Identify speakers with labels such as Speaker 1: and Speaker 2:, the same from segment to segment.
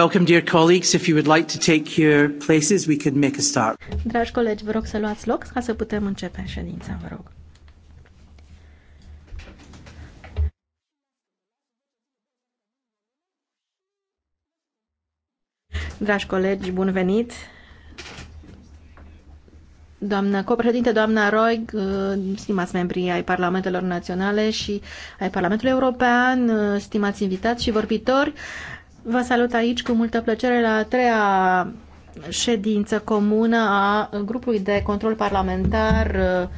Speaker 1: Welcome, dear colleagues. If you would like to take your places, we could make a start.
Speaker 2: Dragi colegi, vă rog să luați loc ca să putem începe ședința, vă rog. Dragi colegi, bun venit! Doamna copreședinte, doamna Roig, uh, stimați membrii ai Parlamentelor Naționale și ai Parlamentului European, uh, stimați invitați și vorbitori, Vă salut aici cu multă plăcere la a treia ședință comună a grupului de control parlamentar uh,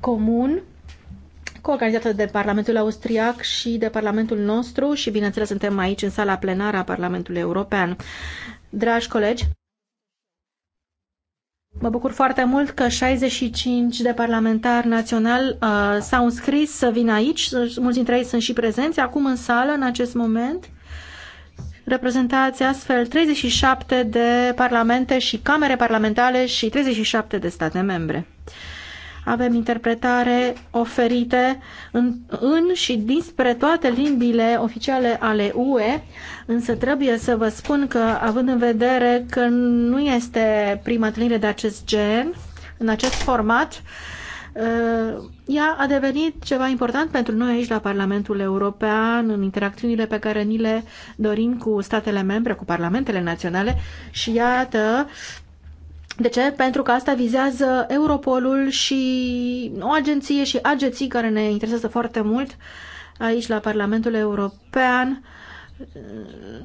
Speaker 2: comun coorganizată de Parlamentul Austriac și de Parlamentul nostru și, bineînțeles, suntem aici în sala plenară a Parlamentului European. Dragi colegi, Mă bucur foarte mult că 65 de parlamentari național uh, s-au înscris să vină aici. Mulți dintre ei sunt și prezenți acum în sală, în acest moment reprezentați astfel 37 de parlamente și camere parlamentare și 37 de state membre. Avem interpretare oferite în, în și dinspre toate limbile oficiale ale UE, însă trebuie să vă spun că, având în vedere că nu este prima întâlnire de acest gen, în acest format, uh, Uh, ea a devenit ceva important pentru noi aici la Parlamentul European, în interacțiunile pe care ni le dorim cu statele membre, cu parlamentele naționale și iată, de ce? Pentru că asta vizează Europolul și o agenție și agenții care ne interesează foarte mult aici la Parlamentul European. Uh,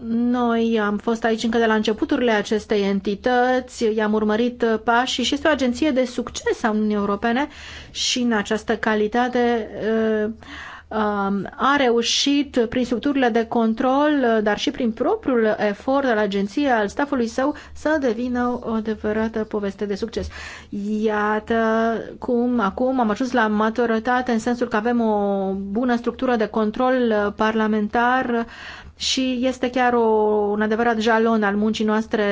Speaker 2: noi am fost aici încă de la începuturile acestei entități, i-am urmărit pașii și este o agenție de succes a Uniunii Europene și în această calitate uh, um, a reușit prin structurile de control, uh, dar și prin propriul efort al agenției, al stafului său, să devină o adevărată poveste de succes. Iată cum acum am ajuns la maturitate în sensul că avem o bună structură de control uh, parlamentar uh, și este chiar o, un adevărat jalon al muncii noastre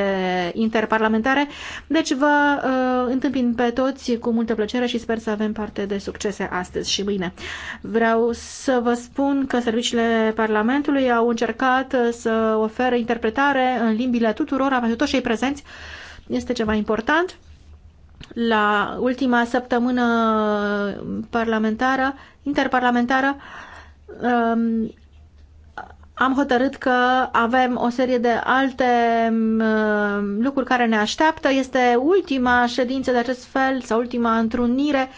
Speaker 2: interparlamentare. Deci vă uh, întâmpin pe toți cu multă plăcere și sper să avem parte de succese astăzi și mâine. Vreau să vă spun că serviciile Parlamentului au încercat uh, să ofere interpretare în limbile tuturor, pentru toți cei prezenți. Este ceva important. La ultima săptămână uh, parlamentară, interparlamentară, um, am hotărât că avem o serie de alte mm, uh, lucruri care ne așteaptă. Este ultima ședință de acest fel sau ultima întrunire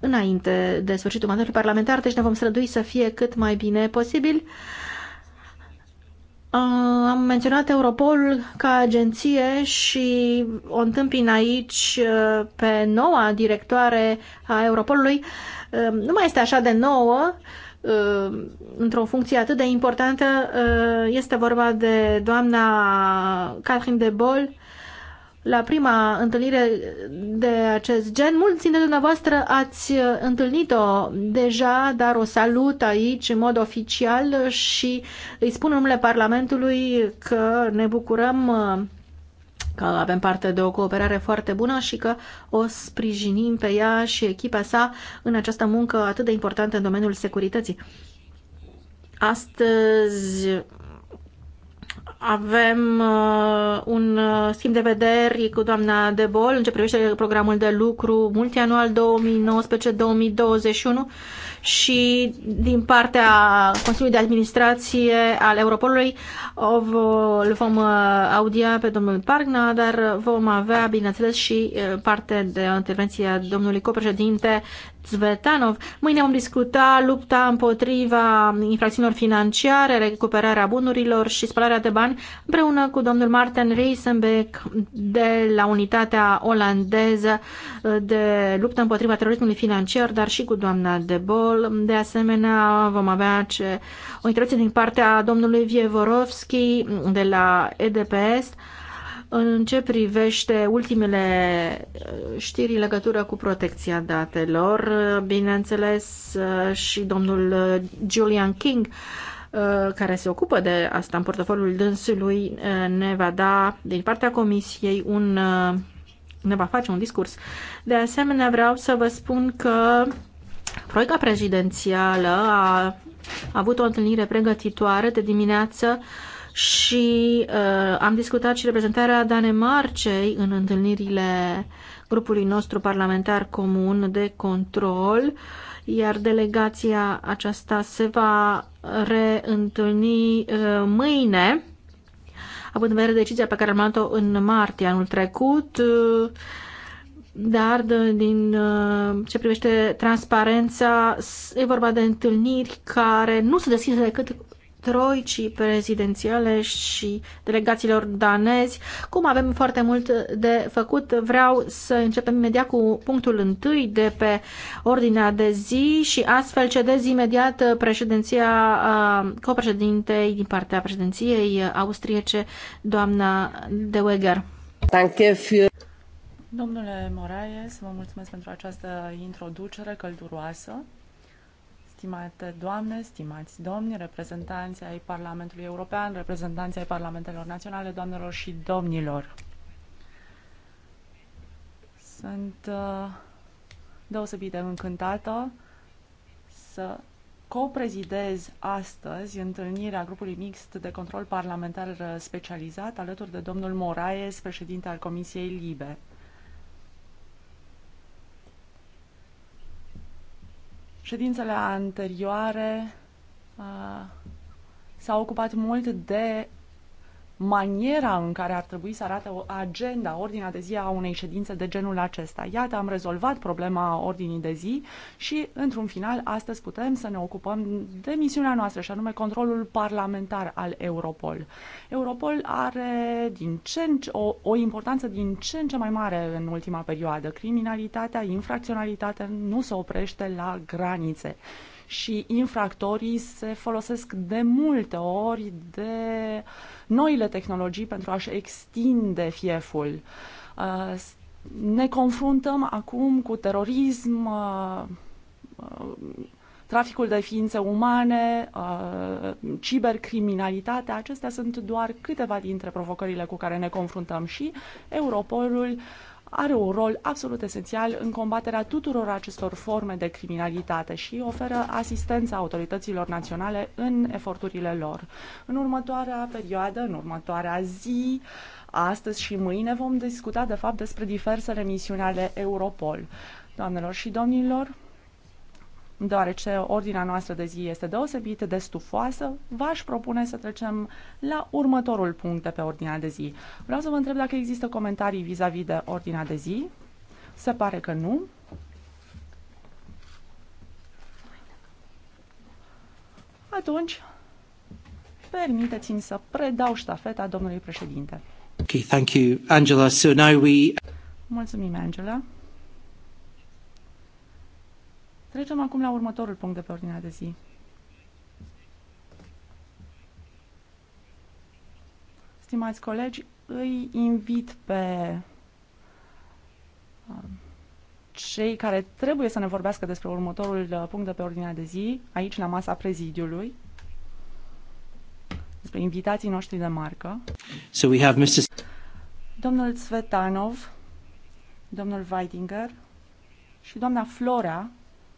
Speaker 2: înainte de sfârșitul mandatului parlamentar, deci ne vom strădui să fie cât mai bine posibil. Uh, am menționat Europol ca agenție și o întâmpin aici uh, pe noua directoare a Europolului. Nu mai este așa de nouă, Uh, într-o funcție atât de importantă. Uh, este vorba de doamna Catherine de Boll. La prima întâlnire de acest gen, mulți dintre dumneavoastră ați uh, întâlnit-o deja, dar o salut aici în mod oficial și îi spun numele Parlamentului că ne bucurăm că avem parte de o cooperare foarte bună și că o sprijinim pe ea și echipa sa în această muncă atât de importantă în domeniul securității. Astăzi avem uh, un uh, schimb de vederi cu doamna Debol în ce privește programul de lucru multianual 2019-2021 și din partea Consiliului de Administrație al Europolului îl vom uh, audia pe domnul Pargna, dar vom avea, bineînțeles, și uh, parte de intervenția domnului copreședinte Zvetanov. Mâine vom discuta lupta împotriva infracțiunilor financiare, recuperarea bunurilor și spălarea de bani împreună cu domnul Martin Reisenbeck de la unitatea olandeză de luptă împotriva terorismului financiar, dar și cu doamna De Bol. De asemenea, vom avea ce, o intervenție din partea domnului Vievorovski de la EDPS în ce privește ultimele uh, știri în legătură cu protecția datelor, uh, bineînțeles uh, și domnul Julian King, care se ocupă de asta în portofoliul dânsului, ne va da din partea comisiei un ne va face un discurs. De asemenea, vreau să vă spun că Proiecta prezidențială a avut o întâlnire pregătitoare de dimineață uh, și uh, am discutat și reprezentarea Danemarcei în întâlnirile grupului nostru parlamentar comun de control, iar delegația aceasta se va reîntâlni uh, mâine, având în vedere decizia pe care am luat-o în martie anul trecut. Uh, dar din uh, ce privește transparența, e vorba de întâlniri care nu sunt deschise decât troicii prezidențiale și delegațiilor danezi. Cum avem foarte mult de făcut, vreau să începem imediat cu punctul întâi de pe ordinea de zi și astfel cedez imediat președinția copreședintei din partea președinției austriece, doamna De Weger.
Speaker 1: Domnule Moraes, vă mulțumesc pentru această introducere călduroasă. Stimate doamne, stimați domni, reprezentanți ai Parlamentului European, reprezentanți ai Parlamentelor Naționale, doamnelor și domnilor. Sunt uh, deosebit de încântată să coprezidez astăzi întâlnirea grupului mixt de control parlamentar specializat alături de domnul Moraes, președinte al Comisiei Libe. Ședințele anterioare uh, s-au ocupat mult de maniera în care ar trebui să arate o agenda, ordinea de zi a unei ședințe de genul acesta. Iată, am rezolvat problema ordinii de zi și, într-un final, astăzi putem să ne ocupăm de misiunea noastră, și anume controlul parlamentar al Europol. Europol are din ce în ce, o, o importanță din ce în ce mai mare în ultima perioadă. Criminalitatea, infracționalitatea nu se oprește la granițe și infractorii se folosesc de multe ori de noile tehnologii pentru a-și extinde fieful. Uh, ne confruntăm acum cu terorism, uh, uh, traficul de ființe umane, cibercriminalitate. acestea sunt doar câteva dintre provocările cu care ne confruntăm și Europolul are un rol absolut esențial în combaterea tuturor acestor forme de criminalitate și oferă asistența autorităților naționale în eforturile lor. În următoarea perioadă, în următoarea zi, astăzi și mâine vom discuta de fapt despre diversele misiuni ale Europol. Doamnelor și domnilor, deoarece ordinea noastră de zi este deosebit de stufoasă, v-aș propune să trecem la următorul punct de pe ordinea de zi. Vreau să vă întreb dacă există comentarii vis-a-vis -vis de ordinea de zi. Se pare că nu. Atunci, permiteți-mi să predau ștafeta domnului președinte. Okay, thank you, Angela. So now we... Mulțumim, Angela. Trecem acum la următorul punct de pe ordinea de zi. Stimați colegi, îi invit pe um, cei care trebuie să ne vorbească despre următorul uh, punct de pe ordinea de zi, aici la masa prezidiului, despre invitații noștri de marcă. So we have Mr. Domnul Svetanov, domnul Weidinger și doamna Flora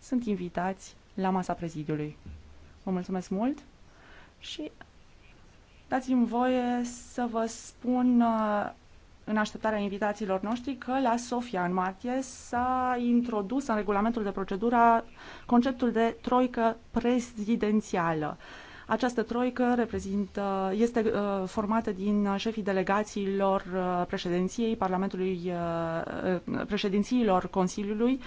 Speaker 1: sunt invitați la masa prezidiului. Vă mulțumesc mult și dați-mi voie să vă spun uh, în așteptarea invitațiilor noștri că la Sofia în martie s-a introdus în regulamentul de procedură conceptul de troică prezidențială. Această troică reprezintă, este uh, formată din șefii delegațiilor uh, președinției Parlamentului, președințiilor Consiliului,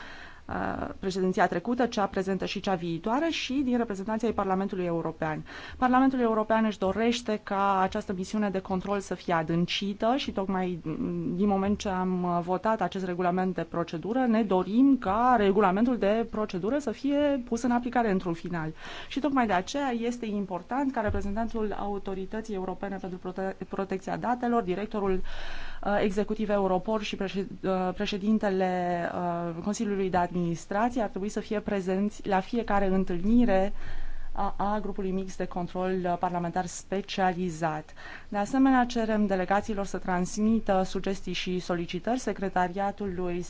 Speaker 1: Uh, președinția trecută, cea prezentă și cea viitoare și din reprezentanții ai Parlamentului European. Parlamentul European își dorește ca această misiune de control să fie adâncită și tocmai mm, din moment ce am uh, votat acest regulament de procedură, ne dorim ca regulamentul de procedură să fie pus în aplicare într-un final. Și tocmai de aceea este important ca reprezentantul Autorității Europene pentru Prote- Protecția Datelor, directorul uh, Uh, executiv Europol și uh, președintele uh, Consiliului de Administrație ar trebui să fie prezenți la fiecare întâlnire a grupului mix de control uh, parlamentar specializat. De asemenea, cerem delegațiilor să transmită sugestii și solicitări secretariatului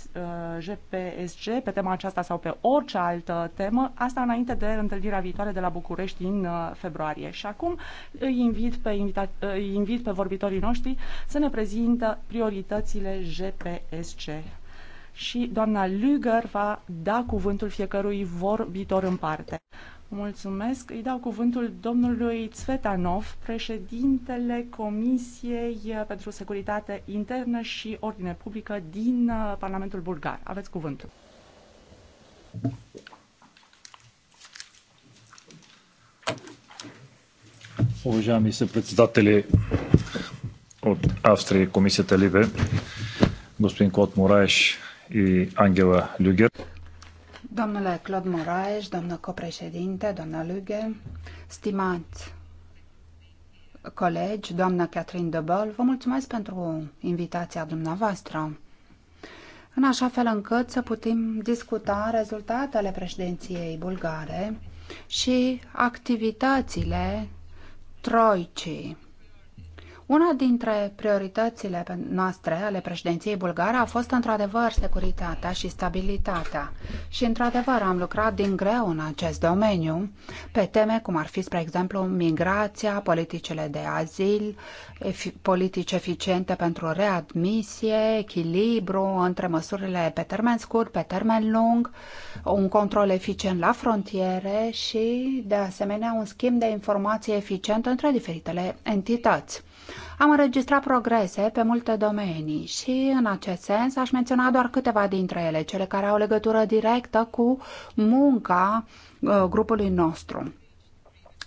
Speaker 1: GPSG uh, pe tema aceasta sau pe orice altă temă, asta înainte de întâlnirea viitoare de la București din uh, februarie. Și acum îi invit pe, invita- îi invit pe vorbitorii noștri să ne prezintă prioritățile GPSG și doamna Lüger va da cuvântul fiecărui vorbitor în parte. Mulțumesc. Îi dau cuvântul domnului Tsvetanov, președintele Comisiei pentru Securitate Internă și Ordine Publică din uh, Parlamentul Bulgar. Aveți cuvântul.
Speaker 3: Уважаеми съпредседатели от Австрия и Комисията Ливе, господин Клод Мораеш и Ангела Люгер.
Speaker 4: Domnule Claude Moraes, doamnă copreședinte, doamna Luge, stimați colegi, doamna Catherine Debol, vă mulțumesc pentru invitația dumneavoastră în așa fel încât să putem discuta rezultatele președinției bulgare și activitățile troicii una dintre prioritățile noastre ale președinției bulgare a fost într-adevăr securitatea și stabilitatea. Și într-adevăr am lucrat din greu în acest domeniu pe teme cum ar fi, spre exemplu, migrația, politicile de azil, politici eficiente pentru readmisie, echilibru între măsurile pe termen scurt, pe termen lung, un control eficient la frontiere și, de asemenea, un schimb de informații eficient între diferitele entități. Am înregistrat progrese pe multe domenii și, în acest sens, aș menționa doar câteva dintre ele, cele care au legătură directă cu munca uh, grupului nostru.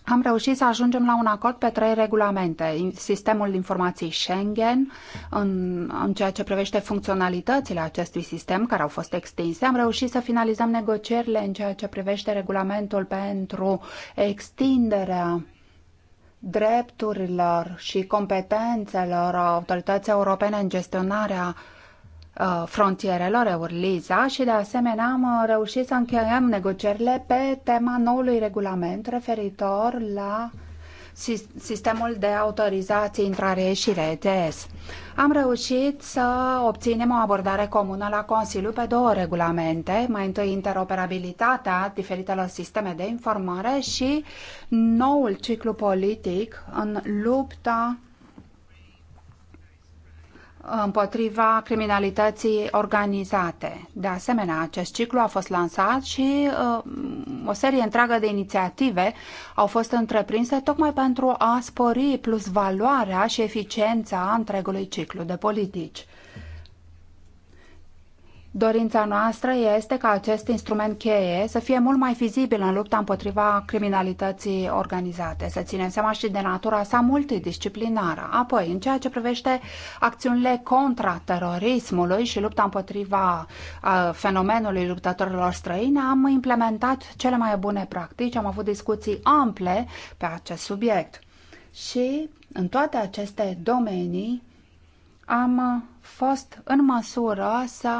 Speaker 4: Am reușit să ajungem la un acord pe trei regulamente. Sistemul de informații Schengen, în, în ceea ce privește funcționalitățile acestui sistem, care au fost extinse, am reușit să finalizăm negocierile în ceea ce privește regulamentul pentru extinderea drepturilor și competențelor autorității europene în gestionarea uh, frontierelor Eurliza și de asemenea am uh, reușit să încheiem negocierile pe tema noului regulament referitor la sistemul de autorizații intrare-ieșire, ETS. Am reușit să obținem o abordare comună la Consiliu pe două regulamente, mai întâi interoperabilitatea diferitelor sisteme de informare și noul ciclu politic în lupta împotriva criminalității organizate. De asemenea, acest ciclu a fost lansat și uh, o serie întreagă de inițiative au fost întreprinse tocmai pentru a spori plus valoarea și eficiența întregului ciclu de politici. Dorința noastră este ca acest instrument cheie să fie mult mai vizibil în lupta împotriva criminalității organizate, să ținem seama și de natura sa multidisciplinară. Apoi, în ceea ce privește acțiunile contra terorismului și lupta împotriva a, fenomenului luptătorilor străini, am implementat cele mai bune practici, am avut discuții ample pe acest subiect. Și în toate aceste domenii am fost în măsură să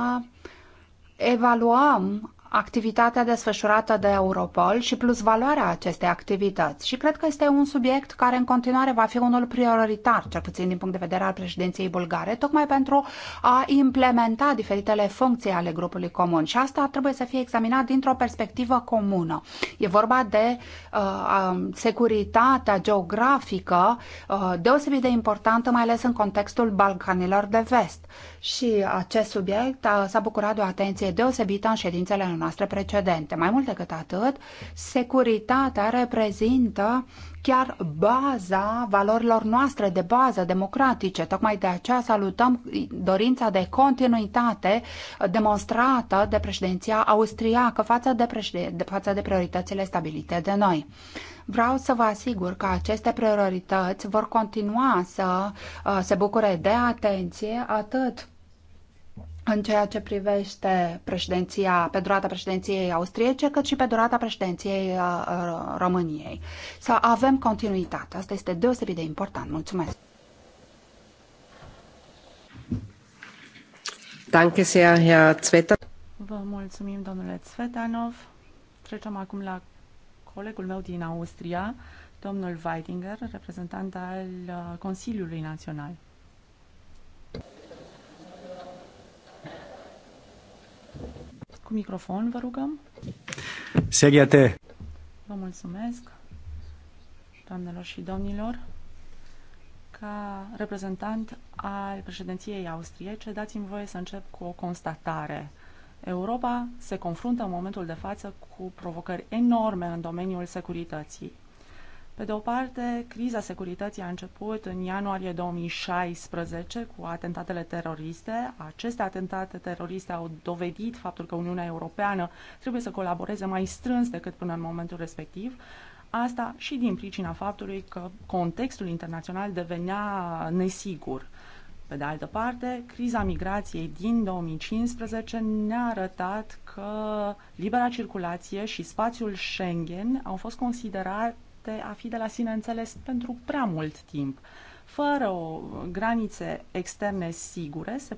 Speaker 4: evaluăm activitatea desfășurată de Europol și plus valoarea acestei activități. Și cred că este un subiect care în continuare va fi unul prioritar, cel puțin din punct de vedere al președinției bulgare, tocmai pentru a implementa diferitele funcții ale grupului comun. Și asta trebuie să fie examinat dintr-o perspectivă comună. E vorba de uh, um, securitatea geografică uh, deosebit de importantă, mai ales în contextul Balcanilor de Vest. Uh, și acest subiect s-a bucurat de o atenție deosebită în ședințele noastre precedente. Mai mult decât atât, securitatea reprezintă chiar baza valorilor noastre de bază democratice. Tocmai de aceea salutăm dorința de continuitate demonstrată de președinția austriacă față de, președ... față de prioritățile stabilite de noi. Vreau să vă asigur că aceste priorități vor continua să uh, se bucure de atenție atât în ceea ce privește președinția, pe durata președinției austriece, cât și pe durata președinției uh, uh, României. Să avem continuitate. Asta este deosebit de important. Mulțumesc! Danke sehr, Herr Zvetanov.
Speaker 1: Vă mulțumim, domnule Tsvetanov. Trecem acum la colegul meu din Austria, domnul Weidinger, reprezentant al uh, Consiliului Național. Cu microfon, vă rugăm. Seghiate. Vă mulțumesc, doamnelor și domnilor. Ca reprezentant al președinției austriece, dați-mi voie să încep cu o constatare. Europa se confruntă în momentul de față cu provocări enorme în domeniul securității. Pe de o parte, criza securității a început în ianuarie 2016 cu atentatele teroriste. Aceste atentate teroriste au dovedit faptul că Uniunea Europeană trebuie să colaboreze mai strâns decât până în momentul respectiv. Asta și din pricina faptului că contextul internațional devenea nesigur. Pe de altă parte, criza migrației din 2015 ne-a arătat că libera circulație și spațiul Schengen au fost considerat de a fi de la sine înțeles pentru prea mult timp. Fără o granițe externe sigure, se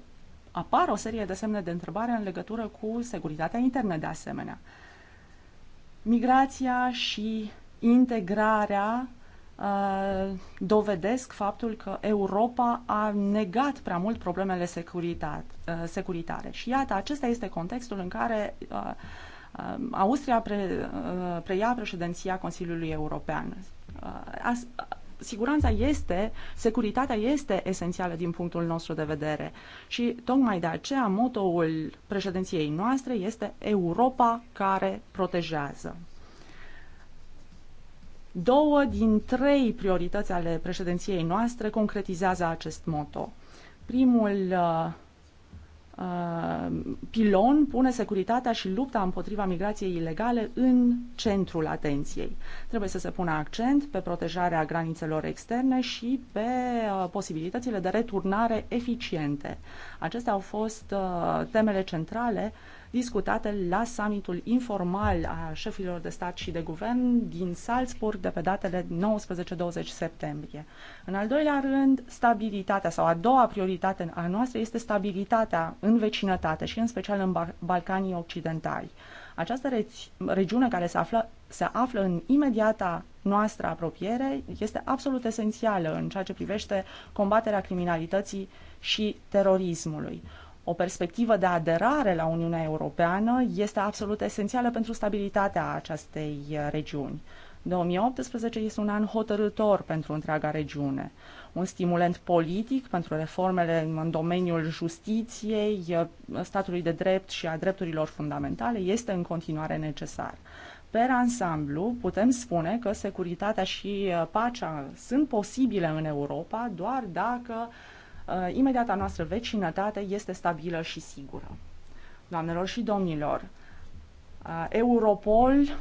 Speaker 1: apar o serie de semne de întrebare în legătură cu securitatea internă de asemenea. Migrația și integrarea uh, dovedesc faptul că Europa a negat prea mult problemele securitate, uh, securitare. Și iată, acesta este contextul în care uh, Uh, Austria pre, uh, preia președinția Consiliului European. Uh, as, siguranța este, securitatea este esențială din punctul nostru de vedere și tocmai de aceea motoul președinției noastre este Europa care protejează. Două din trei priorități ale președinției noastre concretizează acest moto. Primul uh, Uh, pilon pune securitatea și lupta împotriva migrației ilegale în centrul atenției. Trebuie să se pună accent pe protejarea granițelor externe și pe uh, posibilitățile de returnare eficiente. Acestea au fost uh, temele centrale discutate la summitul informal a șefilor de stat și de guvern din Salzburg de pe datele 19-20 septembrie. În al doilea rând, stabilitatea sau a doua prioritate a noastră este stabilitatea în vecinătate și în special în Balcanii Occidentali. Această regiune care se află, se află în imediata noastră apropiere este absolut esențială în ceea ce privește combaterea criminalității și terorismului o perspectivă de aderare la Uniunea Europeană este absolut esențială pentru stabilitatea acestei regiuni. 2018 este un an hotărător pentru întreaga regiune. Un stimulent politic pentru reformele în domeniul justiției, statului de drept și a drepturilor fundamentale este în continuare necesar. Per ansamblu, putem spune că securitatea și pacea sunt posibile în Europa doar dacă uh, Uh, imediata noastră vecinătate este stabilă și sigură. Doamnelor și domnilor, uh, Europol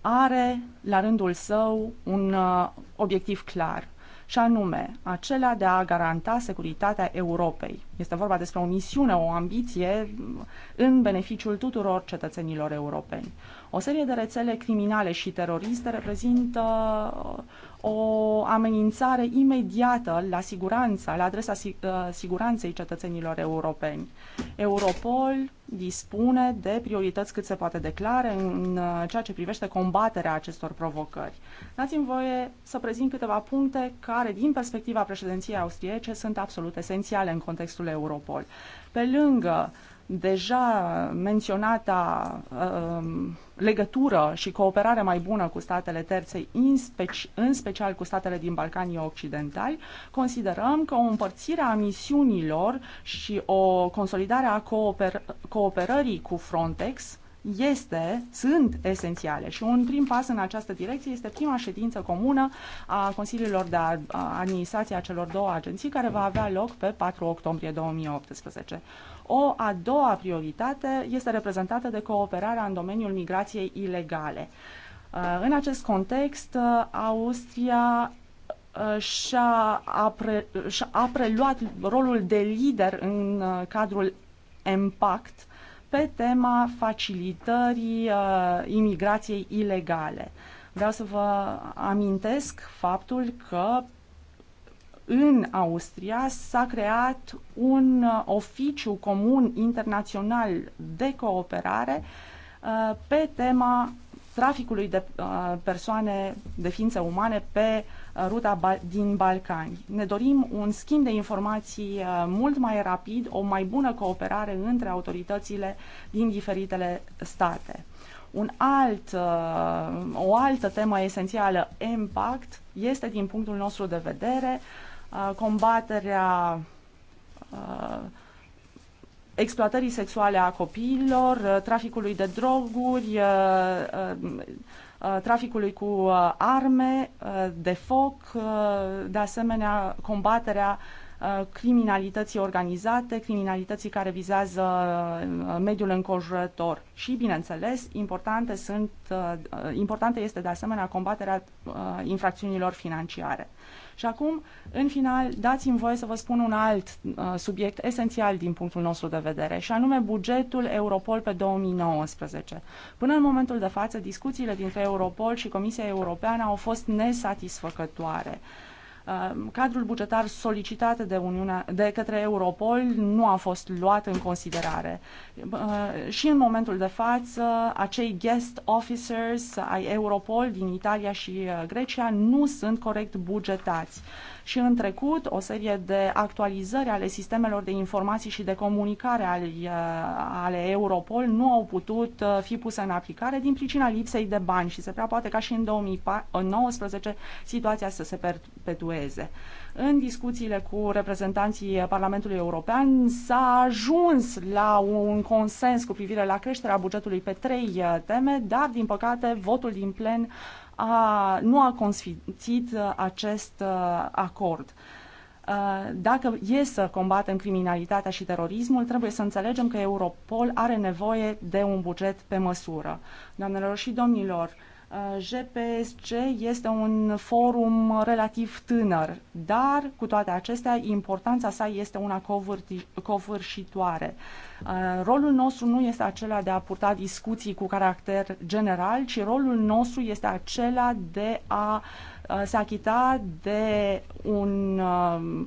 Speaker 1: are la rândul său un uh, obiectiv clar și anume acela de a garanta securitatea Europei. Este vorba despre o misiune, o ambiție mm, în beneficiul tuturor cetățenilor europeni. O serie de rețele criminale și teroriste reprezintă o amenințare imediată la siguranța, la adresa uh, siguranței cetățenilor europeni. Europol dispune de priorități cât se poate declare în uh, ceea ce privește combaterea acestor provocări. Dați-mi voie să prezint câteva puncte care, din perspectiva președinției austriece, sunt absolut esențiale în contextul Europol. Pe lângă deja menționata um, legătură și cooperare mai bună cu statele terțe, în, speci, în special cu statele din Balcanii Occidentali, considerăm că o împărțire a misiunilor și o consolidare a cooper, cooperării cu Frontex este, sunt esențiale și un prim pas în această direcție este prima ședință comună a Consiliilor de Administrație a celor două agenții care va avea loc pe 4 octombrie 2018. O a doua prioritate este reprezentată de cooperarea în domeniul migrației ilegale. Uh, în acest context, uh, Austria uh, și-a, pre, și preluat rolul de lider în cadrul Impact pe tema facilitării uh, imigrației ilegale. Vreau să vă amintesc faptul că în Austria s-a creat un uh, oficiu comun internațional de cooperare uh, pe tema traficului de uh, persoane, de ființe umane pe ruta din Balcani. Ne dorim un schimb de informații mult mai rapid, o mai bună cooperare între autoritățile din diferitele state. Un alt, o altă temă esențială, impact, este din punctul nostru de vedere uh, Uh, combaterea uh, exploatării sexuale a copiilor, uh, traficului de droguri, traficului cu arme de foc, de asemenea combaterea criminalității organizate, criminalității care vizează mediul înconjurător. Și, bineînțeles, importante sunt, importantă este de asemenea combaterea infracțiunilor financiare. Și acum, în final, dați-mi voie să vă spun un alt uh, subiect esențial din punctul nostru de vedere, și anume bugetul Europol pe 2019. Până în momentul de față, discuțiile dintre Europol și Comisia Europeană au fost nesatisfăcătoare. Uh, Um, cadrul bugetar solicitat de, Uniunea, de către Europol nu a fost luat în considerare. Uh, și în momentul de față, acei guest officers ai Europol din Italia și uh, Grecia nu sunt corect bugetați și în trecut o serie de actualizări ale sistemelor de informații și de comunicare ale, uh, ale Europol nu au putut uh, fi puse în aplicare din pricina lipsei de bani și se prea poate ca și în 2019 situația să se perpetueze. În discuțiile cu reprezentanții Parlamentului European s-a ajuns la un consens cu privire la creșterea bugetului pe trei uh, teme, dar, din păcate, votul din plen a, nu a consfințit uh, acest uh, acord. Uh, dacă e să combatem criminalitatea și terorismul, trebuie să înțelegem că Europol are nevoie de un buget pe măsură. Doamnelor și domnilor, GPSC este un forum relativ tânăr, dar cu toate acestea importanța sa este una covârșitoare. Uh, rolul nostru nu este acela de a purta discuții cu caracter general, ci rolul nostru este acela de a uh, se achita de un, uh,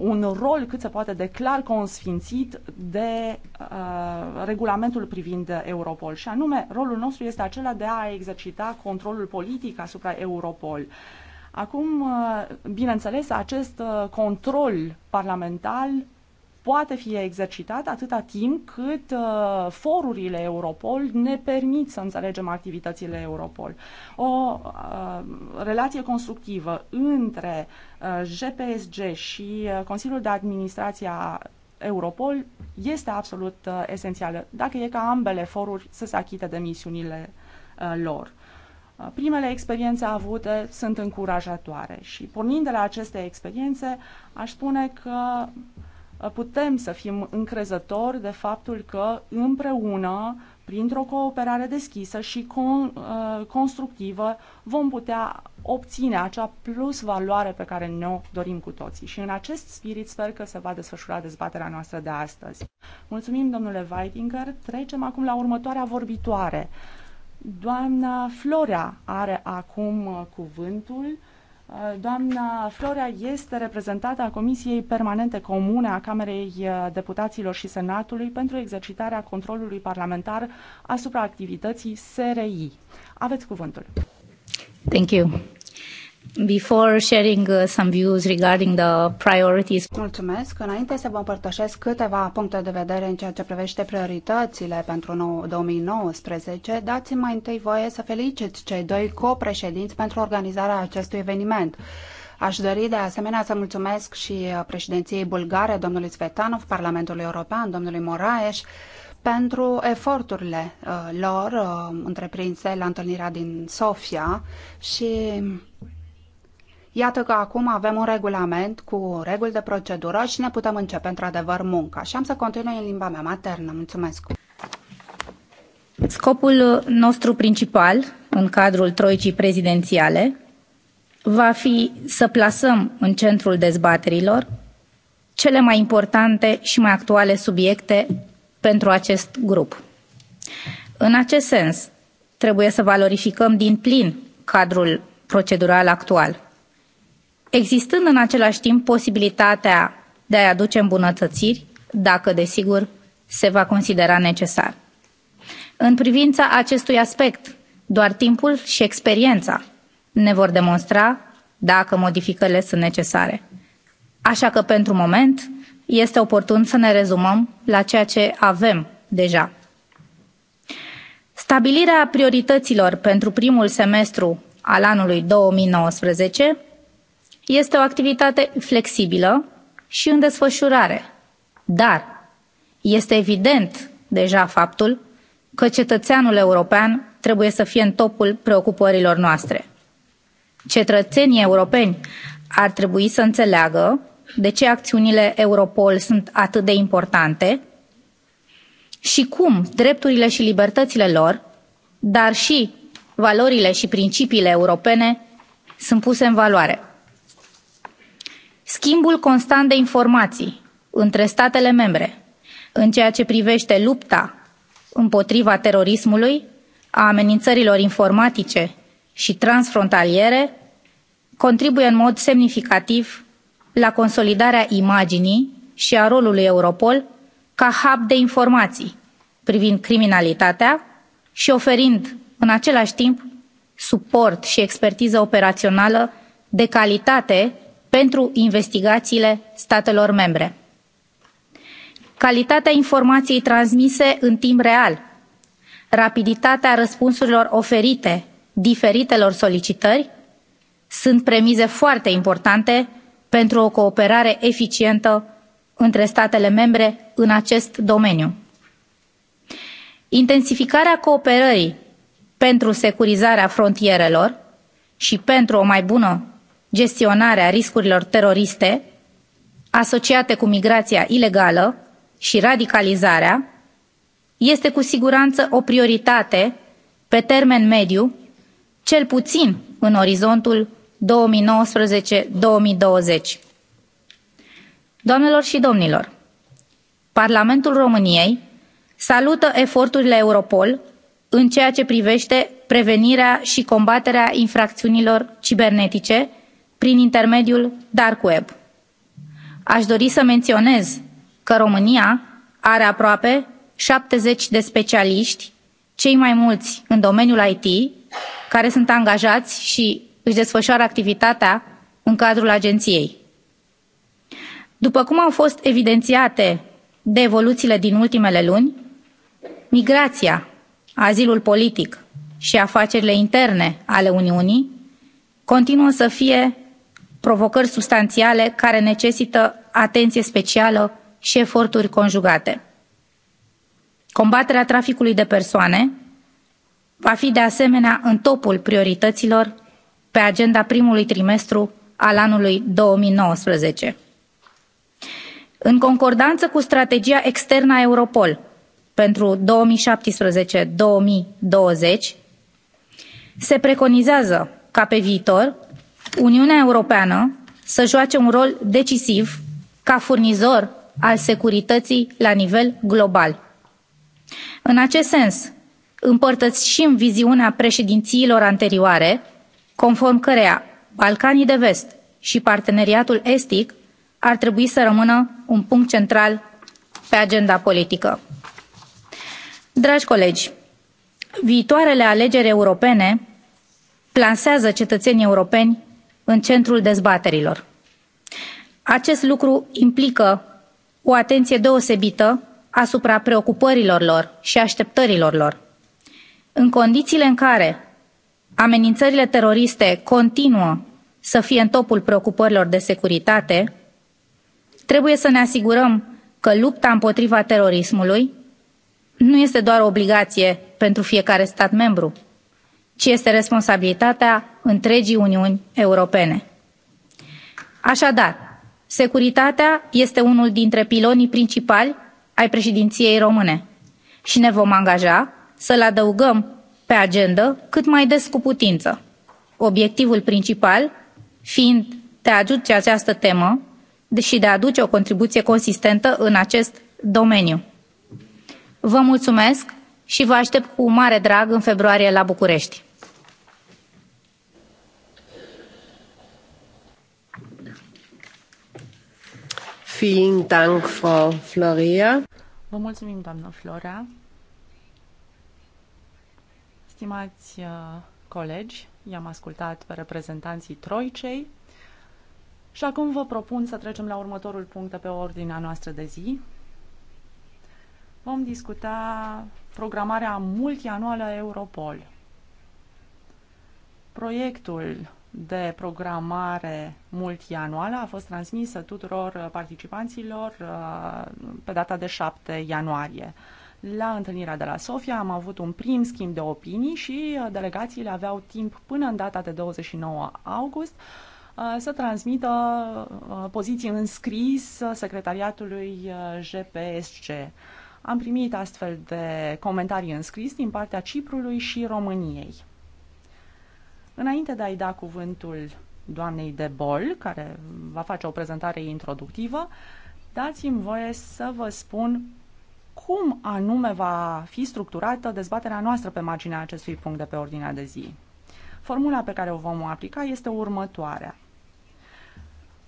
Speaker 1: un rol cât se poate de clar consfințit de uh, regulamentul privind Europol. Și anume, rolul nostru este acela de a exercita controlul politic asupra Europol. Acum, bineînțeles, acest control parlamentar poate fi exercitat atâta timp cât uh, forurile Europol ne permit să înțelegem activitățile Europol. O uh, relație constructivă între uh, GPSG și uh, Consiliul de Administrație a Europol este absolut uh, esențială, dacă e ca ambele foruri să se achite de misiunile uh, lor. Uh, primele experiențe avute sunt încurajatoare și pornind de la aceste experiențe, aș spune că uh, putem să fim încrezători de faptul că împreună, printr-o cooperare deschisă și con, uh, constructivă, vom putea obține acea plus valoare pe care ne-o dorim cu toții. Și în acest spirit sper că se va desfășura dezbaterea noastră de astăzi. Mulțumim, domnule Weidinger. Trecem acum la următoarea vorbitoare. Doamna Florea are acum uh, cuvântul Doamna Florea este reprezentată a Comisiei Permanente Comune a Camerei uh, Deputaților și Senatului pentru exercitarea controlului parlamentar asupra activității SRI. Aveți cuvântul.
Speaker 3: Thank you. Before sharing uh, some views regarding the priorities.
Speaker 4: Mulțumesc. Înainte să vă împărtășesc câteva puncte de vedere în ceea ce privește prioritățile pentru 2019, dați-mi mai întâi voie să felicit cei doi copreședinți pentru organizarea acestui eveniment. Aș dori de asemenea să mulțumesc și uh, președinției bulgare, domnului Svetanov, Parlamentului European, domnului Moraes, pentru eforturile uh, lor uh, întreprinse la întâlnirea din Sofia și Iată că acum avem un regulament cu reguli de procedură și ne putem începe într-adevăr munca. Și am să continui în limba mea maternă. Mulțumesc!
Speaker 3: Scopul nostru principal în cadrul troicii prezidențiale va fi să plasăm în centrul dezbaterilor cele mai importante și mai actuale subiecte pentru acest grup. În acest sens, trebuie să valorificăm din plin cadrul procedural actual – existând în același timp posibilitatea de a aduce îmbunătățiri, dacă, desigur, se va considera necesar. În privința acestui aspect, doar timpul și experiența ne vor demonstra dacă modificările sunt necesare. Așa că, pentru moment, este oportun să ne rezumăm la ceea ce avem deja. Stabilirea priorităților pentru primul semestru al anului 2019 este o activitate flexibilă și în desfășurare, dar este evident deja faptul că cetățeanul european trebuie să fie în topul preocupărilor noastre. Cetățenii europeni ar trebui să înțeleagă de ce acțiunile Europol sunt atât de importante și cum drepturile și libertățile lor, dar și valorile și principiile europene sunt puse în valoare schimbul constant de informații între statele membre în ceea ce privește lupta împotriva terorismului, a amenințărilor informatice și transfrontaliere, contribuie în mod semnificativ la consolidarea imaginii și a rolului Europol ca hub de informații privind criminalitatea și oferind în același timp suport și expertiză operațională de calitate pentru investigațiile statelor membre. Calitatea informației transmise în timp real, rapiditatea răspunsurilor oferite diferitelor solicitări sunt premize foarte importante pentru o cooperare eficientă între statele membre în acest domeniu. Intensificarea cooperării pentru securizarea frontierelor și pentru o mai bună gestionarea riscurilor teroriste asociate cu migrația ilegală și radicalizarea este cu siguranță o prioritate pe termen mediu, cel puțin în orizontul 2019-2020. Doamnelor și domnilor, Parlamentul României salută eforturile Europol în ceea ce privește prevenirea și combaterea infracțiunilor cibernetice prin intermediul dark web. Aș dori să menționez că România are aproape 70 de specialiști, cei mai mulți în domeniul IT, care sunt angajați și își desfășoară activitatea în cadrul agenției. După cum au fost evidențiate de evoluțiile din ultimele luni, migrația, azilul politic și afacerile interne ale Uniunii continuă să fie provocări substanțiale care necesită atenție specială și eforturi conjugate. Combaterea traficului de persoane va fi de asemenea în topul priorităților pe agenda primului trimestru al anului 2019. În concordanță cu strategia externă a Europol pentru 2017-2020, se preconizează ca pe viitor uniunea europeană să joace un rol decisiv ca furnizor al securității la nivel global. în acest sens împărtășim viziunea președințiilor anterioare conform căreia balcanii de vest și parteneriatul estic ar trebui să rămână un punct central pe agenda politică. Dragi colegi, viitoarele alegeri europene plansează cetățenii europeni în centrul dezbaterilor. Acest lucru implică o atenție deosebită asupra preocupărilor lor și așteptărilor lor. În condițiile în care amenințările teroriste continuă să fie în topul preocupărilor de securitate, trebuie să ne asigurăm că lupta împotriva terorismului nu este doar o obligație pentru fiecare stat membru, ci este responsabilitatea întregii Uniuni Europene. Așadar, securitatea este unul dintre pilonii principali ai președinției române și ne vom angaja să-l adăugăm pe agendă cât mai des cu putință, obiectivul principal fiind de a aduce această temă și de a aduce o contribuție consistentă în acest domeniu. Vă mulțumesc și vă aștept cu mare drag în februarie la București.
Speaker 1: Vielen Dank, Frau Florea. Vă mulțumim, doamnă Florea. Stimați uh, colegi, i-am ascultat pe reprezentanții Troicei și acum vă propun să trecem la următorul punct pe ordinea noastră de zi. Vom discuta programarea multianuală Europol. Proiectul de programare multianuală a fost transmisă tuturor uh, participanților uh, pe data de 7 ianuarie. La întâlnirea de la Sofia am avut un prim schimb de opinii și uh, delegațiile aveau timp până în data de 29 august să transmită poziții în scris secretariatului GPSC. Am primit astfel de comentarii în scris din partea Ciprului și României. Înainte de a-i da cuvântul doamnei de Bol, care va face o prezentare introductivă, dați-mi voie să vă spun cum anume va fi structurată dezbaterea noastră pe marginea acestui punct de pe ordinea de zi. Formula pe care o vom aplica este următoarea.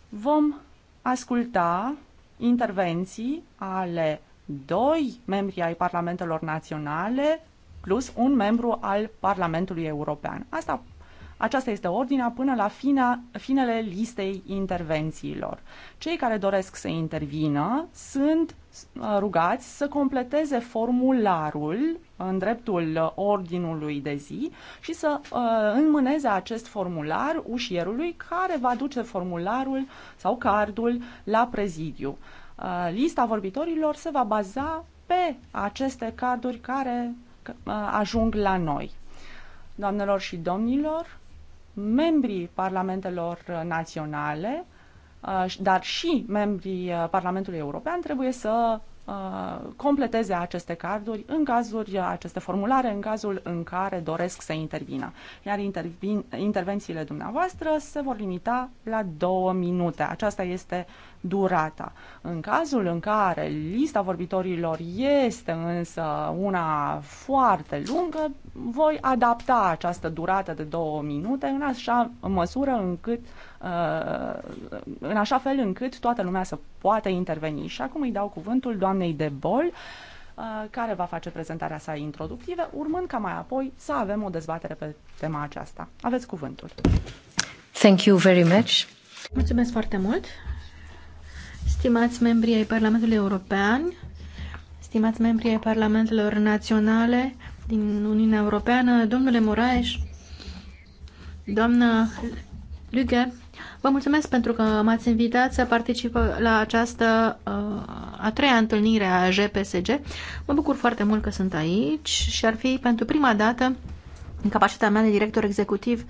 Speaker 1: Vom asculta intervenții ale doi membri ai Parlamentelor Naționale plus un membru al Parlamentului European. Asta aceasta este ordinea până la fine, finele listei intervențiilor. Cei care doresc să intervină sunt uh, rugați să completeze formularul în dreptul ordinului de zi și să uh, înmâneze acest formular ușierului care va duce formularul sau cardul la prezidiu. Uh, lista vorbitorilor se va baza pe aceste carduri care uh, ajung la noi. Doamnelor și domnilor, membrii parlamentelor naționale, uh, dar și membrii uh, Parlamentului European trebuie să Uh, completeze aceste carduri în cazuri, uh, aceste formulare, în cazul în care doresc să intervină. Iar intervin, intervențiile dumneavoastră se vor limita la două minute. Aceasta este durata. În cazul în care lista vorbitorilor este însă una foarte lungă, voi adapta această durată de două minute în așa măsură încât uh, Uh, în așa fel încât toată lumea să poată interveni. Și acum îi dau cuvântul doamnei de bol, uh, care va face prezentarea sa introductivă, urmând ca mai apoi să avem o dezbatere pe tema aceasta. Aveți cuvântul.
Speaker 2: Thank you very much. Mulțumesc foarte mult. Stimați membrii ai Parlamentului European, stimați membrii ai Parlamentelor Naționale din Uniunea Europeană, domnule Moraes, doamna Lüge, Vă mulțumesc pentru că m-ați invitat să particip la această uh, a treia întâlnire a JPSG. Mă bucur foarte mult că sunt aici și ar fi pentru prima dată în capacitatea mea de director executiv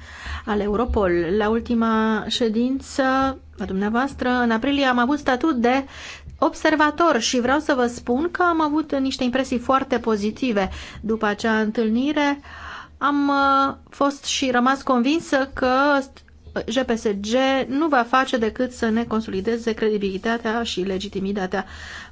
Speaker 2: al Europol. La ultima ședință a dumneavoastră, în aprilie, am avut statut de observator și vreau să vă spun că am avut niște impresii foarte pozitive după acea întâlnire. Am uh, fost și rămas convinsă că JPSG nu va face decât să ne consolideze credibilitatea și legitimitatea.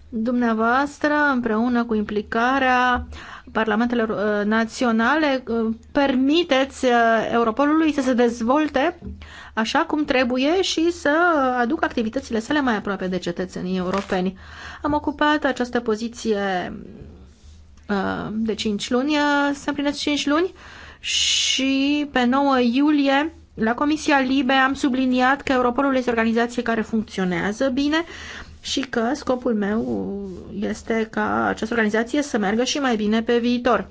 Speaker 2: Dumneavoastră, împreună cu implicarea parlamentelor uh, naționale, uh, permiteți uh, Europolului să se dezvolte așa cum trebuie și să aducă activitățile sale mai aproape de cetățenii europeni. Am ocupat această poziție de 5 luni, se împlinesc 5 luni și pe 9 iulie la Comisia Libe am subliniat că Europolul este o organizație care funcționează bine și că scopul meu este ca această organizație să meargă și mai bine pe viitor.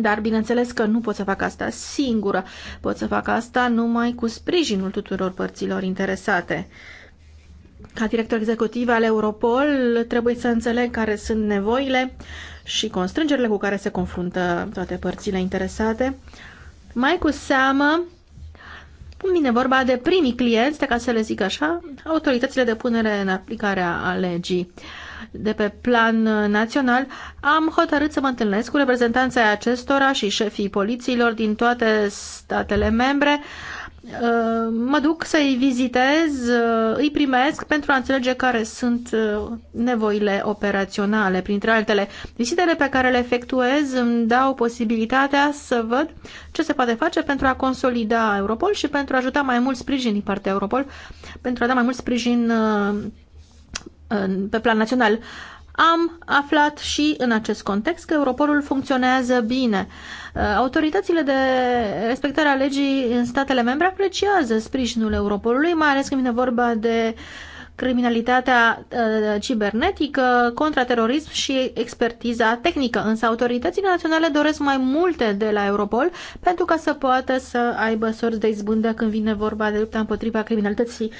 Speaker 2: Dar bineînțeles că nu pot să fac asta singură, pot să fac asta numai cu sprijinul tuturor părților interesate. Ca director executiv al Europol trebuie să înțeleg care sunt nevoile și constrângerile cu care se confruntă toate părțile interesate, mai cu seamă cum vine vorba de primii clienți, de ca să le zic așa, autoritățile de punere în aplicare a legii de pe plan național, am hotărât să mă întâlnesc cu reprezentanța acestora și șefii polițiilor din toate statele membre, Uh, mă duc să-i vizitez, uh, îi primesc pentru a înțelege care sunt uh, nevoile operaționale, printre altele. Vizitele pe care le efectuez îmi dau posibilitatea să văd ce se poate face pentru a consolida Europol și pentru a ajuta mai mult sprijin din partea Europol, pentru a da mai mult sprijin pe plan național. Am aflat și în acest context că Europolul funcționează bine. Uh, autoritățile de respectare a legii în statele membre apreciază sprijinul Europolului, mai ales când vine vorba de uh, criminalitatea uh, cibernetică, contraterorism și expertiza tehnică. Însă autoritățile naționale doresc mai multe de la Europol pentru ca să poată să aibă sorți de izbândă când vine vorba de lupta împotriva criminalității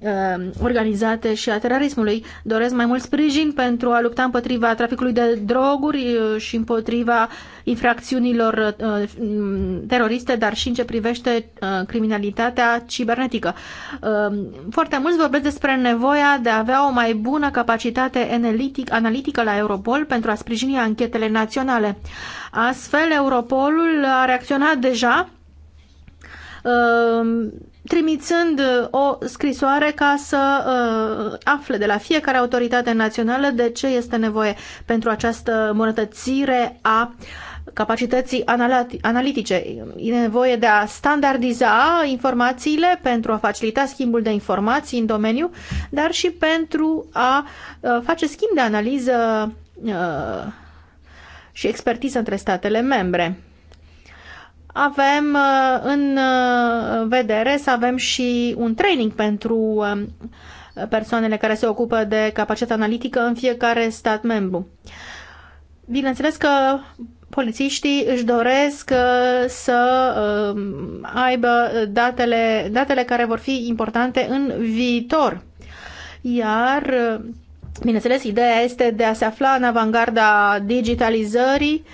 Speaker 2: uh, organizate și a terorismului. Doresc mai mult sprijin pentru a lupta împotriva traficului de droguri uh, și împotriva infracțiunilor mm, teroriste, dar și în ce privește criminalitatea cibernetică. Foarte mulți vorbesc despre nevoie nevoia de a avea o mai bună capacitate analitic, analitică la Europol pentru a sprijini anchetele naționale. Astfel, Europolul a reacționat deja uh, trimițând o scrisoare ca să uh, afle de la fiecare autoritate națională de ce este nevoie pentru această îmbunătățire a uh, capacității analitice. E nevoie de a standardiza informațiile pentru a facilita schimbul de informații în domeniu, dar și pentru a uh, face schimb de analiză uh, și expertiză între statele membre. Avem uh, în vedere să avem și un training pentru um, persoanele care se ocupă de capacitatea analitică în fiecare stat membru. Bineînțeles că polițiștii își doresc uh, să uh, aibă datele, datele care vor fi importante în viitor. Iar, uh, bineînțeles, ideea este de a se afla în avangarda digitalizării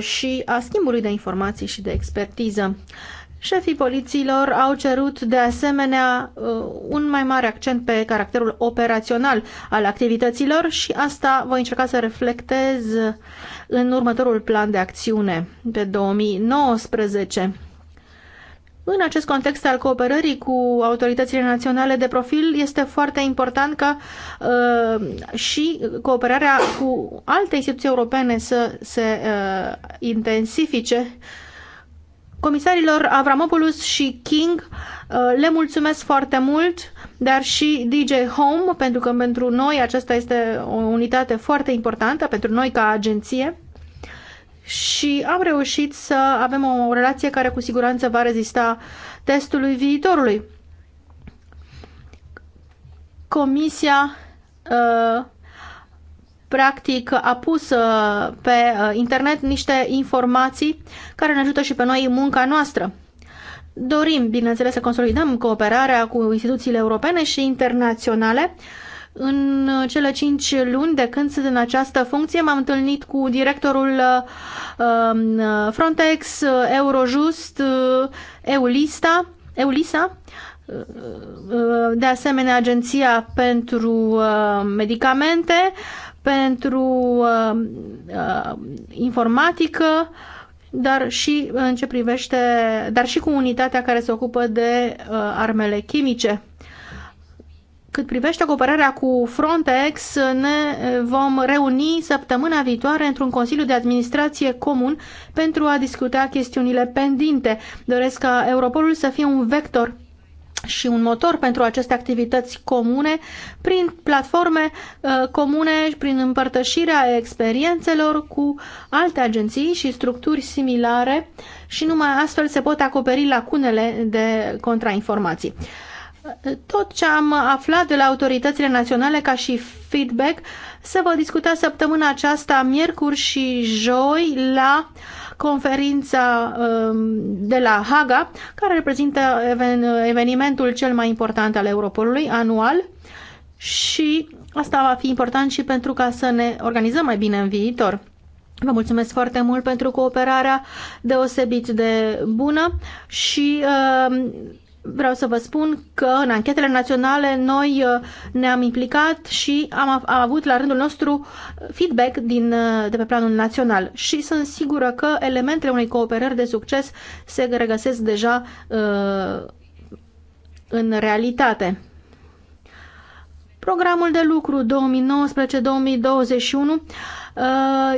Speaker 2: și a schimbului de informații și de expertiză. Șefii polițiilor au cerut de asemenea uh, un mai mare accent pe caracterul operațional al activităților și asta voi încerca să reflectez în următorul plan de acțiune pe 2019. În acest context al cooperării cu autoritățile naționale de profil, este foarte important ca uh, și cooperarea cu alte instituții europene să se uh, intensifice Comisarilor Avramopoulos și King uh, le mulțumesc foarte mult, dar și DJ Home, pentru că pentru noi aceasta este o unitate foarte importantă, pentru noi ca agenție. Și am reușit să avem o relație care cu siguranță va rezista testului viitorului. Comisia uh, practic a pus uh, pe uh, internet niște informații care ne ajută și pe noi în munca noastră. Dorim, bineînțeles, să consolidăm cooperarea cu instituțiile europene și internaționale. În uh, cele cinci luni de când sunt în această funcție, m-am întâlnit cu directorul um, Frontex, Eurojust, Eulista, Eulisa, de asemenea Agenția pentru Medicamente, pentru uh, uh, informatică, dar și în ce privește, dar și cu unitatea care se ocupă de uh, armele chimice. Cât privește cooperarea cu Frontex, ne vom reuni săptămâna viitoare într-un Consiliu de Administrație comun pentru a discuta chestiunile pendinte. Doresc ca Europolul să fie un vector și un motor pentru aceste activități comune prin platforme uh, comune și prin împărtășirea experiențelor cu alte agenții și structuri similare și numai astfel se pot acoperi lacunele de contrainformații. Tot ce am aflat de la autoritățile naționale ca și feedback se va discuta săptămâna aceasta, miercuri și joi, la uh, conferința um, de la Haga, care reprezintă evenimentul cel mai important al Europolului anual și asta va fi important și pentru ca să ne organizăm mai bine în viitor. Vă mulțumesc foarte mult pentru cooperarea deosebit de bună și uh, vreau să vă spun că în anchetele naționale noi uh, ne-am implicat și am, am avut la rândul nostru feedback din, uh, de pe planul național și sunt sigură că elementele unei cooperări de succes se regăsesc deja uh, în realitate. Programul de lucru 2019-2021 uh,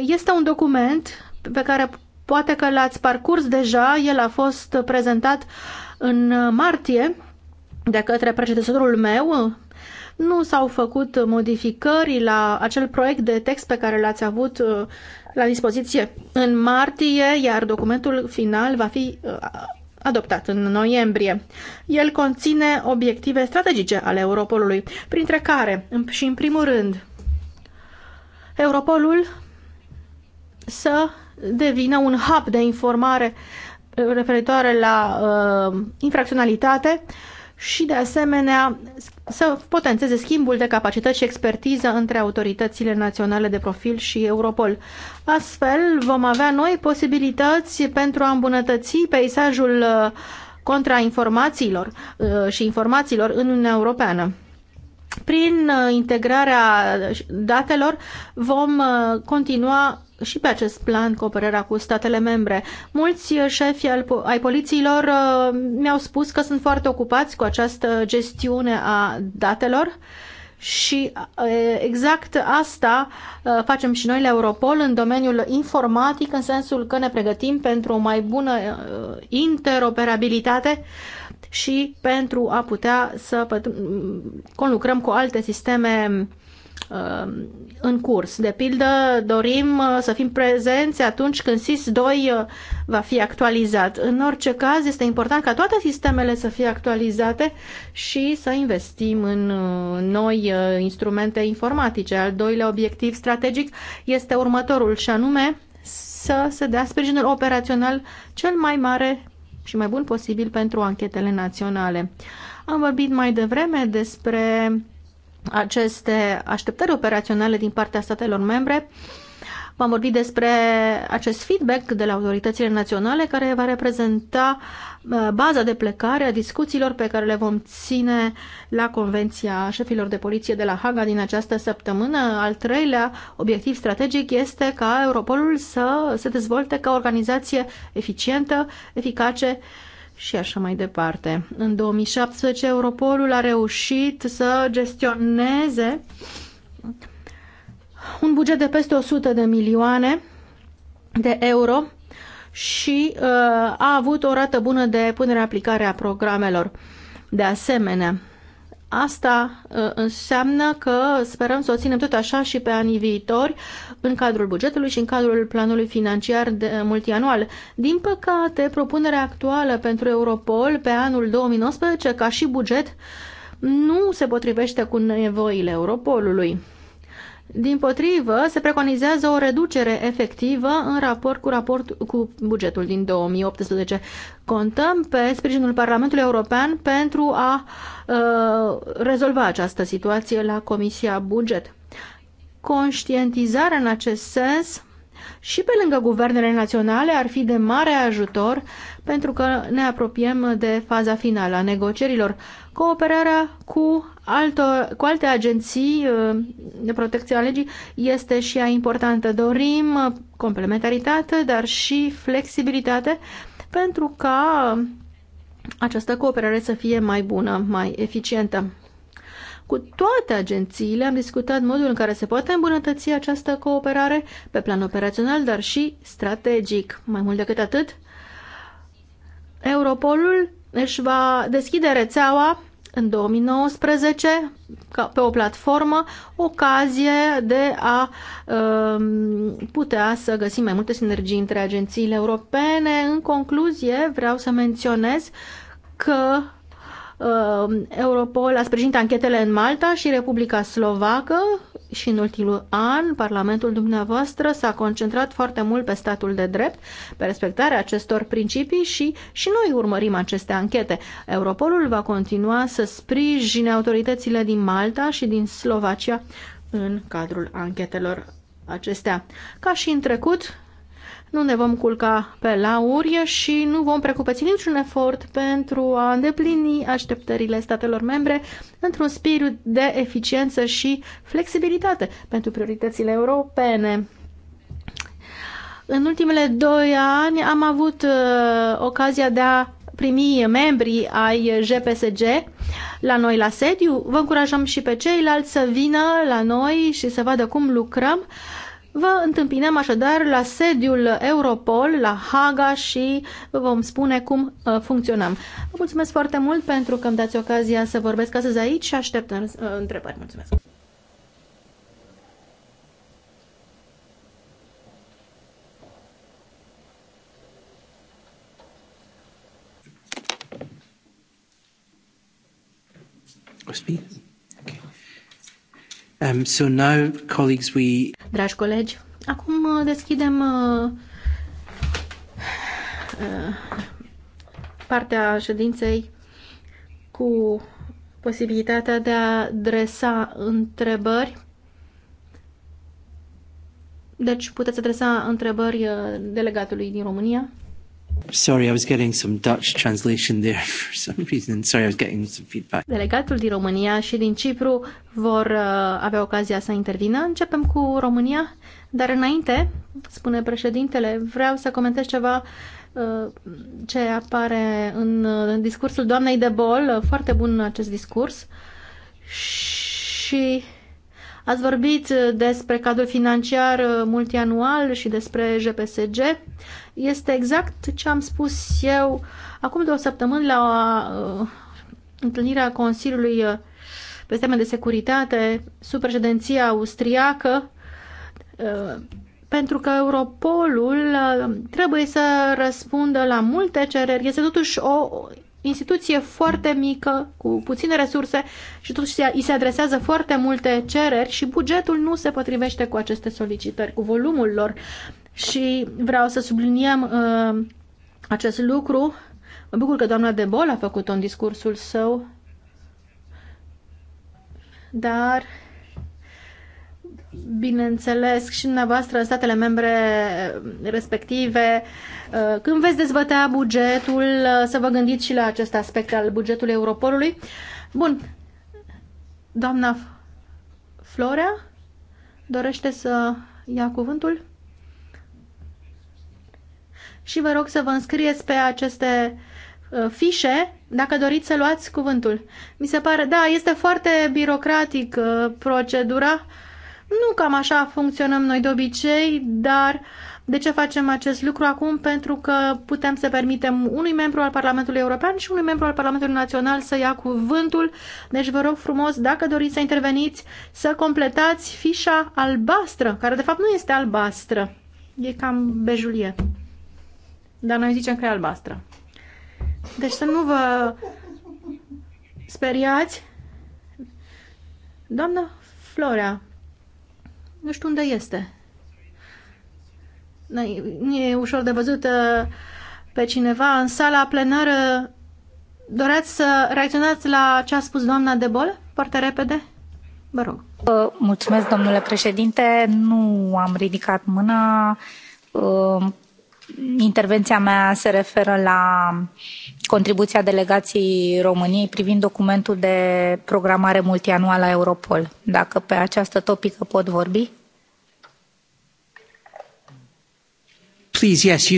Speaker 2: este un document pe care poate că l-ați parcurs deja, el a fost prezentat uh, în martie, de către precedentul meu, nu s-au făcut modificări la acel proiect de text pe care l-ați avut uh, la dispoziție în martie, iar documentul final va fi uh, adoptat în noiembrie. El conține obiective strategice ale Europolului, printre care, și în primul rând, Europolul să devină un hub de informare uh, referitoare la uh, infracționalitate și, de asemenea, să potențeze schimbul de capacități și expertiză între autoritățile naționale de profil și Europol. Astfel, vom avea noi posibilități pentru a îmbunătăți peisajul uh, contrainformațiilor uh, și informațiilor în Uniunea Europeană. Prin uh, integrarea datelor vom continua și pe acest plan cooperarea cu statele membre. Mulți uh, șefi ai polițiilor uh, mi-au spus că sunt foarte ocupați cu această gestiune a datelor și uh, exact asta facem și noi la Europol în domeniul informatic, în sensul că ne pregătim pentru o mai bună interoperabilitate și pentru a putea să conlucrăm cu alte sisteme Ehm, în curs. De pildă, dorim uh, să fim prezenți atunci când SIS-2 uh, va fi actualizat. În orice caz, este important ca toate sistemele să fie actualizate și să investim în uh, noi instrumente informatice. Al doilea obiectiv strategic este următorul și anume să se dea sprijinul operațional cel mai mare și mai bun posibil pentru anchetele naționale. Am vorbit mai devreme despre aceste așteptări operaționale din partea statelor membre. vom am vorbit despre acest feedback de la autoritățile naționale care va reprezenta uh, baza de plecare a discuțiilor pe care le vom ține la Convenția șefilor de poliție de la Haga din această săptămână. Al treilea obiectiv strategic este ca Europolul să se dezvolte ca organizație eficientă, eficace și așa mai departe. În 2017 Europolul a reușit să gestioneze un buget de peste 100 de milioane de euro și uh, a avut o rată bună de punere aplicare a programelor. De asemenea, Asta uh, înseamnă că sperăm să o ținem tot așa și pe anii viitori în cadrul bugetului și în cadrul planului financiar de, uh, multianual. Din păcate, propunerea actuală pentru Europol pe anul 2019 ca și buget nu se potrivește cu nevoile Europolului. Din potrivă, se preconizează o reducere efectivă în raport cu, raport cu bugetul din 2018. Contăm pe sprijinul Parlamentului European pentru a uh, rezolva această situație la Comisia Buget. Conștientizarea în acest sens și pe lângă guvernele naționale ar fi de mare ajutor pentru că ne apropiem de faza finală a negocierilor. Cooperarea cu altor, cu alte agenții uh, de protecție a legii este și ea importantă. Dorim uh, complementaritate, dar și flexibilitate pentru ca această cooperare să fie mai bună, mai eficientă. Cu toate agențiile am discutat modul în care se poate îmbunătăți această cooperare pe plan operațional, dar și strategic. Mai mult decât atât, Europolul își va deschide rețeaua în 2019 pe o platformă ocazie de a um, putea să găsim mai multe sinergii între agențiile europene. În concluzie, vreau să menționez că um, Europol a sprijinit anchetele în Malta și Republica Slovacă și în ultimul an, Parlamentul dumneavoastră s-a concentrat foarte mult pe statul de drept, pe respectarea acestor principii și, și noi urmărim aceste anchete. Europolul va continua să sprijine autoritățile din Malta și din Slovacia în cadrul anchetelor acestea. Ca și în trecut, nu ne vom culca pe lauri și nu vom precupeți niciun efort pentru a îndeplini așteptările statelor membre într-un spirit de eficiență și flexibilitate pentru prioritățile europene. În ultimele doi ani am avut uh, ocazia de a primi membrii ai GPSG la noi la sediu. Vă încurajăm și pe ceilalți să vină la noi și să vadă cum lucrăm. Uh, Vă întâmpinăm așadar la sediul Europol, la Haga și vă vom spune cum uh, funcționăm. Vă mulțumesc foarte mult pentru că îmi dați ocazia să vorbesc astăzi aici și aștept uh, întrebări. Mulțumesc!
Speaker 1: Speak. Um, so now, colleagues, we...
Speaker 2: Dragi colegi, acum uh, deschidem uh, uh, partea ședinței cu posibilitatea de a adresa întrebări. Deci puteți adresa întrebări uh, delegatului din România.
Speaker 1: Sorry, I was getting some Dutch translation there for some reason. Sorry, I was getting some feedback.
Speaker 2: Delegatul din România și din Cipru vor uh, avea ocazia să intervină. Începem cu România, dar înainte, spune președintele, vreau să comentez ceva uh, ce apare în, uh, în discursul doamnei de Bol. Foarte bun acest discurs. Și Ați vorbit uh, despre cadrul financiar uh, multianual și despre GPSG. Este exact ce am spus eu acum două săptămâni la o, uh, întâlnire întâlnirea Consiliului pe teme de securitate sub președinția austriacă pentru că Europolul trebuie să răspundă la multe cereri. Este totuși o instituție foarte mică, cu puține resurse și totuși îi se adresează foarte multe cereri și bugetul nu se potrivește cu aceste solicitări, cu volumul lor. Și vreau să subliniem uh, acest lucru. Mă bucur că doamna de Bol a făcut-o în discursul său, dar bineînțeles și dumneavoastră în statele membre respective uh, Uh, când veți dezbătea bugetul, uh, să vă gândiți și la acest aspect al bugetului Europolului. Bun, doamna Florea dorește să ia cuvântul? Și vă rog să vă înscrieți pe aceste uh, fișe dacă doriți să luați cuvântul. Mi se pare, da, este foarte birocratic procedura. Nu cam așa funcționăm noi de obicei, dar de ce facem acest lucru acum? Pentru că putem să permitem unui membru al Parlamentului European și unui membru al Parlamentului Național să ia cuvântul. Deci vă rog frumos, dacă doriți să interveniți, să completați fișa albastră, care de fapt nu este albastră. E cam bejulie. Dar noi zicem că e albastră. Deci să nu vă speriați. Doamna Florea, nu știu unde este nu e ușor de văzut uh, pe cineva în sala plenară. Doreați să reacționați la ce a spus doamna de bol? Foarte repede? Vă rog. Uh, mulțumesc,
Speaker 3: domnule președinte. Nu am ridicat mâna. Uh, intervenția mea se referă la contribuția delegației României privind documentul de programare multianuală a Europol. Dacă pe această topică pot vorbi?
Speaker 4: Please, yes,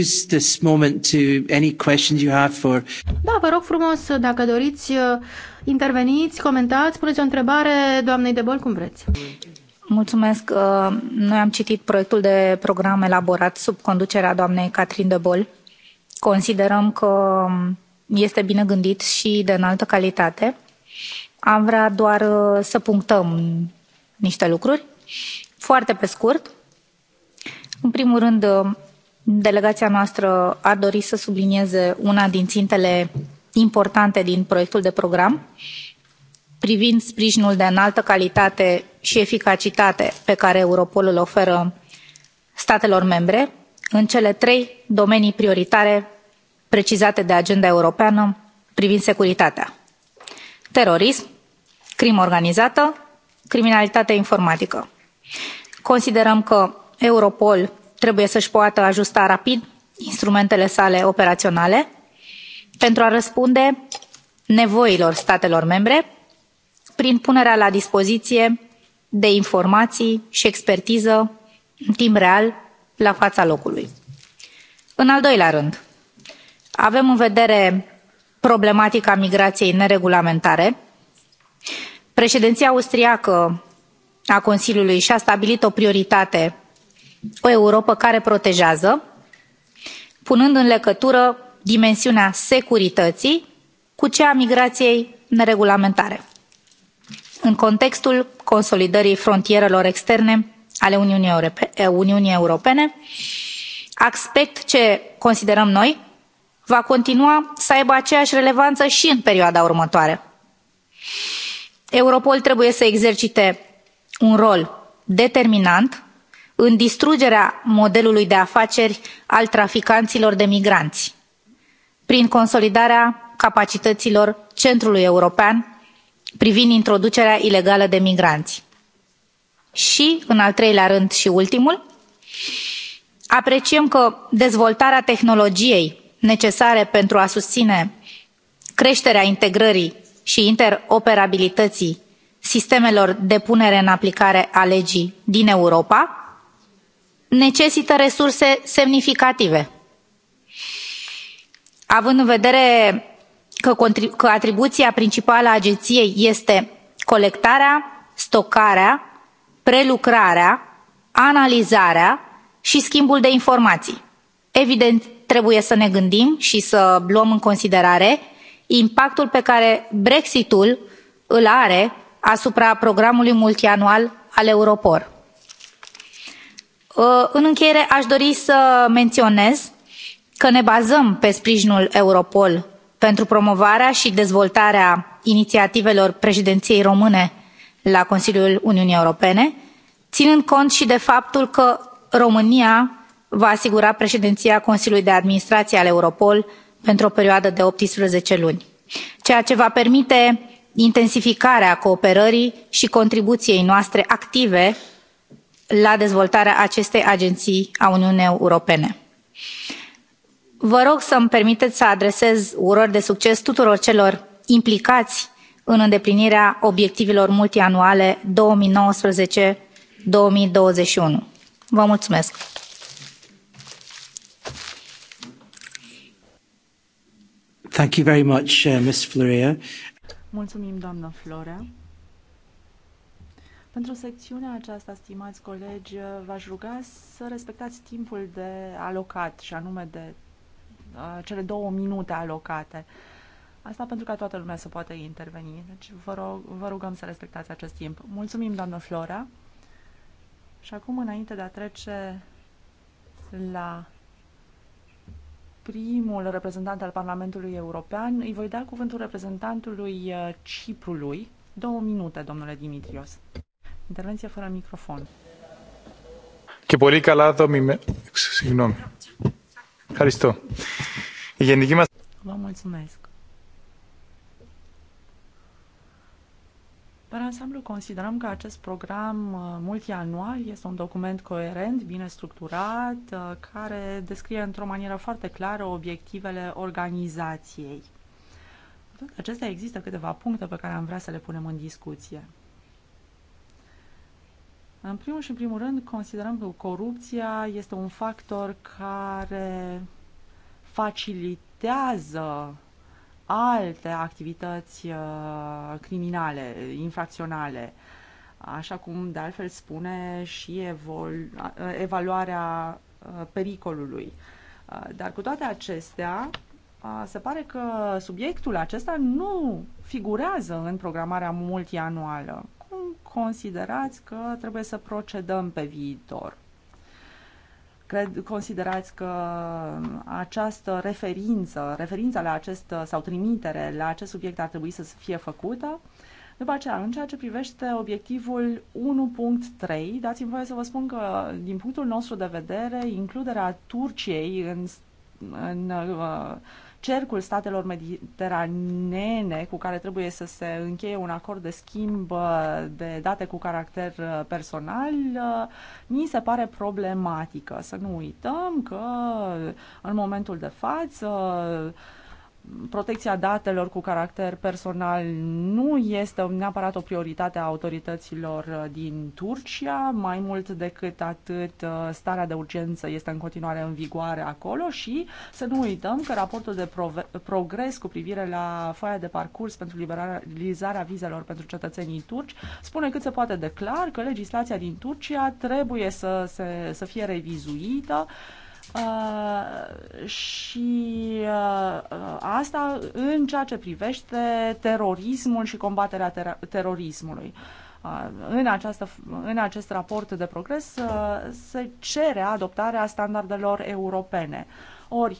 Speaker 1: use this moment to any questions you have for...
Speaker 2: Da, vă rog frumos, dacă doriți, uh, interveniți, comentați, puneți o întrebare doamnei de bol cum vreți.
Speaker 3: Mulțumesc. Uh, noi am citit proiectul de program elaborat sub conducerea doamnei Catrin de Bol. Considerăm că um, este bine gândit și de înaltă calitate. Am vrea doar uh, să punctăm niște lucruri. Foarte pe scurt, în primul rând, um, Delegația noastră ar dori să sublinieze una din țintele importante din proiectul de program privind sprijinul de înaltă calitate și eficacitate pe care Europol îl oferă statelor membre în cele trei domenii prioritare precizate de agenda europeană privind securitatea. Terorism, crimă organizată, criminalitate informatică. Considerăm că Europol trebuie să-și poată ajusta rapid instrumentele sale operaționale pentru a răspunde nevoilor statelor membre prin punerea la dispoziție de informații și expertiză în timp real la fața locului. În al doilea rând, avem în vedere problematica migrației neregulamentare. Președinția austriacă a Consiliului și-a stabilit o prioritate o europă care protejează, punând în legătură dimensiunea securității cu cea a migrației neregulamentare, în contextul consolidării frontierelor externe ale Uniunii, Europe eh, Uniunii Europene, aspect ce considerăm noi va continua să aibă aceeași relevanță și în perioada următoare. Europol trebuie să exercite un rol determinant în distrugerea modelului de afaceri al traficanților de migranți prin consolidarea capacităților centrului european privind introducerea ilegală de migranți. Și, în al treilea rând și ultimul, apreciem că dezvoltarea tehnologiei necesare pentru a susține creșterea integrării și interoperabilității sistemelor de punere în aplicare a legii din Europa necesită resurse semnificative având în vedere că, că atribuția principală a agenției este colectarea stocarea prelucrarea analizarea și schimbul de informații. evident trebuie să ne gândim și să luăm în considerare impactul pe care brexitul îl are asupra programului multianual al europol. Uh, în încheiere, aș dori să menționez că ne bazăm pe sprijinul Europol pentru promovarea și dezvoltarea inițiativelor președinției române la Consiliul Uniunii Europene, ținând cont și de faptul că România va asigura președinția Consiliului de Administrație al Europol pentru o perioadă de 18 luni, ceea ce va permite intensificarea cooperării și contribuției noastre active la dezvoltarea acestei agenții a Uniunii Europene. Vă rog să îmi permiteți să adresez urări de succes tuturor celor implicați în îndeplinirea obiectivelor multianuale 2019-2021. Vă mulțumesc!
Speaker 1: Thank you very much, uh, Ms. Mulțumim, doamnă Florea. Pentru secțiunea aceasta, stimați colegi, v-aș ruga să respectați timpul de alocat și anume de uh, cele două minute alocate. Asta pentru ca toată lumea să poată interveni. Deci vă, rog, vă rugăm să respectați acest timp. Mulțumim, doamnă Flora. Și acum, înainte de a trece la primul reprezentant al Parlamentului European, îi voi da cuvântul reprezentantului uh, Ciprului. Două minute, domnule Dimitrios. Intervenție fără microfon.
Speaker 3: Και πολύ καλά το Συγγνώμη. Ευχαριστώ. Η γενική μας...
Speaker 1: Vă mulțumesc. Pe ansamblu considerăm că acest program uh, multianual este un document coerent, bine structurat, uh, care descrie într-o manieră foarte clară obiectivele organizației. Cu toate acestea există câteva puncte pe care am vrea să le punem în discuție. În primul și în primul rând, considerăm că corupția este un factor care facilitează alte activități uh, criminale, infracționale, așa cum de altfel spune și uh, evaluarea uh, pericolului. Dar cu toate acestea, se pare că subiectul acesta nu figurează în programarea multianuală cum considerați că trebuie să procedăm pe viitor? Cred, considerați că această referință, referința la acest sau trimitere la acest subiect ar trebui să fie făcută? După aceea, în ceea ce privește obiectivul 1.3, dați-mi voie să vă spun că, din punctul nostru de vedere, includerea Turciei în, în uh, cercul statelor mediteranene cu care trebuie să se încheie un acord de schimb de date cu caracter uh, personal uh, ni se pare problematică. Să nu uităm că uh, în momentul de față protecția datelor cu caracter personal nu este neapărat o prioritate a autorităților uh, din Turcia, mai mult decât atât uh, starea de urgență este în continuare în vigoare acolo și să nu uităm că raportul de progres cu privire la foaia de parcurs pentru liberalizarea vizelor pentru cetățenii turci spune cât se poate declar că legislația din Turcia trebuie să, se, să fie revizuită uh, Uh, și uh, asta în ceea ce privește terorismul și combaterea ter- terorismului. Uh, în, această, în acest raport de progres uh, se cere adoptarea standardelor europene. Ori,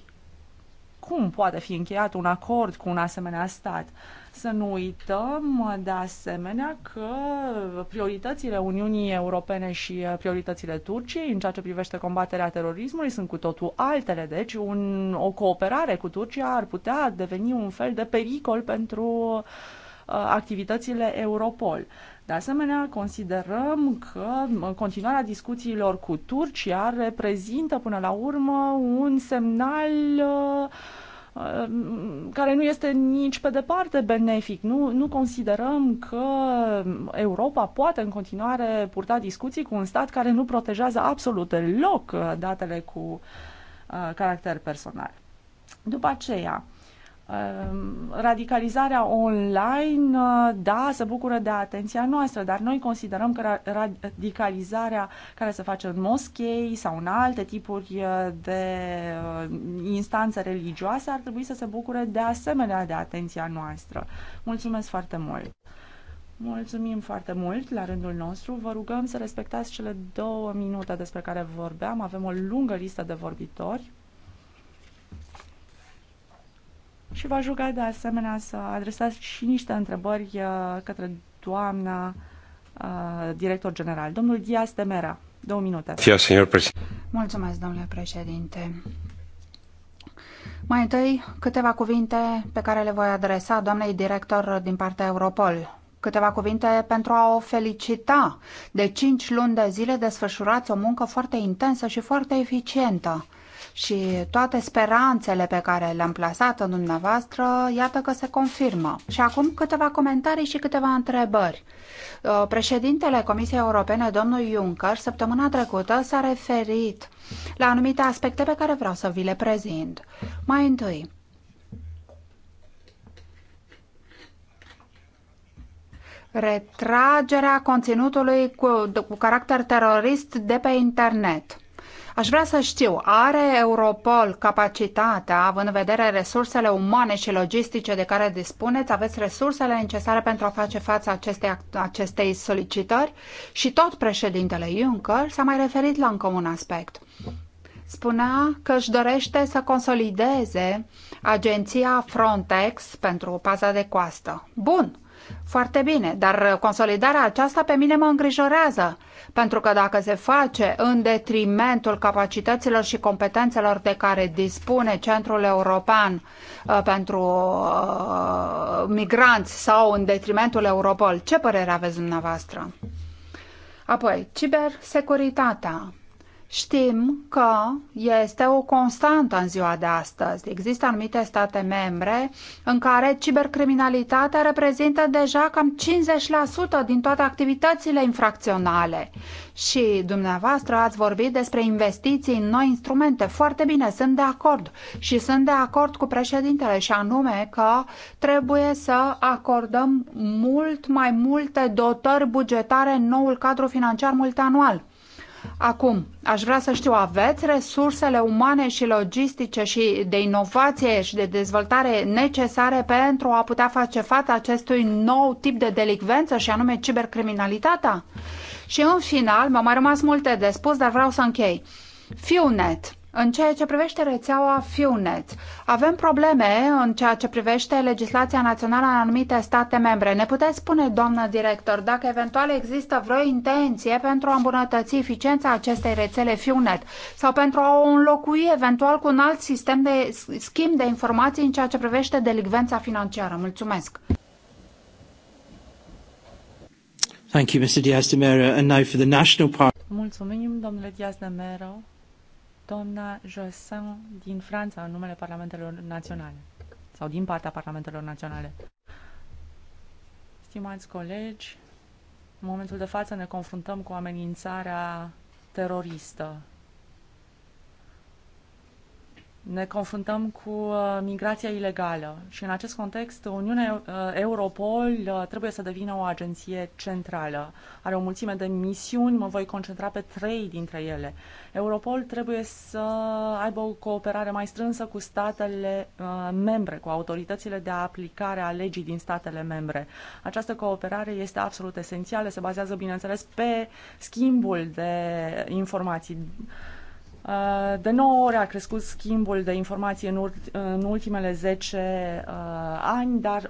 Speaker 1: cum poate fi încheiat un acord cu un asemenea stat? Uh, să nu uităm, de asemenea, că prioritățile Uniunii Europene și uh, prioritățile Turciei în ceea ce privește combaterea terorismului sunt cu totul altele. Deci, un, o cooperare cu Turcia ar putea deveni un fel de pericol pentru uh, activitățile Europol. De asemenea, considerăm că uh, continuarea discuțiilor cu Turcia reprezintă până la urmă un semnal uh, Uh, care nu este nici pe departe benefic. Nu, nu considerăm că Europa poate în continuare purta discuții cu un stat care nu protejează absolut deloc uh, datele cu uh, caracter personal. După aceea, Ehm, radicalizarea online, uh, da, se bucură de atenția noastră, dar noi considerăm că radicalizarea care se face în moschei sau în alte tipuri uh, de uh, instanțe religioase ar trebui să se bucure de asemenea de atenția noastră. Mulțumesc foarte mult! Mulțumim foarte mult la rândul nostru. Vă rugăm să respectați cele două minute despre care vorbeam. Avem o lungă listă de vorbitori. și v-aș ruga de asemenea să adresați și niște întrebări uh, către doamna uh, director general. Domnul Diaz de Mera, două minute. Mulțumesc, domnule președinte.
Speaker 4: Mai întâi, câteva cuvinte pe care le voi adresa doamnei director din partea Europol, câteva cuvinte pentru a o felicita. De cinci luni de zile desfășurați o muncă foarte intensă și foarte eficientă și toate speranțele pe care le-am plasat în dumneavoastră, iată că se confirmă. Și acum câteva comentarii și câteva întrebări. Uh, președintele Comisiei Europene, domnul Juncker, săptămâna trecută s-a referit la anumite aspecte pe care vreau să vi le prezint. Mai întâi, retragerea conținutului cu, cu caracter terorist de pe internet. Aș vrea să știu, are Europol capacitatea, având în vedere resursele umane și logistice de care dispuneți, aveți resursele necesare pentru a face față acestei, acestei solicitări? Și tot președintele Juncker s-a mai referit la încă un aspect spunea că își dorește să consolideze agenția Frontex pentru paza de coastă. Bun, foarte bine, dar uh, consolidarea aceasta pe mine mă îngrijorează, pentru că dacă se face în detrimentul capacităților și competențelor de care dispune Centrul European uh, pentru uh, migranți sau în detrimentul Europol, ce părere aveți dumneavoastră? Apoi, cibersecuritatea. Știm că este o constantă în ziua de astăzi. Există anumite state membre în care cibercriminalitatea reprezintă deja cam 50% din toate activitățile infracționale. Și dumneavoastră ați vorbit despre investiții în noi instrumente. Foarte bine, sunt de acord. Și sunt de acord cu președintele și anume că trebuie să acordăm mult mai multe dotări bugetare în noul cadru financiar multianual Acum, aș vrea să știu, aveți resursele umane și logistice și de inovație și de dezvoltare necesare pentru a putea face față acestui nou tip de delicvență și anume cibercriminalitatea? Și în final, m-au mai rămas multe de spus, dar vreau să închei. FIUNET în ceea ce privește rețeaua FUNET, avem probleme în ceea ce privește legislația națională în anumite state membre. Ne puteți spune, doamnă director, dacă eventual există vreo intenție pentru a îmbunătăți eficiența acestei rețele FUNET sau pentru a o înlocui eventual cu un alt sistem de schimb de informații în ceea ce privește delicvența financiară. Mulțumesc!
Speaker 1: Thank you, Mr. Diaz de Mera. And now for the National Party. Mulțumim, domnule Diaz de Mera doamna Josin din Franța, în numele Parlamentelor Naționale, sau din partea Parlamentelor Naționale. Stimați colegi, în momentul de față ne confruntăm cu amenințarea teroristă ne confruntăm cu uh, migrația ilegală și în acest context Uniunea uh, Europol uh, trebuie să devină o agenție centrală. Are o mulțime de misiuni, mă voi concentra pe trei dintre ele. Europol trebuie să aibă o cooperare mai strânsă cu statele membre, cu autoritățile de aplicare a legii din statele membre. Această cooperare este absolut esențială, se bazează, bineînțeles, pe schimbul de informații Uh, de 9 ore a crescut schimbul de informații în, în ultimele 10 uh, ani, dar 85%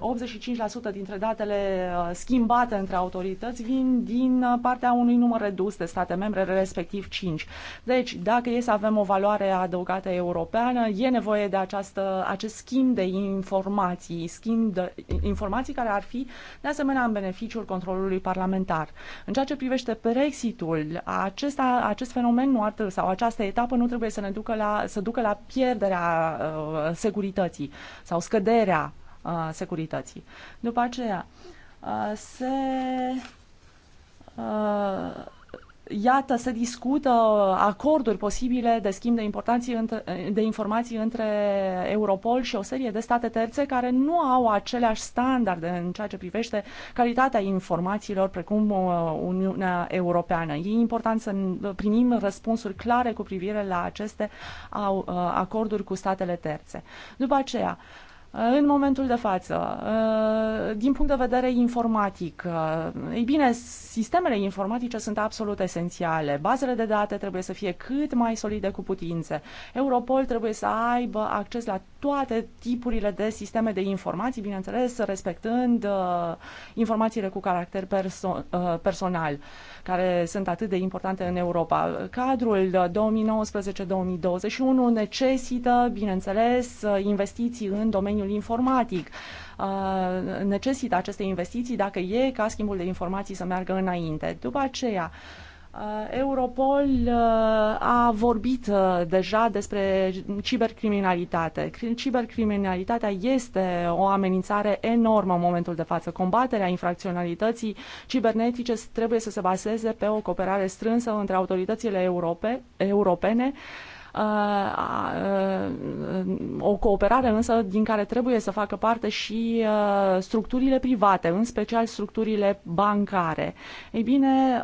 Speaker 1: dintre datele uh, schimbate între autorități vin din uh, partea unui număr redus de state membre, respectiv 5. Deci, dacă e să avem o valoare adăugată europeană, e nevoie de această, acest schimb de informații, schimb de informații care ar fi, de asemenea, în beneficiul controlului parlamentar. În ceea ce privește Brexitul, acesta, acest fenomen nu ar, sau această etapă apă nu trebuie să ne ducă la, să ducă la pierderea uh, securității sau scăderea uh, securității. După aceea, uh, se uh, iată, se discută acorduri posibile de schimb de, de informații între Europol și o serie de state terțe care nu au aceleași standarde în ceea ce privește calitatea informațiilor precum uh, Uniunea Europeană. E important să primim răspunsuri clare cu privire la aceste uh, acorduri cu statele terțe. După aceea, în momentul de față, uh, din punct de vedere informatic, uh, ei bine, sistemele informatice sunt absolut esențiale. Bazele de date trebuie să fie cât mai solide cu putințe. Europol trebuie să aibă acces la toate tipurile de sisteme de informații, bineînțeles, respectând uh, informațiile cu caracter perso- personal, care sunt atât de importante în Europa. Cadrul 2019-2021 necesită, bineînțeles, investiții în domeniul domeniul informatic uh, necesită aceste investiții dacă e ca schimbul de informații să meargă înainte. După aceea, uh, Europol uh, a vorbit deja despre cibercriminalitate. Cibercriminalitatea este o amenințare enormă în momentul de față. Combaterea infracționalității cibernetice trebuie să se bazeze pe o cooperare strânsă între autoritățile europe, europene, Uh, uh, uh, o cooperare însă din care trebuie să facă parte și structurile private, în special structurile bancare. Ei bine,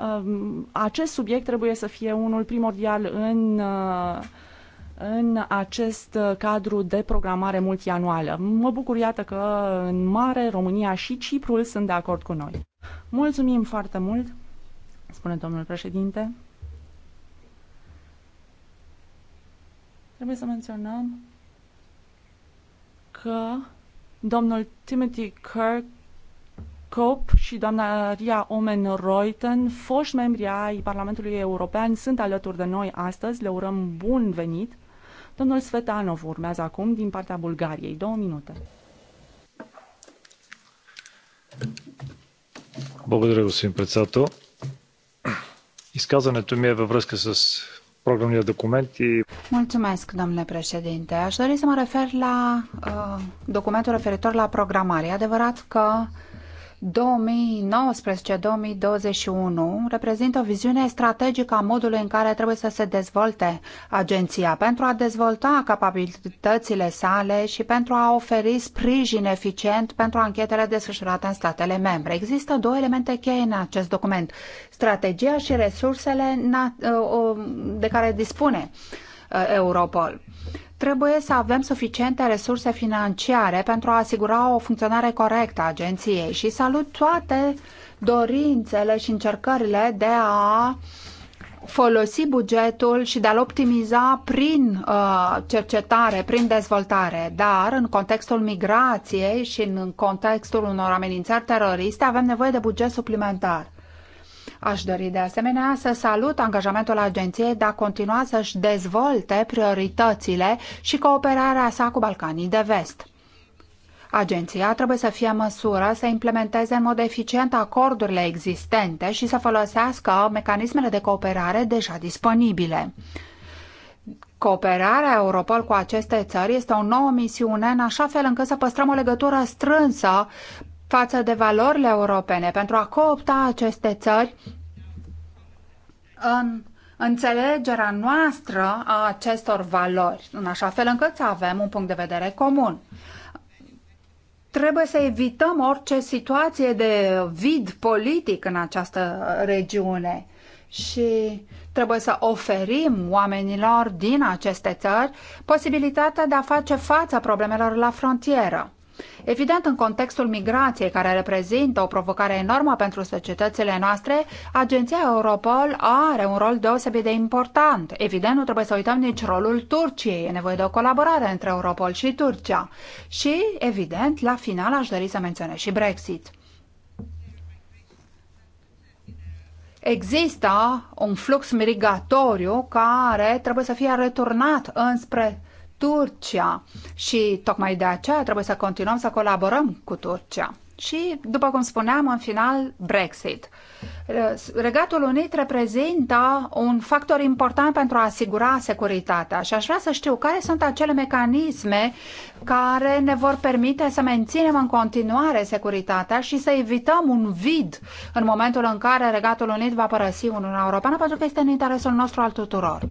Speaker 1: acest subiect trebuie să fie unul primordial în în acest cadru de programare multianuală. Mă bucur, iată, că în mare România și Ciprul sunt de acord cu noi. Mulțumim foarte mult, spune domnul președinte. Trebuie să menționăm că domnul Timothy Kirk Cop și doamna Ria Omen Reuten, foști membri ai Parlamentului European, sunt alături de noi astăzi. Le urăm bun venit. Domnul Svetanov urmează acum din partea Bulgariei. Două minute.
Speaker 3: Благодаря, господин председател. Изказването ми е във връзка с programului de documente.
Speaker 4: Mulțumesc, domnule președinte. Aș dori să mă refer la uh, documentul referitor la programare. E adevărat că uh, 2019-2021 reprezintă o viziune strategică a modului în care trebuie să se dezvolte agenția pentru a dezvolta capabilitățile sale și pentru a oferi sprijin eficient pentru anchetele desfășurate în statele membre. Există două elemente cheie în acest document, strategia și resursele de care dispune uh, Europol. Trebuie să avem suficiente resurse financiare pentru a asigura o funcționare corectă a agenției și salut toate dorințele și încercările de a folosi bugetul și de a-l optimiza prin uh, cercetare, prin dezvoltare. Dar în contextul migrației și în contextul unor amenințări teroriste avem nevoie de buget suplimentar. Aș dori de asemenea să salut angajamentul agenției de a continua să-și dezvolte prioritățile și cooperarea sa cu Balcanii de Vest. Agenția trebuie să fie măsură să implementeze în mod eficient acordurile existente și să folosească mecanismele de cooperare deja disponibile. Cooperarea Europol cu aceste țări este o nouă misiune în așa fel încât să păstrăm o legătură strânsă față de valorile europene, pentru a coopta aceste țări în înțelegerea noastră a acestor valori, în așa fel încât să avem un punct de vedere comun. Trebuie să evităm orice situație de vid politic în această regiune și trebuie să oferim oamenilor din aceste țări posibilitatea de a face față problemelor la frontieră. Evident, în contextul migrației, care reprezintă o provocare enormă pentru societățile noastre, Agenția Europol are un rol deosebit de important. Evident, nu trebuie să uităm nici rolul Turciei. E nevoie de o colaborare între Europol și Turcia. Și, evident, la final aș dori să menționez și Brexit. există un flux migratoriu care trebuie să fie returnat înspre Turcia și tocmai de aceea trebuie să continuăm să colaborăm cu Turcia. Și, după cum spuneam, în final, Brexit. Regatul Unit reprezintă un factor important pentru a asigura securitatea și aș vrea să știu care sunt acele mecanisme care ne vor permite să menținem în continuare securitatea și să evităm un vid în momentul în care Regatul Unit va părăsi Uniunea Europeană pentru că este în interesul nostru al tuturor.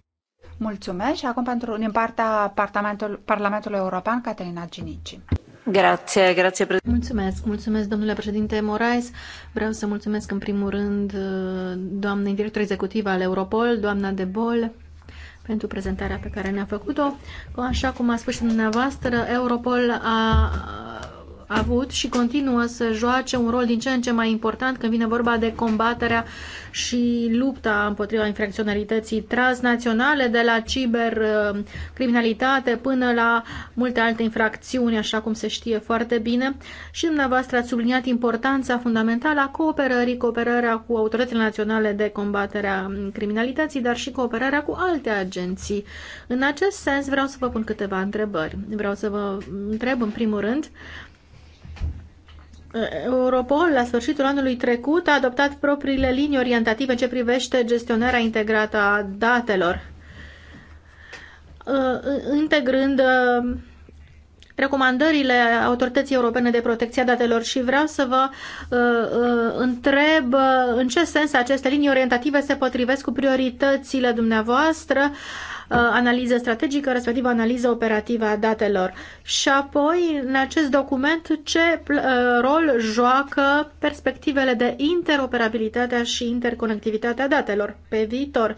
Speaker 4: Mulțumesc și acum pentru, din partea Parlamentul, Parlamentului European, Caterina Ginici.
Speaker 2: Grazie, grazie. Mulțumesc, mulțumesc domnule președinte Moraes. Vreau să mulțumesc în primul rând uh, doamnei director executivă al Europol, doamna De Bol, pentru prezentarea pe care ne-a făcut-o. Așa cum a spus și dumneavoastră, Europol a avut și continuă să joace un rol din ce în ce mai important când vine vorba de combaterea și lupta împotriva infracționalității transnaționale, de la cibercriminalitate uh, până la multe alte infracțiuni, așa cum se știe foarte bine. Și dumneavoastră ați subliniat importanța fundamentală a cooperării, cooperarea cu autoritățile naționale de combaterea criminalității, dar și cooperarea cu alte agenții. În acest sens vreau să vă pun câteva întrebări. Vreau să vă întreb în primul rând Europol, la sfârșitul anului trecut, a adoptat propriile linii orientative în ce privește gestionarea integrată a datelor, uh, integrând uh, recomandările Autorității Europene de Protecție a Datelor și vreau să vă uh, întreb în ce sens aceste linii orientative se potrivesc cu prioritățile dumneavoastră Uh, analiză strategică, respectiv analiză operativă a datelor. Și apoi, în acest document, ce uh, rol joacă perspectivele de interoperabilitatea și interconectivitatea datelor pe viitor.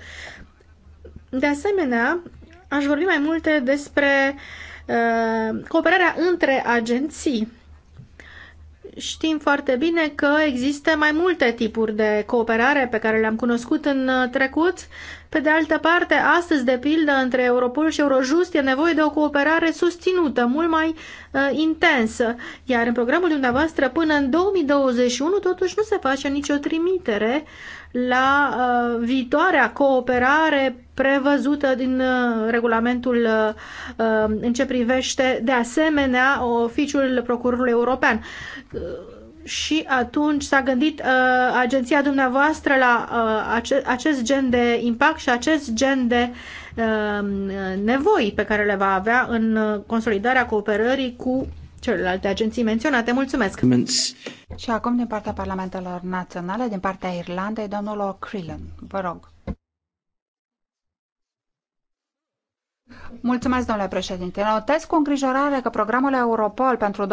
Speaker 2: De asemenea, aș vorbi mai multe despre uh, cooperarea între agenții Știm foarte bine că există mai multe tipuri de cooperare pe care le-am cunoscut în uh, trecut. Pe de altă parte, astăzi, de pildă, între Europol și Eurojust e nevoie de o cooperare susținută, mult mai uh, intensă. Iar în programul dumneavoastră, până în 2021, totuși nu se face nicio trimitere la uh, viitoarea cooperare prevăzută din uh, regulamentul uh, uh, în ce privește de asemenea oficiul procurorului european și atunci s-a gândit agenția dumneavoastră la acest gen de impact și acest gen de nevoi pe care le va avea în
Speaker 4: consolidarea cooperării cu celelalte agenții menționate. Mulțumesc! Și acum din partea parlamentelor naționale, din partea Irlandei, domnul O'Crillan. Vă rog. Mulțumesc, domnule președinte. Notez cu îngrijorare că programul Europol pentru 2019-2021,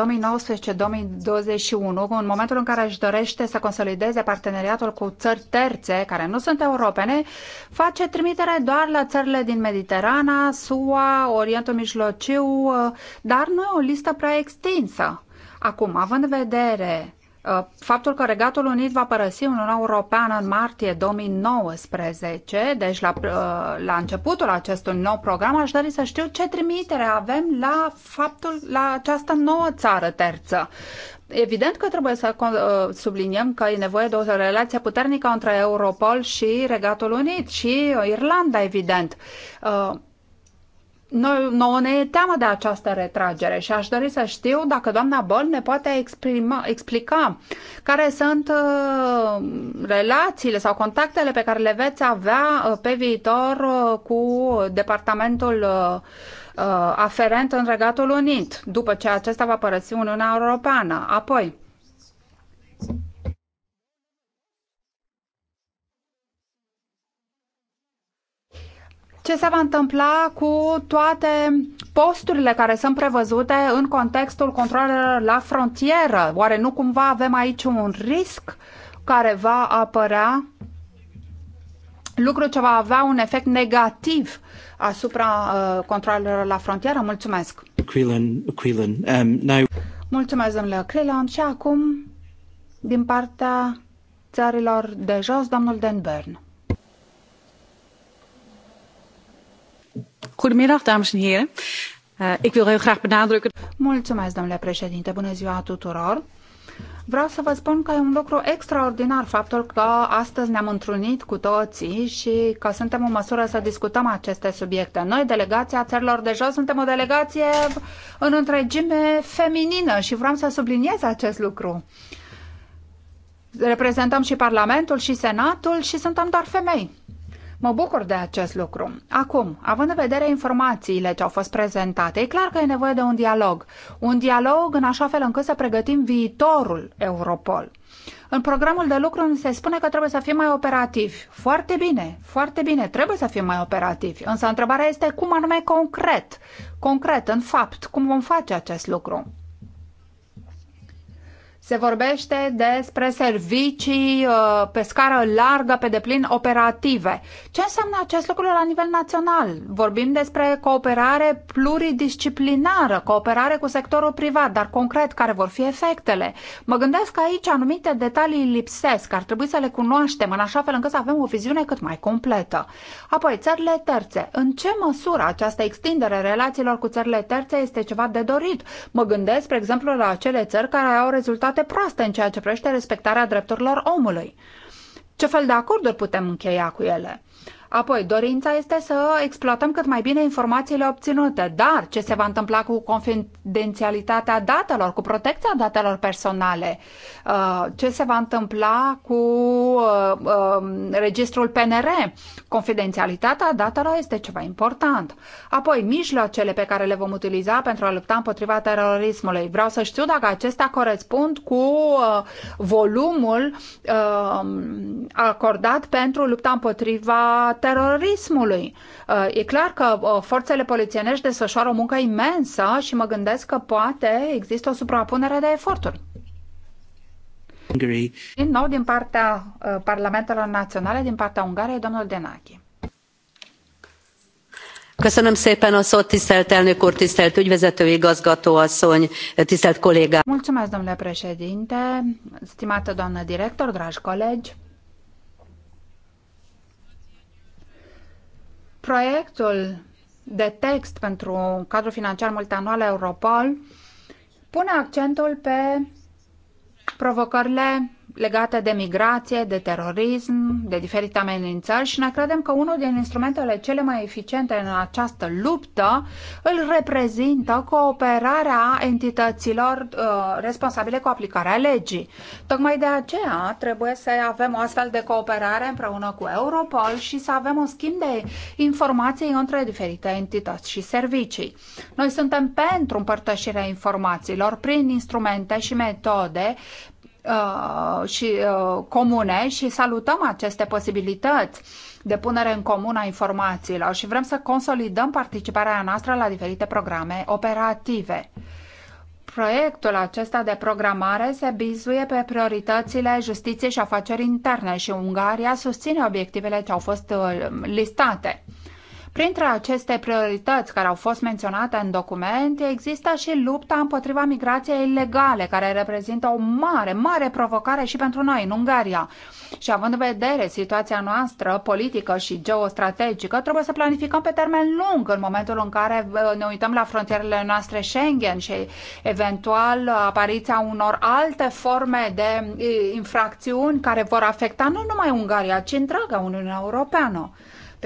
Speaker 4: în momentul în care își dorește să consolideze parteneriatul cu țări terțe care nu sunt europene, face trimitere doar la țările din Mediterana, SUA, Orientul Mijlociu, dar nu e o listă prea extinsă. Acum, având în vedere Uh, faptul că Regatul Unit va părăsi Uniunea Europeană în martie 2019, deci la, uh, la începutul acestui nou program, aș dori să știu ce trimitere avem la faptul la această nouă țară terță. Evident că trebuie să uh, subliniem că e nevoie de o relație puternică între Europol și Regatul Unit și Irlanda, evident. Noi, nouă ne e teamă de această retragere și aș dori să știu dacă doamna Bol ne poate exprima, explica care sunt uh, relațiile sau contactele pe care le veți avea uh, pe viitor uh, cu departamentul uh, uh aferent în Regatul Unit, după ce acesta va părăsi Uniunea Europeană. Apoi, ce se va întâmpla cu toate posturile care sunt prevăzute în contextul controlelor la frontieră. Oare nu cumva avem aici un risc care va apărea? Lucru ce va avea un efect negativ asupra uh, controlelor la frontieră? Mulțumesc!
Speaker 1: Quilan, Quilan. Um, now...
Speaker 4: Mulțumesc, domnule Crilan. Și acum, din partea țărilor de jos, domnul Denbern. Goedemiddag, dames en heren. Uh, ik wil heel graag benadrukken. Mulțumesc, domnule președinte. Bună ziua tuturor. Vreau să vă spun că e un lucru extraordinar faptul că astăzi ne-am întrunit cu toții și că suntem în măsură să discutăm aceste subiecte. Noi, delegația țărilor de jos, suntem o delegație în întregime feminină și vreau să subliniez acest lucru. Reprezentăm și Parlamentul și Senatul și suntem doar femei. Mă bucur de acest lucru. Acum, având în vedere informațiile ce au fost prezentate, e clar că e nevoie de un dialog. Un dialog în așa fel încât să pregătim viitorul Europol. În programul de lucru se spune că trebuie să fim mai operativi. Foarte bine, foarte bine, trebuie să fim mai operativi. Însă întrebarea este cum anume concret, concret, în fapt, cum vom face acest lucru. Se vorbește despre servicii uh, pe scară largă, pe deplin operative. Ce înseamnă acest lucru la nivel național? Vorbim despre cooperare pluridisciplinară, cooperare cu sectorul privat, dar concret care vor fi efectele. Mă gândesc că aici anumite detalii lipsesc, ar trebui să le cunoaștem în așa fel încât să avem o viziune cât mai completă. Apoi, țările terțe. În ce măsură această extindere relațiilor cu țările terțe este ceva de dorit? Mă gândesc, spre exemplu, la acele țări care au rezultat foarte proastă în ceea ce privește respectarea drepturilor omului. Ce fel de acorduri putem încheia cu ele? Apoi, dorința este să exploatăm cât mai bine informațiile obținute, dar ce se va întâmpla cu confidențialitatea datelor, cu protecția datelor personale, uh, ce se va întâmpla cu uh, um, registrul PNR. Confidențialitatea datelor este ceva important. Apoi, mijloacele pe care le vom utiliza pentru a lupta împotriva terorismului. Vreau să știu dacă acestea corespund cu uh, volumul acordat pentru lupta împotriva terorismului terorismului. Uh, e clar că uh, forțele polițienești desfășoară o muncă imensă și mă gândesc că poate există o suprapunere de eforturi. Din nou, din partea uh, Parlamentelor Naționale, din partea Ungariei, domnul Denachi.
Speaker 3: Köszönöm szépen a szót, tisztelt elnök úr, tisztelt ügyvezető igazgató asszony, tisztelt kollégák.
Speaker 4: Mulțumesc, domnule președinte, stimată doamnă director, dragi colegi. Proiectul de text pentru cadrul financiar multianual Europol pune accentul pe provocările legate de migrație, de terorism, de diferite amenințări și ne credem că unul din instrumentele cele mai eficiente în această luptă îl reprezintă cooperarea entităților uh, responsabile cu aplicarea legii. Tocmai de aceea trebuie să avem o astfel de cooperare împreună cu Europol și să avem un schimb de informații între diferite entități și servicii. Noi suntem pentru împărtășirea informațiilor prin instrumente și metode Uh, și uh, comune și salutăm aceste posibilități de punere în comun a informațiilor și vrem să consolidăm participarea noastră la diferite programe operative. Proiectul acesta de programare se bizuie pe prioritățile justiției și afaceri interne și Ungaria susține obiectivele ce au fost uh, listate. Printre aceste priorități care au fost menționate în document, există și lupta împotriva migrației ilegale, care reprezintă o mare, mare provocare și pentru noi în Ungaria. Și având în vedere situația noastră politică și geostrategică, trebuie să planificăm pe termen lung în momentul în care uh, ne uităm la frontierele noastre Schengen și eventual uh, apariția unor alte forme de uh, infracțiuni care vor afecta nu numai Ungaria, ci întreaga Uniunea Europeană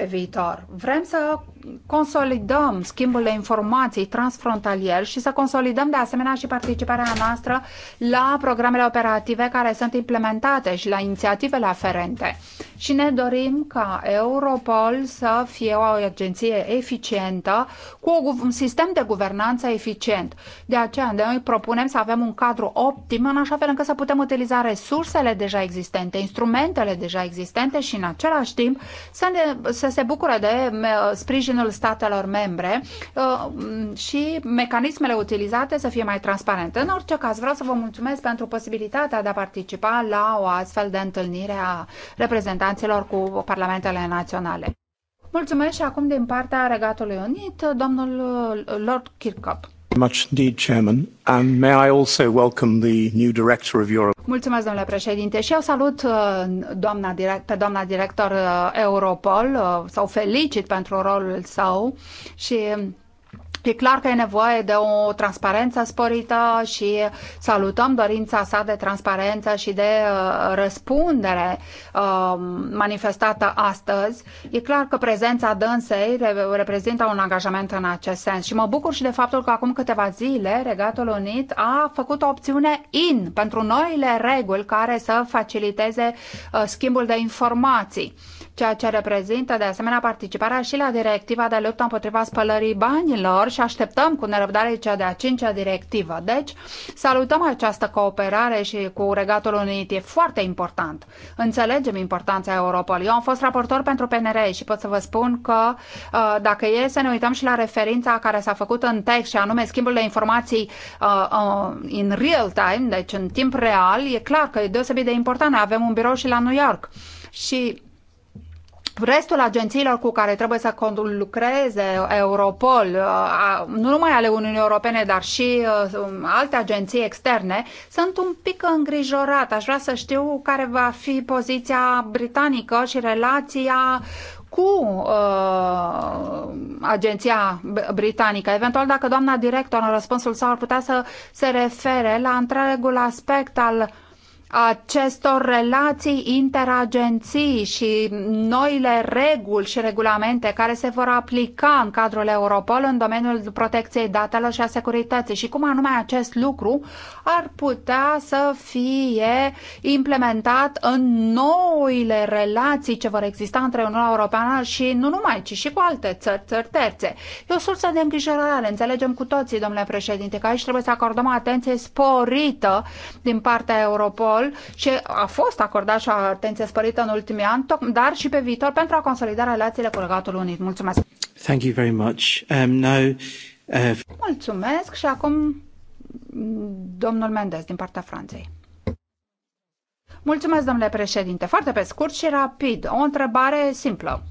Speaker 4: pe viitor. Vrem să consolidăm schimbul de informații transfrontalier și să consolidăm de asemenea și participarea noastră la programele operative care sunt implementate și la inițiativele aferente și ne dorim ca Europol să fie o agenție eficientă cu un sistem de guvernanță eficient. De aceea noi propunem să avem un cadru optim în așa fel încât să putem utiliza resursele deja existente, instrumentele deja existente și în același timp să, ne, să se bucure de uh, sprijinul statelor membre uh, și mecanismele utilizate să fie mai transparente. În orice caz, vreau să vă mulțumesc pentru posibilitatea de a participa la o astfel de întâlnire a reprezentanților discordanțelor cu parlamentele naționale. Mulțumesc și acum din partea Regatului Unit, domnul Lord Kirkup.
Speaker 3: Much Chairman. And may I also welcome the new director of
Speaker 4: Mulțumesc, domnule președinte, și eu salut uh, doamna direct, pe doamna director uh, Europol, uh, sau felicit pentru rolul său și E clar că e nevoie de o transparență sporită și salutăm dorința sa de transparență și de uh, răspundere um, manifestată astăzi. E clar că prezența dânsei reprezintă un angajament în acest sens și mă bucur și de faptul că acum câteva zile Regatul Unit a făcut o opțiune IN pentru noile reguli care să faciliteze uh, schimbul de informații ceea ce reprezintă de asemenea participarea și la directiva de luptă împotriva spălării banilor și așteptăm cu nerăbdare cea de-a cincea directivă. Deci, salutăm această cooperare și cu Regatul Unit. E foarte important. Înțelegem importanța Europol. Eu am fost raportor pentru PNR și pot să vă spun că uh, dacă e să ne uităm și la referința care s-a făcut în text și anume schimbul de informații uh, uh real time, deci în timp real, e clar că e deosebit de important. Avem un birou și la New York. Și restul agențiilor cu care trebuie să lucreze Europol, uh, nu numai ale Uniunii Europene, dar și uh, um, alte agenții externe, sunt un pic îngrijorat. Aș vrea să știu care va fi poziția britanică și relația cu uh, agenția britanică. Eventual, dacă doamna director în răspunsul său ar putea să se refere la întregul aspect al uh, acestor relații interagenții și noile reguli și regulamente care se vor aplica în cadrul Europol în domeniul protecției datelor și a securității și cum anume acest lucru ar putea să fie implementat în noile relații ce vor exista între Uniunea Europeană și nu numai, ci și cu alte țări, țări terțe. E o sursă de îngrijorare, înțelegem cu toții, domnule președinte, că aici trebuie să acordăm atenție sporită din partea Europol rol și a fost acordat și o atenție sporită în ultimii ani, dar și pe viitor pentru a consolida relațiile cu Regatul Unit. Mulțumesc!
Speaker 1: Thank you very much. Um, now, uh...
Speaker 4: Mulțumesc și acum domnul Mendes din partea Franței. Mulțumesc, domnule președinte. Foarte pe scurt și rapid. O întrebare simplă.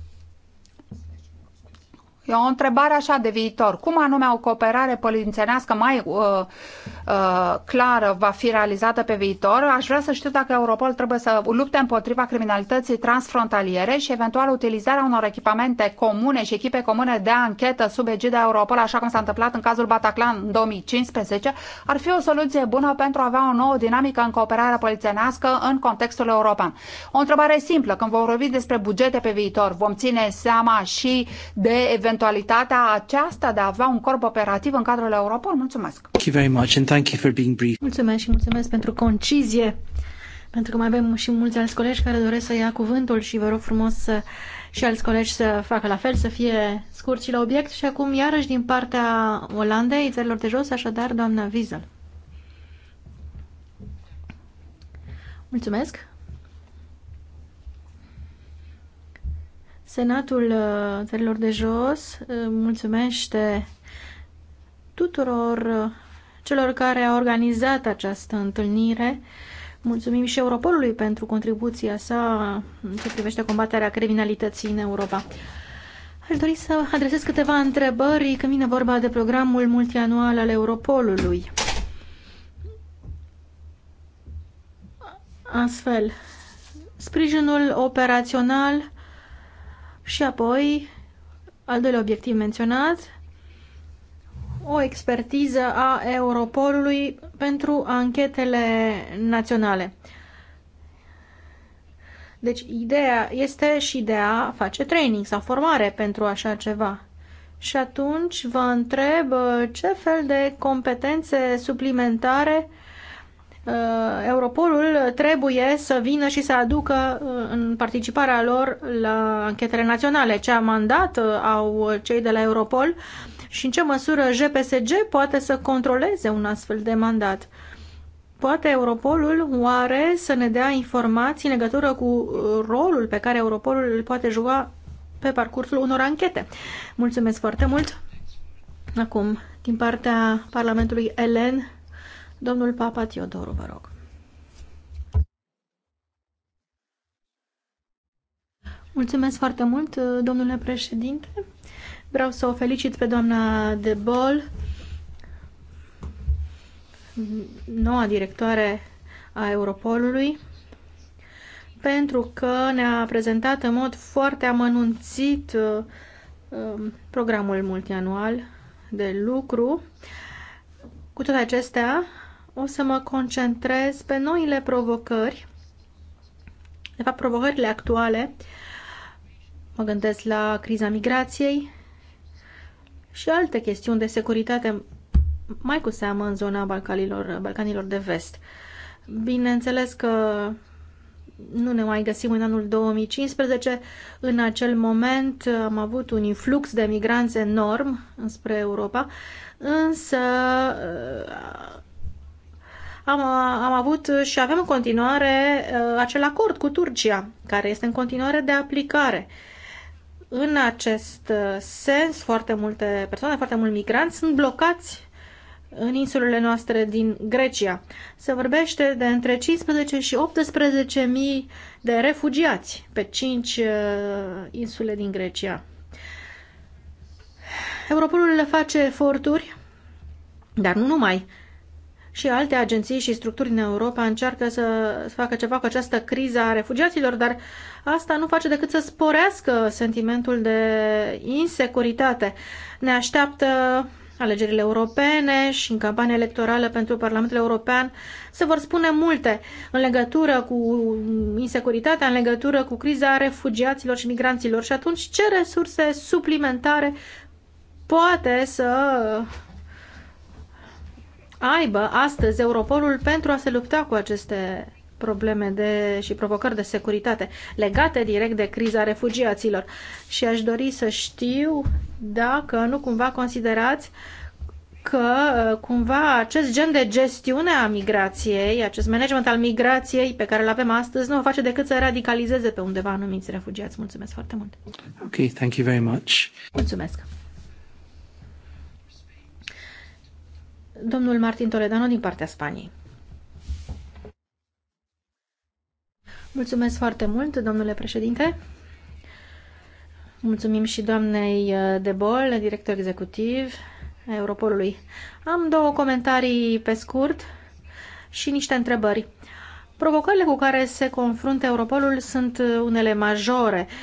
Speaker 4: E o întrebare așa de viitor. Cum anume o cooperare polițienească mai uh, uh, clară va fi realizată pe viitor? Aș vrea să știu dacă Europol trebuie să lupte împotriva criminalității transfrontaliere și eventual utilizarea unor echipamente comune și echipe comune de anchetă sub egida Europol, așa cum s-a întâmplat în cazul Bataclan în 2015, ar fi o soluție bună pentru a avea o nouă dinamică în cooperarea polițienească în contextul european. O întrebare simplă. Când vom vorbi despre bugete pe viitor, vom ține seama și de eventual eventualitatea aceasta de a avea un corp operativ în cadrul Europol? Mulțumesc!
Speaker 1: Thank you very much and thank you for being brief.
Speaker 2: Mulțumesc și mulțumesc pentru
Speaker 4: concizie,
Speaker 2: pentru că mai avem și mulți alți colegi care doresc să ia cuvântul și vă rog frumos să și alți colegi să facă la fel, să fie scurt și la obiect. Și acum, iarăși, din partea Olandei, țărilor de jos, așadar, doamna Wiesel. Mulțumesc! Senatul uh, Țărilor de Jos uh, mulțumește tuturor uh, celor care au organizat această întâlnire. Mulțumim și Europolului pentru contribuția sa în ce privește combaterea criminalității în Europa. Aș dori să adresez câteva întrebări când vine vorba de programul multianual al Europolului. Astfel, sprijinul operațional și apoi, al doilea obiectiv menționat, o expertiză a Europolului pentru anchetele naționale. Deci ideea este și de a face training sau formare pentru așa ceva. Și atunci vă întreb ce fel de competențe suplimentare Uh, Europolul trebuie să vină și să aducă uh, în participarea lor la anchetele naționale ce mandat uh, au cei de la Europol și în ce măsură JPSG poate să controleze un astfel de mandat. Poate Europolul oare să ne dea informații în legătură cu rolul pe care Europolul îl poate juca pe parcursul unor anchete. Mulțumesc foarte mult! Acum, din partea Parlamentului Elen, Domnul Papa Teodoru, vă rog. Mulțumesc foarte mult, domnule președinte. Vreau să o felicit pe doamna De Bol, noua directoare a Europolului, pentru că ne-a prezentat în mod foarte amănunțit um, programul multianual de lucru. Cu toate acestea, o să mă concentrez pe noile provocări, de fapt provocările actuale. Mă gândesc la criza migrației și alte chestiuni de securitate, mai cu seamă în zona Balcanilor, Balcanilor de vest. Bineînțeles că nu ne mai găsim în anul 2015. În acel moment am avut un influx de migranți enorm înspre Europa, însă am, uh, am avut și avem în continuare uh, acel acord cu Turcia, care este în continuare de aplicare. În acest uh, sens, foarte multe persoane, foarte mulți migranți sunt blocați în insulele noastre din Grecia. Se vorbește de între 15 și 18 mii de refugiați pe 5 insule din Grecia. Europolul le face eforturi, dar nu numai, și alte agenții și structuri în Europa încearcă să facă ceva cu această criză a refugiaților, dar asta nu face decât să sporească sentimentul de insecuritate. Ne așteaptă alegerile europene și în campania electorală pentru Parlamentul European se vor spune multe în legătură cu insecuritatea, în legătură cu criza refugiaților și migranților și atunci ce resurse suplimentare poate să aibă astăzi Europolul pentru a se lupta cu aceste probleme de, și provocări de securitate legate direct de criza refugiaților. Și aș dori să știu dacă nu cumva considerați că uh, cumva acest gen de gestiune a migrației, acest management al migrației pe care îl avem astăzi, nu face decât să radicalizeze pe undeva anumiți refugiați. Mulțumesc foarte mult!
Speaker 1: Ok, thank you very much!
Speaker 2: Mulțumesc! Domnul Martin Toledano din partea Spaniei. Mulțumesc foarte mult, domnule președinte. Mulțumim și doamnei uh, Bol, director executiv a Europolului. Am două comentarii pe scurt și niște întrebări. Provocările cu care se confruntă Europolul sunt unele majore. Uh,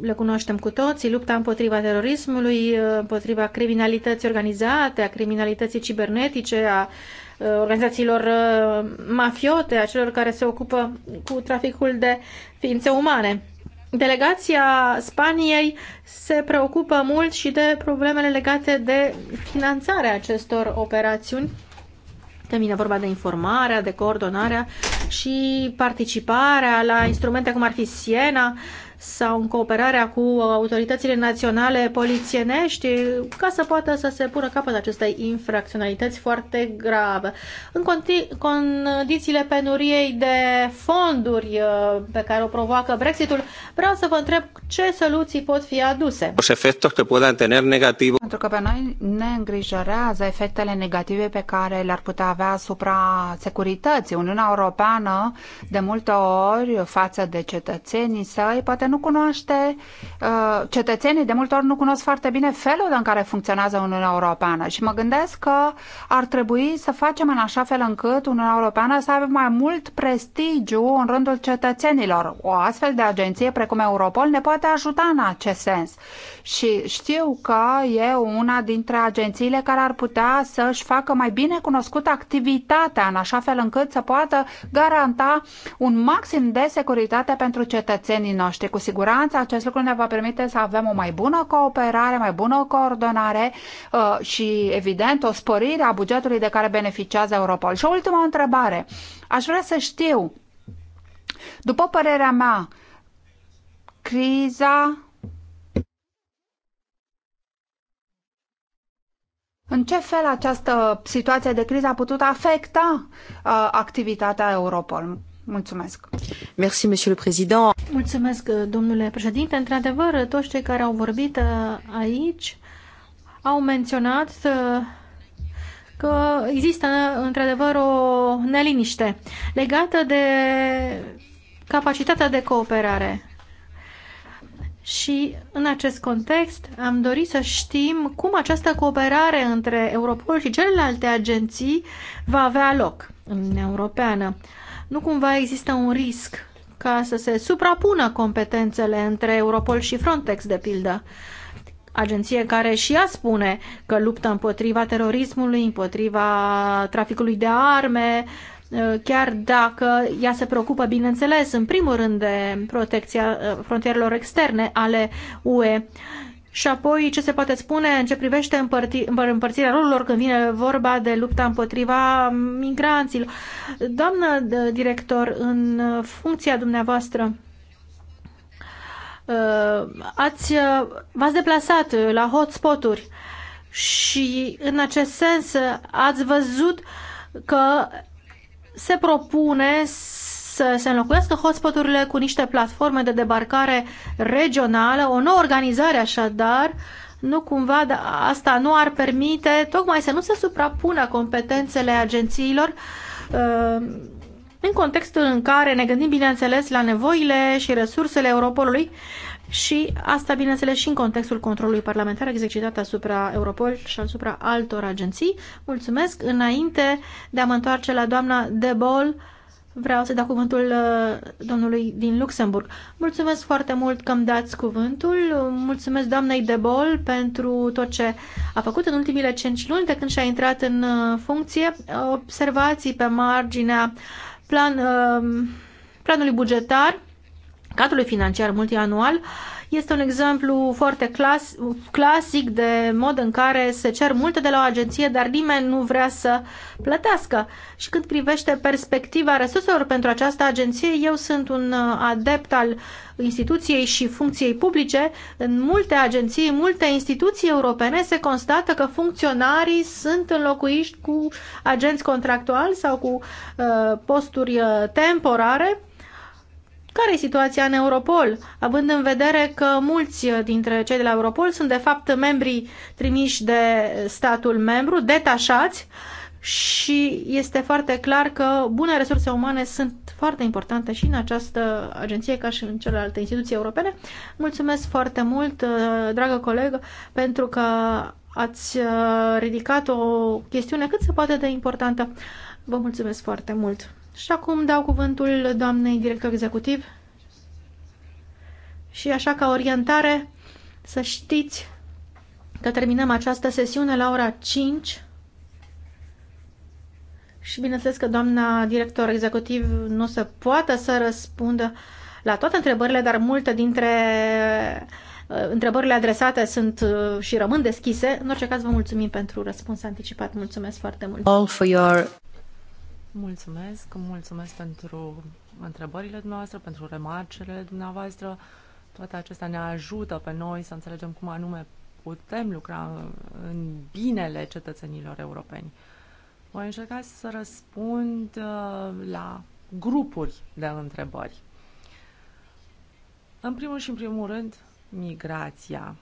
Speaker 2: le cunoaștem cu toții, lupta împotriva terorismului, împotriva criminalității organizate, a criminalității cibernetice, a uh, organizațiilor uh, mafiote, a celor care se ocupă cu traficul de ființe umane. Delegația Spaniei se preocupă mult și de problemele legate de finanțarea acestor operațiuni când vine vorba de informarea, de coordonarea și participarea la instrumente cum ar fi Siena, sau în cooperarea cu uh, autoritățile naționale polițienești ca să poată să se pună capăt acestei infracționalități foarte grave. În condițiile penuriei de fonduri uh, pe care o provoacă Brexitul, vreau să vă întreb ce soluții pot fi
Speaker 4: aduse. Los efectos que puedan tener negativo. Pentru că pe noi ne îngrijorează efectele negative pe care le-ar putea avea asupra securității. Uniunea Europeană de multe ori față de cetățenii săi poate poate nu cunoaște, uh, cetățenii de multe ori nu cunosc foarte bine felul în care funcționează Uniunea Europeană și mă gândesc că ar trebui să facem în așa fel încât Uniunea Europeană să aibă mai mult prestigiu în rândul cetățenilor. O astfel de agenție precum Europol ne poate ajuta în acest sens și știu că e una dintre agențiile care ar putea să-și facă mai bine cunoscută activitatea, în așa fel încât să poată garanta un maxim de securitate pentru cetățenii noștri. Cu siguranță acest lucru ne va permite să avem o mai bună cooperare, mai bună coordonare uh, și, evident, o sporire a bugetului de care beneficiază Europol. Și o ultima întrebare. Aș vrea să știu, după părerea mea, criza În ce fel această situație de criză a putut afecta uh, activitatea Europol? Mulțumesc.
Speaker 2: Merci, monsieur le président.
Speaker 4: Mulțumesc, uh, domnule președinte. Într-adevăr, toți cei
Speaker 2: care au vorbit uh, aici au menționat uh, că există, într-adevăr, o neliniște legată de capacitatea de cooperare și în acest context am dorit să știm cum această cooperare între Europol și celelalte agenții va avea loc în Uniunea Europeană. Nu cumva există un risc ca să se suprapună competențele între Europol și Frontex, de pildă, agenție care și ea spune că luptă împotriva terorismului, împotriva traficului de arme, uh, Uh, chiar dacă ea se preocupă, bineînțeles, în primul rând de protecția uh, frontierelor externe ale UE. Și apoi ce se poate spune în ce privește împărti, împărțirea rolurilor când vine vorba de lupta împotriva migranților. Doamnă uh, director, în funcția dumneavoastră, ați, v-ați deplasat la hotspoturi și în acest sens ați văzut că se propune să se înlocuiască hotspoturile cu niște platforme de debarcare regională, o nouă organizare așadar, nu cumva asta nu ar permite tocmai să nu se suprapună competențele agențiilor uh, în contextul în care ne gândim, bineînțeles, la nevoile și resursele Europolului și asta, bineînțeles, și în contextul controlului parlamentar exercitat asupra Europol și asupra altor agenții. Mulțumesc! Înainte de a mă întoarce la doamna De Bol, vreau să dau cuvântul uh, domnului din Luxemburg. Mulțumesc foarte mult că îmi dați cuvântul. Mulțumesc doamnei De Bol pentru tot ce a făcut în ultimile 5 luni de când și-a intrat în uh, funcție. Observații pe marginea plan, uh, planului bugetar cadrului financiar multianual este un exemplu foarte clas, clasic de mod în care se cer multe de la o agenție, dar nimeni nu vrea să plătească. Și când privește perspectiva resurselor pentru această agenție, eu sunt un uh, adept al instituției și funcției publice. În multe agenții, multe instituții europene se constată că funcționarii sunt înlocuiști cu agenți contractuali sau cu uh, posturi uh, temporare care e situația în Europol, având în vedere că mulți dintre cei de la Europol sunt de fapt membri trimiși de statul membru, detașați și este foarte clar că bune resurse umane sunt foarte importante și în această agenție ca și în celelalte instituții europene. Mulțumesc foarte mult, uh, dragă colegă, pentru că ați uh, ridicat o chestiune cât se poate de importantă. Vă mulțumesc foarte mult! Și acum dau cuvântul doamnei director executiv. Și așa ca orientare, să știți că terminăm această sesiune la ora 5. Și bineînțeles că doamna director executiv nu se poate să răspundă la toate întrebările, dar multe dintre uh, întrebările adresate sunt uh, și rămân deschise. În orice caz, vă mulțumim pentru răspuns anticipat. Mulțumesc
Speaker 1: foarte mult. All for your... Mulțumesc, mulțumesc pentru întrebările dumneavoastră, pentru remarcele dumneavoastră. Toate acestea ne ajută pe noi să înțelegem cum anume putem lucra în binele cetățenilor europeni. Voi încerca să răspund uh, la grupuri de întrebări. În primul și în primul rând, migrația.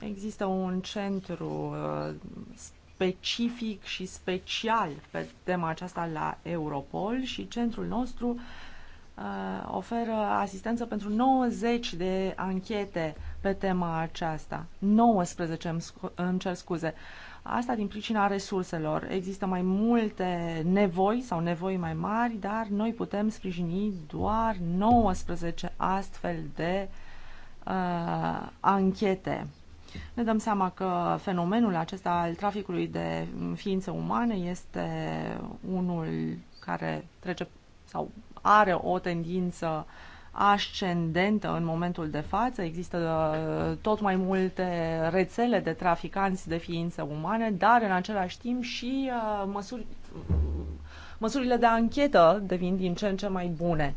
Speaker 1: Există un centru uh, specific și special pe tema aceasta la Europol și centrul nostru uh, oferă asistență pentru 90 de anchete pe tema aceasta. 19, îmi, îmi cer scuze. Asta din pricina resurselor. Există mai multe nevoi sau nevoi mai mari, dar noi putem sprijini doar 19 astfel de uh, anchete. Ne dăm seama că fenomenul acesta al traficului de ființe umane este unul care trece sau are o tendință ascendentă în momentul de față. Există uh, tot mai multe rețele de traficanți de ființe umane, dar în același timp și uh, măsuri uh, măsurile de anchetă devin din ce în ce mai bune.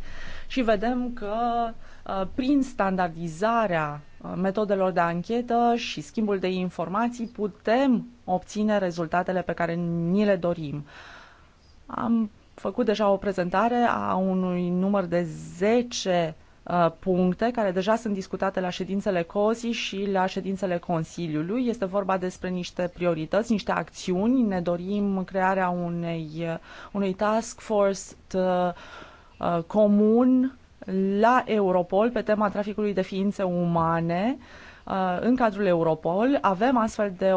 Speaker 1: Și vedem că uh, Uh, prin standardizarea uh, metodelor de anchetă și schimbul de informații putem obține rezultatele pe care ni le dorim. Am făcut deja o prezentare a unui număr de 10 uh, puncte care deja sunt discutate la ședințele COSI și la ședințele Consiliului. Este vorba despre niște priorități, niște acțiuni. Ne dorim crearea unei, unei task force comun la Europol pe tema traficului de ființe umane uh, în cadrul Europol. Avem astfel de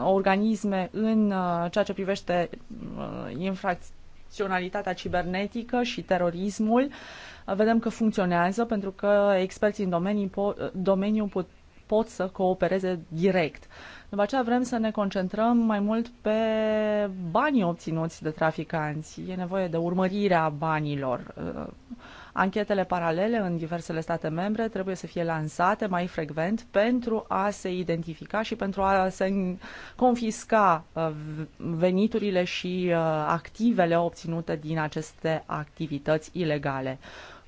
Speaker 1: organisme în uh, ceea ce privește uh, infracționalitatea cibernetică și terorismul. Vedem că funcționează pentru că experții în domeniu pot, pot să coopereze direct. După aceea vrem să ne concentrăm mai mult pe banii obținuți de traficanți. E nevoie de urmărirea banilor Anchetele paralele în diversele state membre trebuie să fie lansate mai frecvent pentru a se identifica și pentru a se confisca uh, veniturile și uh, activele obținute din aceste activități ilegale.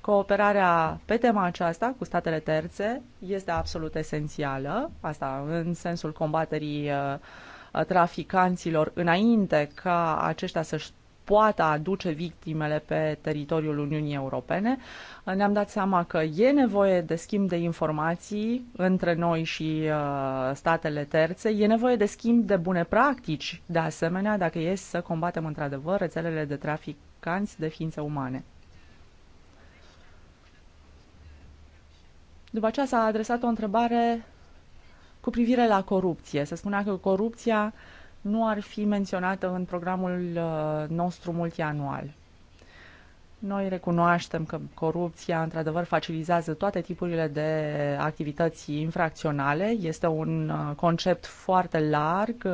Speaker 1: Cooperarea pe tema aceasta cu statele terțe este absolut esențială, asta în sensul combaterii uh, traficanților înainte ca aceștia să-și poată aduce victimele pe teritoriul Uniunii Europene. Ne-am dat seama că e nevoie de schimb de informații între noi și uh, statele terțe, e nevoie de schimb de bune practici, de asemenea, dacă e să combatem într-adevăr rețelele de traficanți de ființe umane. După aceea s-a adresat o întrebare cu privire la corupție. Se spunea că corupția uh, nu ar fi menționată în programul uh, nostru multianual. Noi recunoaștem că corupția, într-adevăr, facilizează toate tipurile de activități infracționale. Este un uh, concept foarte larg. Uh,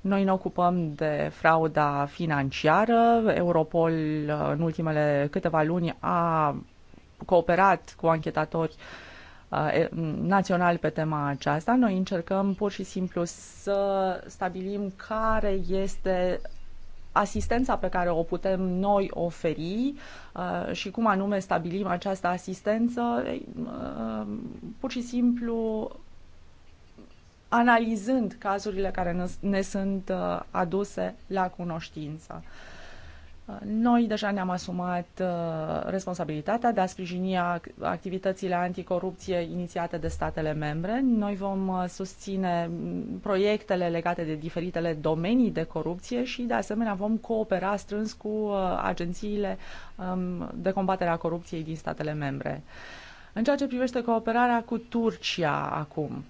Speaker 1: noi ne ocupăm de frauda financiară. Europol, în ultimele câteva luni, a cooperat cu anchetatori uh, naționali pe tema aceasta. Noi încercăm pur și simplu să stabilim care este asistența pe care o putem noi oferi și cum anume stabilim această asistență, pur și simplu analizând cazurile care ne, sunt aduse la cunoștință. Uh, noi deja ne-am asumat uh, responsabilitatea de a sprijini activitățile anticorupție inițiate de statele membre. Noi vom uh, susține mm, proiectele legate de diferitele domenii de corupție și, de asemenea, vom coopera strâns cu uh, agențiile um, de combatere a corupției din statele membre. În ceea ce privește cooperarea cu Turcia acum,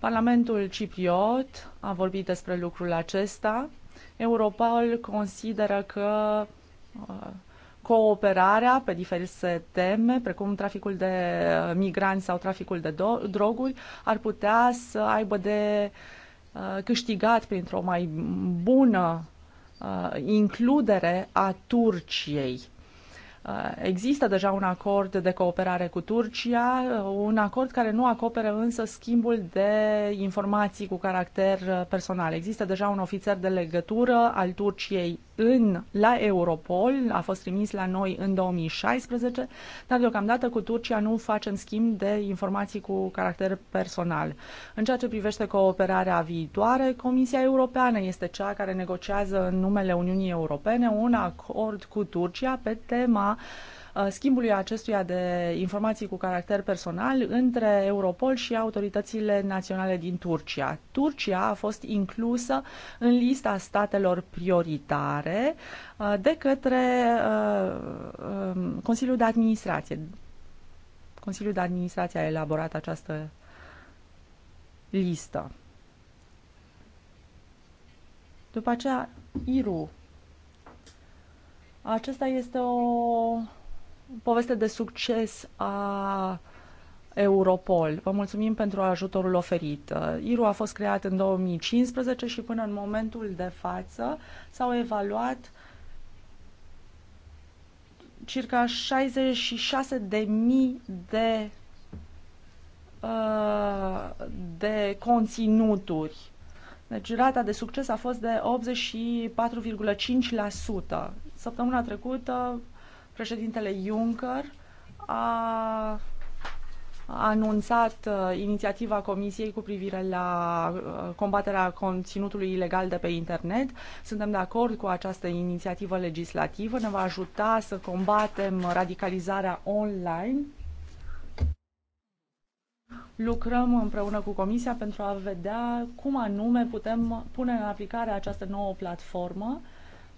Speaker 1: Parlamentul Cipriot a vorbit despre lucrul acesta. Europol consideră că uh, cooperarea pe diferite teme, precum traficul de uh, migranți sau traficul de droguri, ar putea să aibă de uh, câștigat printr-o mai bună includere a Turciei Uh, există deja un acord de cooperare cu Turcia, uh, un acord care nu acoperă însă schimbul de informații cu caracter uh, personal. Există deja un ofițer de legătură al Turciei în, la Europol, a fost trimis la noi în 2016, dar deocamdată cu Turcia nu facem schimb de informații cu caracter personal. În ceea ce privește cooperarea viitoare, Comisia Europeană este cea care negociază în numele Uniunii Europene un acord cu Turcia pe tema uh, Uh, schimbului acestuia de informații cu caracter personal între Europol și autoritățile naționale din Turcia. Turcia a fost inclusă în lista statelor prioritare uh, de către uh, um, Consiliul de Administrație. Consiliul de Administrație a elaborat această listă. După aceea, IRU. Acesta este o poveste de succes a Europol. Vă mulțumim pentru ajutorul oferit. IRU a fost creat în 2015 și până în momentul de față s-au evaluat circa 66.000 de de uh, de conținuturi. Deci rata de succes a fost de 84,5%. Săptămâna trecută Președintele Juncker a a anunțat uh, inițiativa Comisiei cu privire la uh, combaterea conținutului ilegal de pe internet. Suntem de acord cu această inițiativă legislativă. Ne va ajuta să combatem radicalizarea online. Lucrăm împreună cu Comisia pentru a vedea cum anume putem pune în aplicare această nouă platformă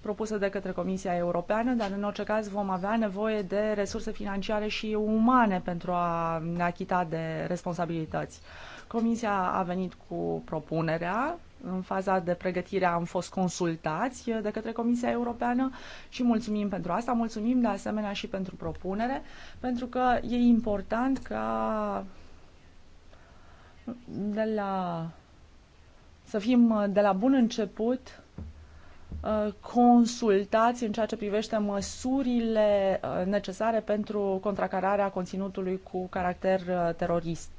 Speaker 1: propusă de către Comisia Europeană, dar în orice caz vom avea nevoie de resurse financiare și umane pentru a ne achita de responsabilități. Comisia a venit cu propunerea. În faza de pregătire am fost consultați de către Comisia Europeană și mulțumim pentru asta. Mulțumim de asemenea și pentru propunere, pentru că e important ca de la să fim de la bun început Uh, consultați în ceea ce privește măsurile uh, necesare pentru contracararea conținutului cu caracter uh, terorist.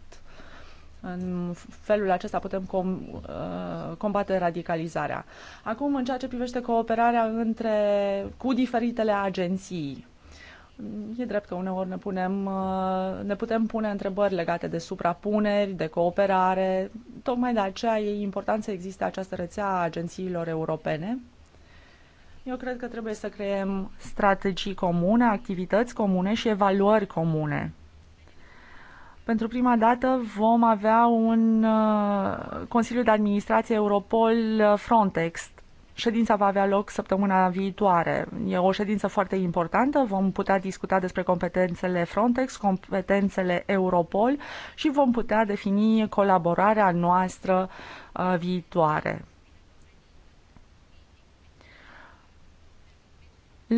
Speaker 1: În felul acesta putem com, combate radicalizarea. Acum, în ceea ce privește cooperarea între, cu diferitele agenții, E drept că uneori ne, punem, ne putem pune întrebări legate de suprapuneri, de cooperare. Tocmai de aceea e important să existe această rețea a agențiilor europene eu cred că trebuie să creăm strategii comune, activități comune și evaluări comune. Pentru prima dată vom avea un uh, Consiliu de Administrație Europol uh, Frontex. Ședința va avea loc săptămâna viitoare. E o ședință foarte importantă. Vom putea discuta despre competențele Frontex, competențele Europol și vom putea defini colaborarea noastră uh, viitoare.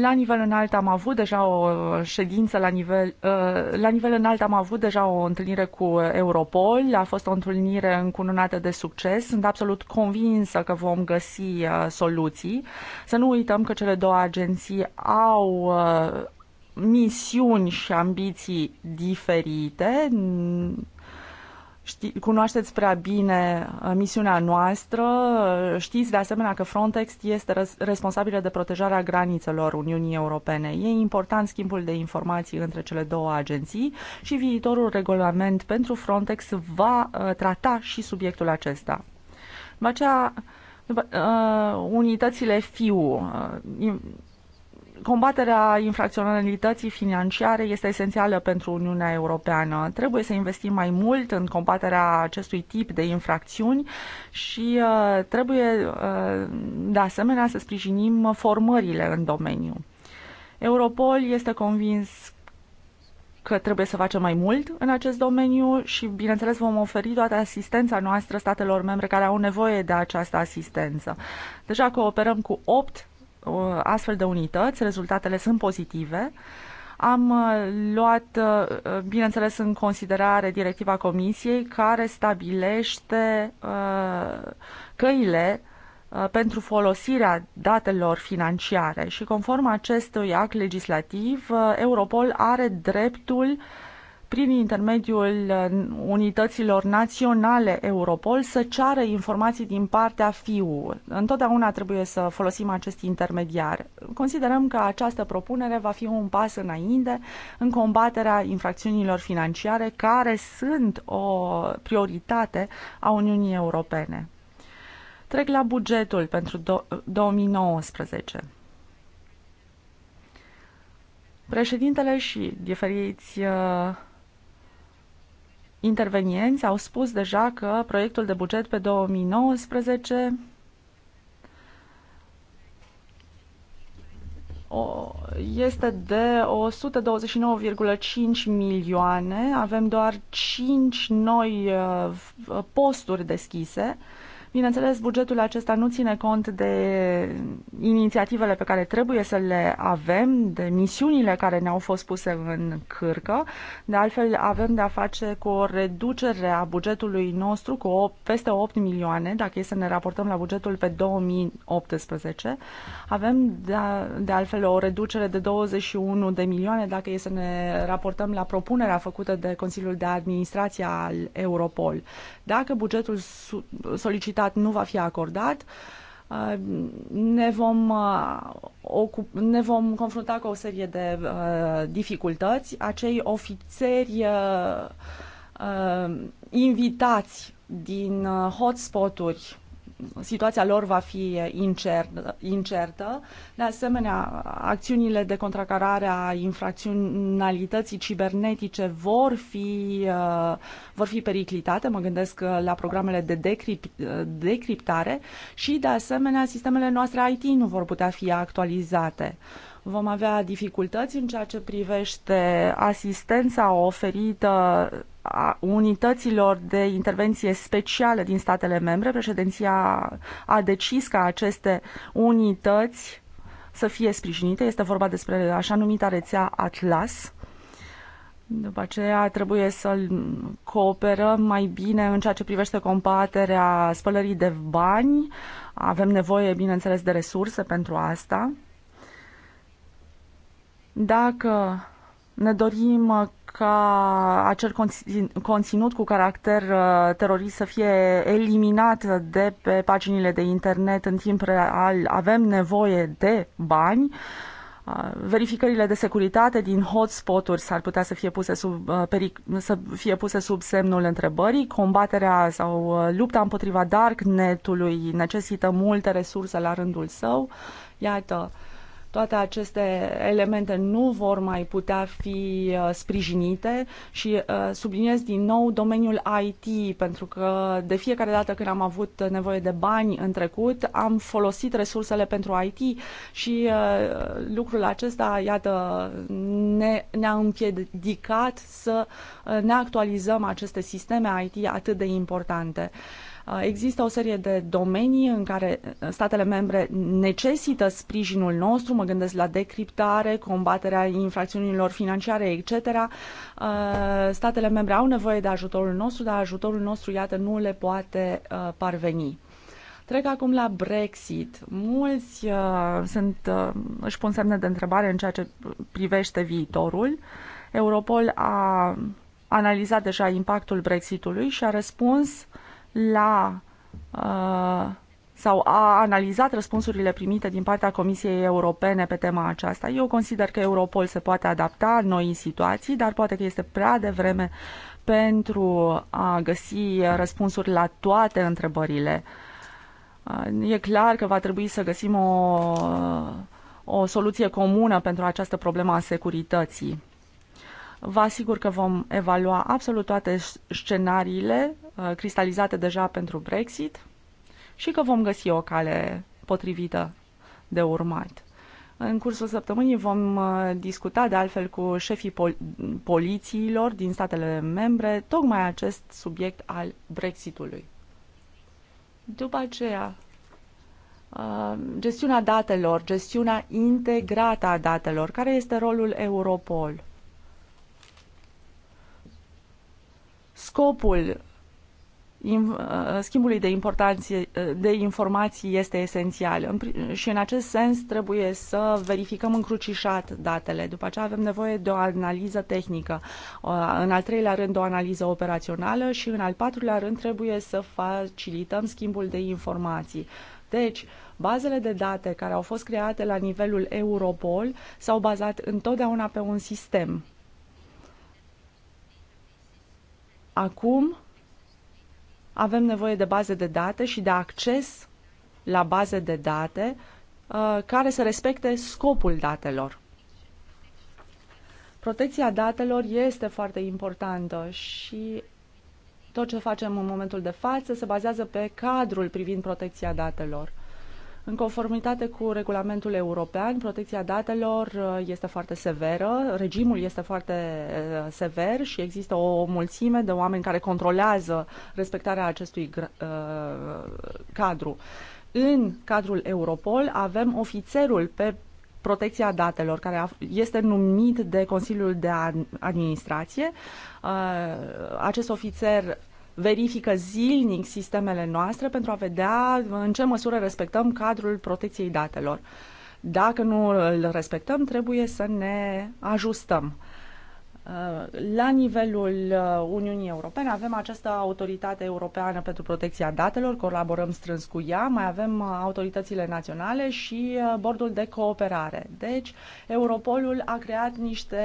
Speaker 1: La nivel înalt am avut deja o uh, ședință, la nivel, uh, la nivel înalt am avut deja o întâlnire cu Europol, a fost o întâlnire încununată de succes. Sunt absolut convinsă că vom găsi uh, soluții. Să nu uităm că cele două agenții au misiuni și ambiții diferite Ști, cunoașteți prea bine uh, misiunea noastră. Uh, știți de asemenea că Frontex este responsabilă de protejarea granițelor Uniunii Europene. E important schimbul de informații între cele două agenții și viitorul regulament pentru Frontex va uh, trata și subiectul acesta. După aceea, după, uh, unitățile FIU, uh, Combaterea infracționalității financiare este esențială pentru Uniunea Europeană. Trebuie să investim mai mult în combaterea acestui tip de infracțiuni și uh, trebuie uh, de asemenea să sprijinim formările în domeniu. Europol este convins că trebuie să facem mai mult în acest domeniu și, bineînțeles, vom oferi toată asistența noastră statelor membre care au nevoie de această asistență. Deja cooperăm cu opt astfel de unități, rezultatele sunt pozitive. Am uh, luat, uh, uh, bineînțeles, în considerare directiva Comisiei care stabilește căile pentru folosirea datelor financiare și conform acestui act legislativ, Europol are dreptul uh, prin intermediul uh, unităților naționale Europol, să ceară informații din partea FIU. Întotdeauna trebuie să folosim acest intermediar. Considerăm că această propunere va fi un pas înainte în combaterea infracțiunilor financiare, care sunt o prioritate a Uniunii Europene. Trec la bugetul pentru 2019. Președintele și diferiți uh, intervenienți au spus deja că proiectul de buget pe 2019 este de 129,5 milioane. Avem doar 5 noi uh, posturi deschise Bineînțeles, bugetul acesta nu ține cont de inițiativele pe care trebuie să le avem, de misiunile care ne-au fost puse în cârcă. De altfel, avem de-a face cu o reducere a bugetului nostru cu o, peste 8 milioane, dacă e să ne raportăm la bugetul pe 2018. Avem de, de altfel o reducere de 21 de milioane, dacă e să ne raportăm la propunerea făcută de Consiliul de Administrație al Europol. Dacă bugetul solicitat mandat nu va fi acordat, uh, ne vom, uh, ocup, ne vom confrunta cu o serie de uh, dificultăți. Acei ofițeri invitați din hotspoturi situația lor va fi incertă, incertă. De asemenea, acțiunile de contracarare a infracționalității cibernetice vor fi, uh, vor fi periclitate, mă gândesc uh, la programele de decript, uh, decriptare și, de asemenea, sistemele noastre IT nu vor putea fi actualizate vom avea dificultăți în ceea ce privește asistența oferită a unităților de intervenție speciale din statele membre. Președinția a decis ca aceste unități să fie sprijinite. Este vorba despre așa numita rețea Atlas. După aceea trebuie să cooperăm mai bine în ceea ce privește combaterea spălării de bani. Avem nevoie, bineînțeles, de resurse pentru asta. Dacă ne dorim ca acel conținut cu caracter uh, terorist să fie eliminat de pe paginile de internet în timp real. Avem nevoie de bani. Uh, verificările de securitate din hotspot-uri s-ar putea să fie, puse sub, uh, să fie puse sub semnul întrebării. Combaterea sau lupta împotriva darknetului necesită multe resurse la rândul său. Iată, toate aceste elemente nu vor mai putea fi uh, sprijinite și uh, subliniez din nou domeniul IT, pentru că de fiecare dată când am avut nevoie de bani în trecut, am folosit resursele pentru IT și uh, lucrul acesta, iată, ne, ne-a împiedicat să ne actualizăm aceste sisteme IT atât de importante. Uh, există o serie de domenii în care uh, statele membre necesită sprijinul nostru, mă gândesc la decriptare, combaterea infracțiunilor financiare, etc. Uh, statele membre au nevoie de ajutorul nostru, dar ajutorul nostru, iată, nu le poate parveni. Trec acum la Brexit. Mulți uh, sunt, uh, își pun semne de întrebare în ceea ce privește viitorul. Europol a analizat deja impactul Brexitului și a răspuns la uh, sau a analizat răspunsurile primite din partea Comisiei Europene pe tema aceasta. Eu consider că Europol se poate adapta noi în situații, dar poate că este prea devreme pentru a găsi răspunsuri la toate întrebările. Uh, e clar că va trebui să găsim o, o soluție comună pentru această problemă a securității. Vă asigur că vom evalua absolut toate scenariile uh, cristalizate deja pentru Brexit și că vom găsi o cale potrivită de urmat. În cursul săptămânii vom uh, discuta de altfel cu șefii pol- polițiilor din statele membre tocmai acest subiect al Brexitului. După aceea, uh, gestiunea datelor, gestiunea integrată a datelor, care este rolul Europol? Scopul uh, schimbului de, uh, de informații este esențial și în acest sens trebuie să verificăm încrucișat datele. După aceea avem nevoie de o analiză tehnică, uh, în al treilea rând o analiză operațională și în al patrulea rând trebuie să facilităm schimbul de informații. Deci, bazele de date care au fost create la nivelul Europol s-au bazat întotdeauna pe un sistem Acum avem nevoie de baze de date și de acces la baze de date uh, care să respecte scopul datelor. Protecția datelor este foarte importantă și tot ce facem în momentul de față se bazează pe cadrul privind protecția datelor. În conformitate cu regulamentul european, protecția datelor uh, este foarte severă, regimul este foarte uh, sever și există o mulțime de oameni care controlează respectarea acestui uh, cadru. În cadrul Europol avem ofițerul pe protecția datelor, care este numit de Consiliul de Administrație. Acest ofițer verifică zilnic sistemele noastre pentru a vedea în ce măsură respectăm cadrul protecției datelor. Dacă nu îl respectăm, trebuie să ne ajustăm. Uh, la nivelul uh, Uniunii Europene avem această autoritate europeană pentru protecția datelor, colaborăm strâns cu ea, mai avem uh, autoritățile naționale și bordul de cooperare. Deci, Europolul a creat niște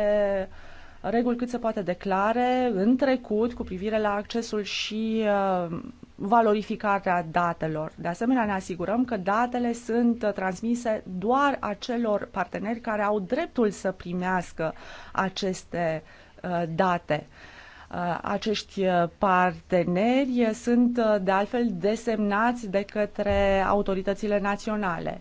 Speaker 1: uh, reguli cât se poate declare în trecut cu privire la accesul și uh, valorificarea datelor. De asemenea, ne asigurăm că datele sunt uh, transmise doar acelor parteneri care au dreptul să primească aceste uh, date. Uh, Uh, acești uh, parteneri sunt uh, de altfel desemnați de către autoritățile naționale.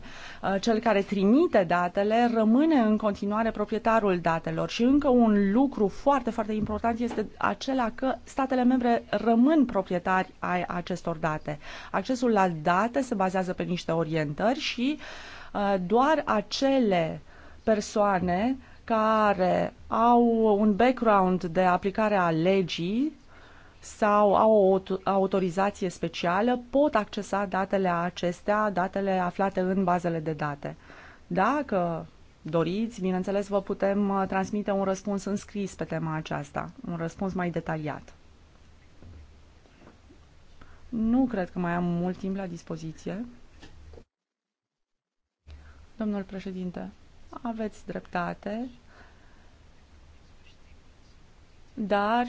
Speaker 1: Cel care trimite datele rămâne în continuare proprietarul datelor și încă un lucru foarte, foarte important este acela că statele membre rămân proprietari ai acestor date. Accesul la date se bazează pe niște orientări și doar acele persoane care au un background de aplicare a legii sau au o autorizație specială pot accesa datele acestea, datele aflate în bazele de date. Dacă doriți, bineînțeles, vă putem uh, transmite un răspuns în scris pe tema aceasta, un răspuns mai detaliat. Nu cred că mai am mult timp la dispoziție. Domnul președinte, aveți dreptate. Dar,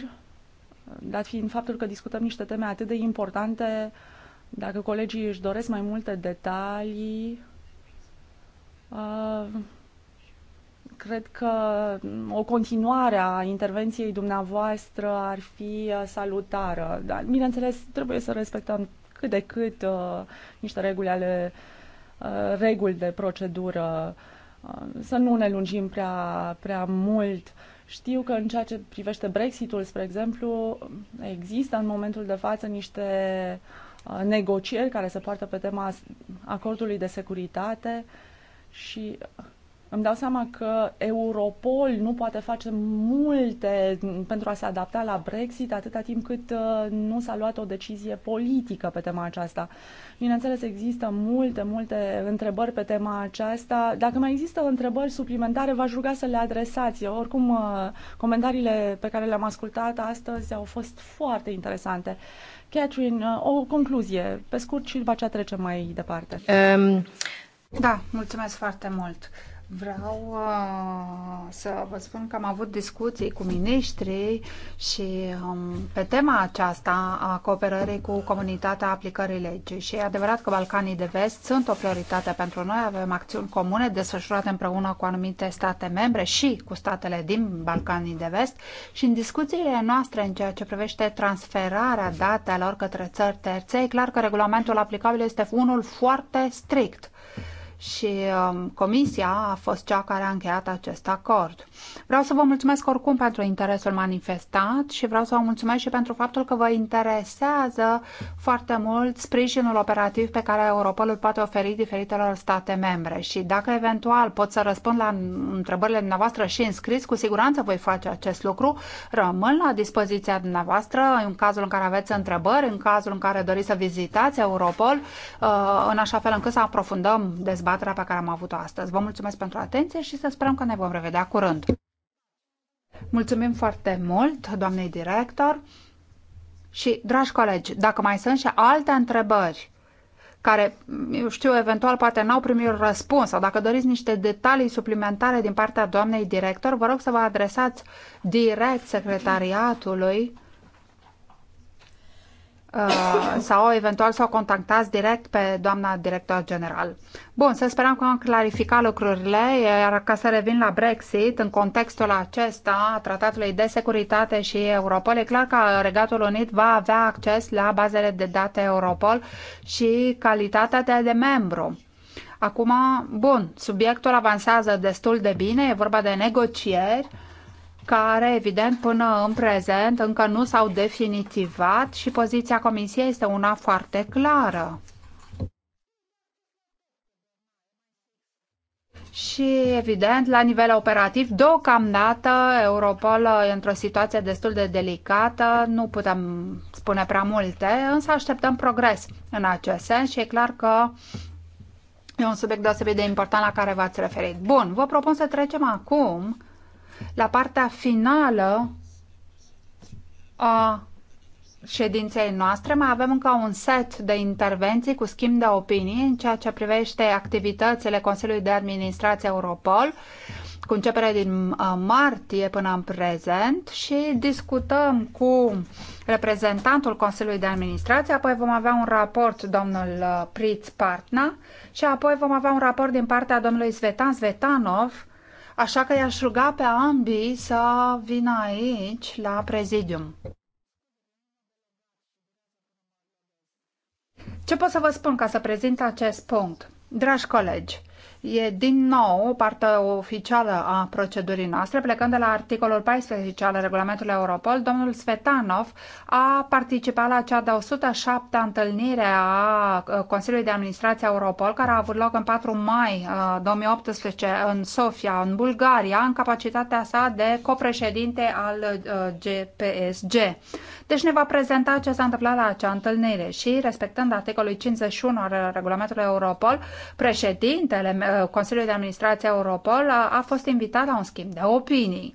Speaker 1: dat fiind faptul că discutăm niște teme atât de importante, dacă colegii își doresc mai multe detalii, uh, cred că o continuare a intervenției dumneavoastră ar fi uh, salutară. Dar, bineînțeles, trebuie să respectăm cât de cât uh, niște reguli ale uh, reguli de procedură uh, Uh, să nu ne lungim prea, prea mult. Știu că în ceea ce privește Brexitul, spre exemplu, există în momentul de față niște uh, negocieri care se poartă pe tema acordului de securitate și îmi dau seama că Europol nu poate face multe pentru a se adapta la Brexit atâta timp cât uh, nu s-a luat o decizie politică pe tema aceasta. Bineînțeles, există multe, multe întrebări pe tema aceasta. Dacă mai există întrebări suplimentare, v-aș ruga să le adresați. oricum, uh, comentariile pe care le-am ascultat astăzi au fost foarte interesante. Catherine, uh, o concluzie, pe scurt și după aceea trecem mai departe. Um, da, mulțumesc foarte mult.
Speaker 4: Uh, Vreau uh, să vă spun că am avut discuții cu miniștrii și um, pe tema aceasta a cooperării cu comunitatea aplicării legii. Și e adevărat că Balcanii de Vest sunt o prioritate pentru noi. Avem acțiuni comune desfășurate împreună cu anumite state membre și cu statele din Balcanii de Vest. Și în discuțiile noastre în ceea ce privește transferarea datelor către țări terțe, e clar că regulamentul aplicabil este unul foarte strict și um, Comisia a fost cea care a încheiat acest acord. Vreau să vă mulțumesc oricum pentru interesul manifestat și vreau să vă mulțumesc și pentru faptul că vă interesează foarte mult sprijinul operativ pe care Europolul poate oferi diferitelor state membre și dacă eventual pot să răspund la întrebările dumneavoastră și în scris, cu siguranță voi face acest lucru. Rămân la dispoziția dumneavoastră în cazul în care aveți întrebări, în cazul în care doriți să vizitați Europol, uh, în așa fel încât să aprofundăm dezbaterea dezbaterea pe care am avut-o astăzi. Vă mulțumesc pentru atenție și să sperăm că ne vom revedea curând. Mulțumim foarte mult, doamnei director. Și, dragi colegi, dacă mai sunt și alte întrebări care, eu știu, eventual poate n-au primit răspuns sau dacă doriți niște detalii suplimentare din partea doamnei director, vă rog să vă adresați direct secretariatului Uh, sau eventual să o contactați direct pe doamna director general. Bun, să sperăm că am clarificat lucrurile, iar ca să revin la Brexit, în contextul acesta a Tratatului de Securitate și Europol, e clar că Regatul Unit va avea acces la bazele de date Europol și calitatea de, de membru. Acum, bun, subiectul avansează destul de bine, e vorba de negocieri, uh, care, evident, până în prezent încă nu s-au definitivat și poziția Comisiei este una foarte clară. Și, evident, la nivel operativ, deocamdată, Europol e într-o situație destul de delicată, nu putem spune prea multe, însă așteptăm progres în acest sens și e clar că e un subiect deosebit de important la care v-ați referit. Bun, vă propun să trecem acum la partea finală a ședinței noastre mai avem încă un set de intervenții cu schimb de opinii în ceea ce privește activitățile Consiliului de Administrație Europol cu începere din uh, martie până în prezent și discutăm cu reprezentantul Consiliului de Administrație, apoi vom avea un raport domnul uh, Priț Partna și apoi vom avea un raport din partea domnului Svetan Svetanov așa că i-aș ruga pe ambii să vină aici, la prezidium. Ce pot să vă spun ca să prezint acest punct? Dragi colegi, e din nou o parte oficială a procedurii noastre. Plecând de la articolul 14 al regulamentului Europol, domnul Svetanov a participat la cea de 107 -a întâlnire a Consiliului de Administrație Europol, care a avut loc în 4 mai 2018 uh, în Sofia, în Bulgaria, în capacitatea sa de copreședinte al GPSG. Uh, deci ne va prezenta ce s-a întâmplat la acea întâlnire și, respectând articolul 51 al regulamentului Europol, președintele uh, Consiliului de Administrație Europol a, uh, a fost invitat la un schimb de opinii.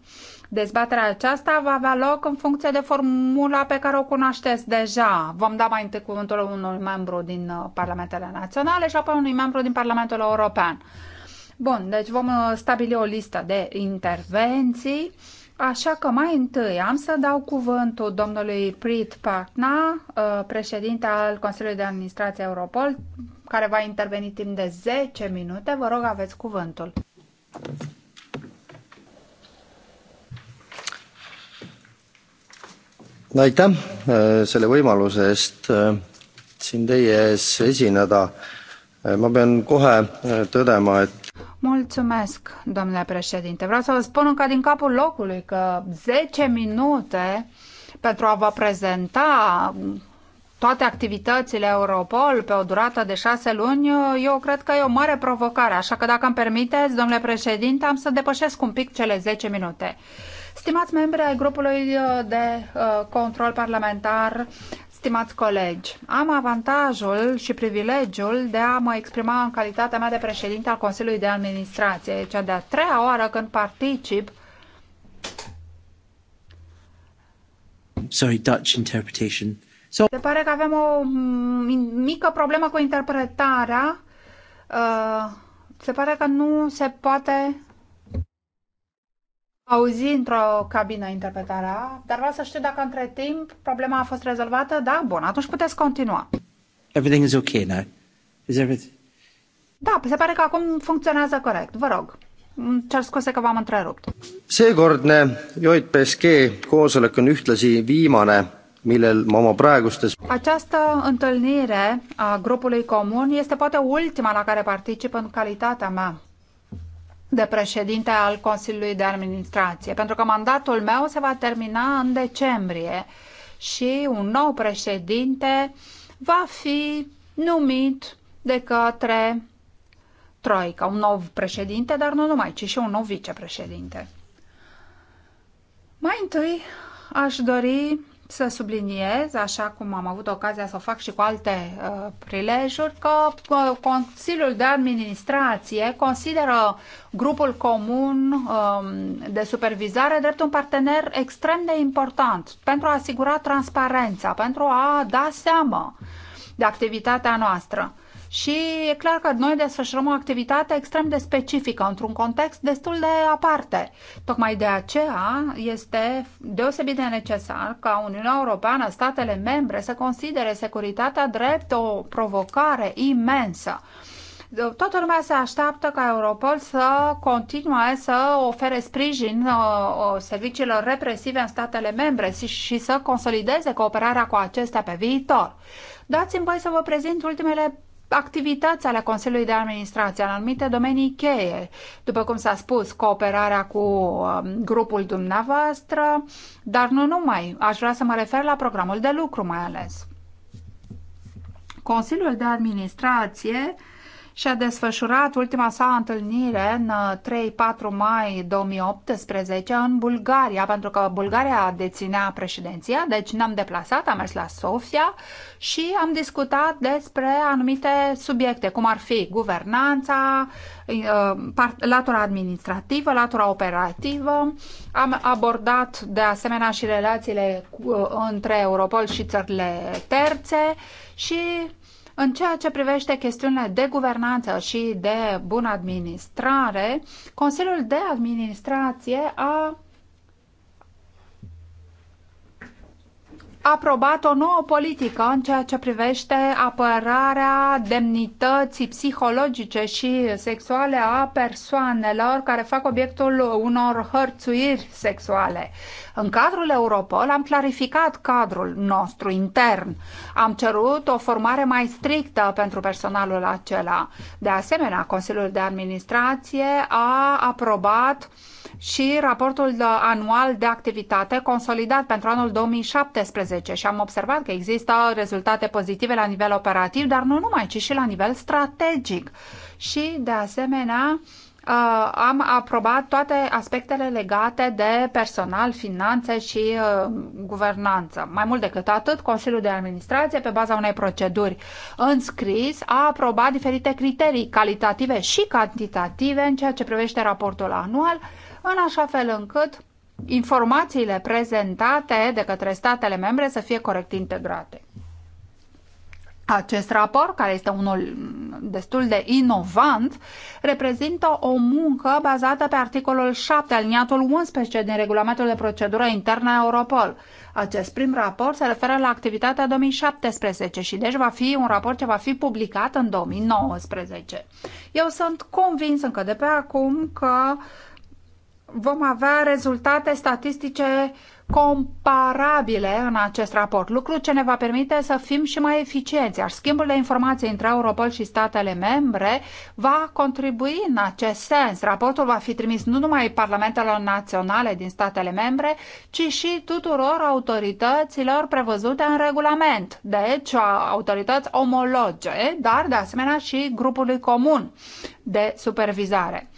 Speaker 4: Dezbaterea aceasta va avea loc în funcție de formula pe care o cunoașteți deja. Vom da mai întâi cuvântul unui membru din uh, Parlamentele Naționale și apoi unui membru din Parlamentul European. Bun, deci vom stabili o listă de intervenții Așa că mai întâi am să dau cuvântul domnului Prit Pacna, uh, președinte al Consiliului de Administrație Europol, care va interveni timp de 10 minute. Vă rog, aveți cuvântul.
Speaker 3: aitäh eh, selle võimaluse eest eh, siin teie ees esineda. Eh, ma pean kohe tõdema, et
Speaker 4: Mulțumesc, domnule președinte. Vreau să vă spun încă din capul locului că 10 minute pentru a vă prezenta toate activitățile Europol pe o durată de șase luni, eu cred că e o mare provocare. Așa că dacă îmi permiteți, domnule președinte, am să depășesc un pic cele 10 minute. Stimați membri ai grupului de uh, control parlamentar Stimați colegi, am avantajul și privilegiul de a mă exprima în calitatea mea de președinte al Consiliului de Administrație. cea de-a treia oară când particip
Speaker 1: Sorry, Dutch interpretation.
Speaker 4: So... Se pare că avem o mică problemă cu interpretarea. Uh, se pare că nu se poate auzi într-o cabină interpretarea, dar vreau să știu dacă între timp problema a fost rezolvată. Da? Bun, atunci puteți continua. Everything is okay now. Is everything... Da, se pare că acum funcționează corect. Vă rog. Cer scuze că v-am întrerupt.
Speaker 3: Seekordne JPSG koosolek on ühtlasi viimane millel ma oma praegustes
Speaker 4: această întâlnire a grupului comun este poate ultima la care particip în calitatea mea de președinte al Consiliului de Administrație, pentru că mandatul meu se va termina în decembrie și un nou președinte va fi numit de către Troica, un nou președinte, dar nu numai, ci și un nou vicepreședinte. Mai întâi aș dori să subliniez, așa cum am avut ocazia să o fac și cu alte uh, prilejuri, că uh, Consiliul de Administrație consideră grupul comun uh, de supervizare drept un partener extrem de important pentru a asigura transparența, pentru a da seama de activitatea noastră și e clar că noi desfășurăm o activitate extrem de specifică, într-un context destul de aparte. Tocmai de aceea este deosebit de necesar ca Uniunea Europeană, statele membre, să considere securitatea drept o provocare imensă toată lumea se așteaptă ca Europol să continue să ofere sprijin uh, uh, serviciilor represive în statele membre și să consolideze cooperarea cu acestea pe viitor. Dați-mi voi să vă prezint ultimele activități ale Consiliului de Administrație în anumite domenii cheie, după cum s-a spus, cooperarea cu um, grupul dumneavoastră, dar nu numai. Aș vrea să mă refer la programul de lucru mai ales. Consiliul de Administrație uh, și-a desfășurat ultima sa întâlnire în 3-4 uh, mai 2018 în Bulgaria, pentru că Bulgaria deținea președinția, deci ne-am deplasat, am mers la Sofia și am discutat despre anumite subiecte, cum ar fi guvernanța, uh, latura administrativă, latura operativă. Am abordat de asemenea și relațiile uh, între Europol și țările terțe și în ceea ce privește chestiunile de guvernanță și de bună administrare, Consiliul de Administrație a aprobat o nouă politică în ceea ce privește apărarea demnității psihologice și sexuale a persoanelor care fac obiectul unor hărțuiri sexuale. În cadrul Europol am clarificat cadrul nostru intern. Am cerut o formare mai strictă pentru personalul acela. De asemenea, Consiliul de Administrație a aprobat uh, și raportul anual de activitate consolidat pentru anul 2017 și am observat că există rezultate pozitive la nivel operativ, dar nu numai, ci și la nivel strategic. Și, de asemenea, uh, am aprobat toate aspectele legate de personal, finanțe și uh, guvernanță. Mai mult decât atât, Consiliul de Administrație, pe baza unei proceduri înscris, a aprobat diferite criterii calitative și cantitative în ceea ce privește raportul anual, în așa fel încât informațiile prezentate de către statele membre să fie corect integrate. Acest raport, care este unul destul de inovant, reprezintă o muncă bazată pe articolul 7, aliniatul 11 din regulamentul de procedură internă a Europol. Acest prim raport se referă la activitatea 2017 și deci va fi un raport ce va fi publicat în 2019. Eu sunt convins încă de pe acum că uh, vom avea rezultate statistice comparabile în acest raport, lucru ce ne va permite să fim și mai eficienți, iar schimbul de informații între Europol și statele membre va contribui în acest sens. Raportul va fi trimis nu numai parlamentelor naționale din statele membre, ci și tuturor autorităților prevăzute în regulament, deci autorități omologe, dar de asemenea și grupului comun de supervizare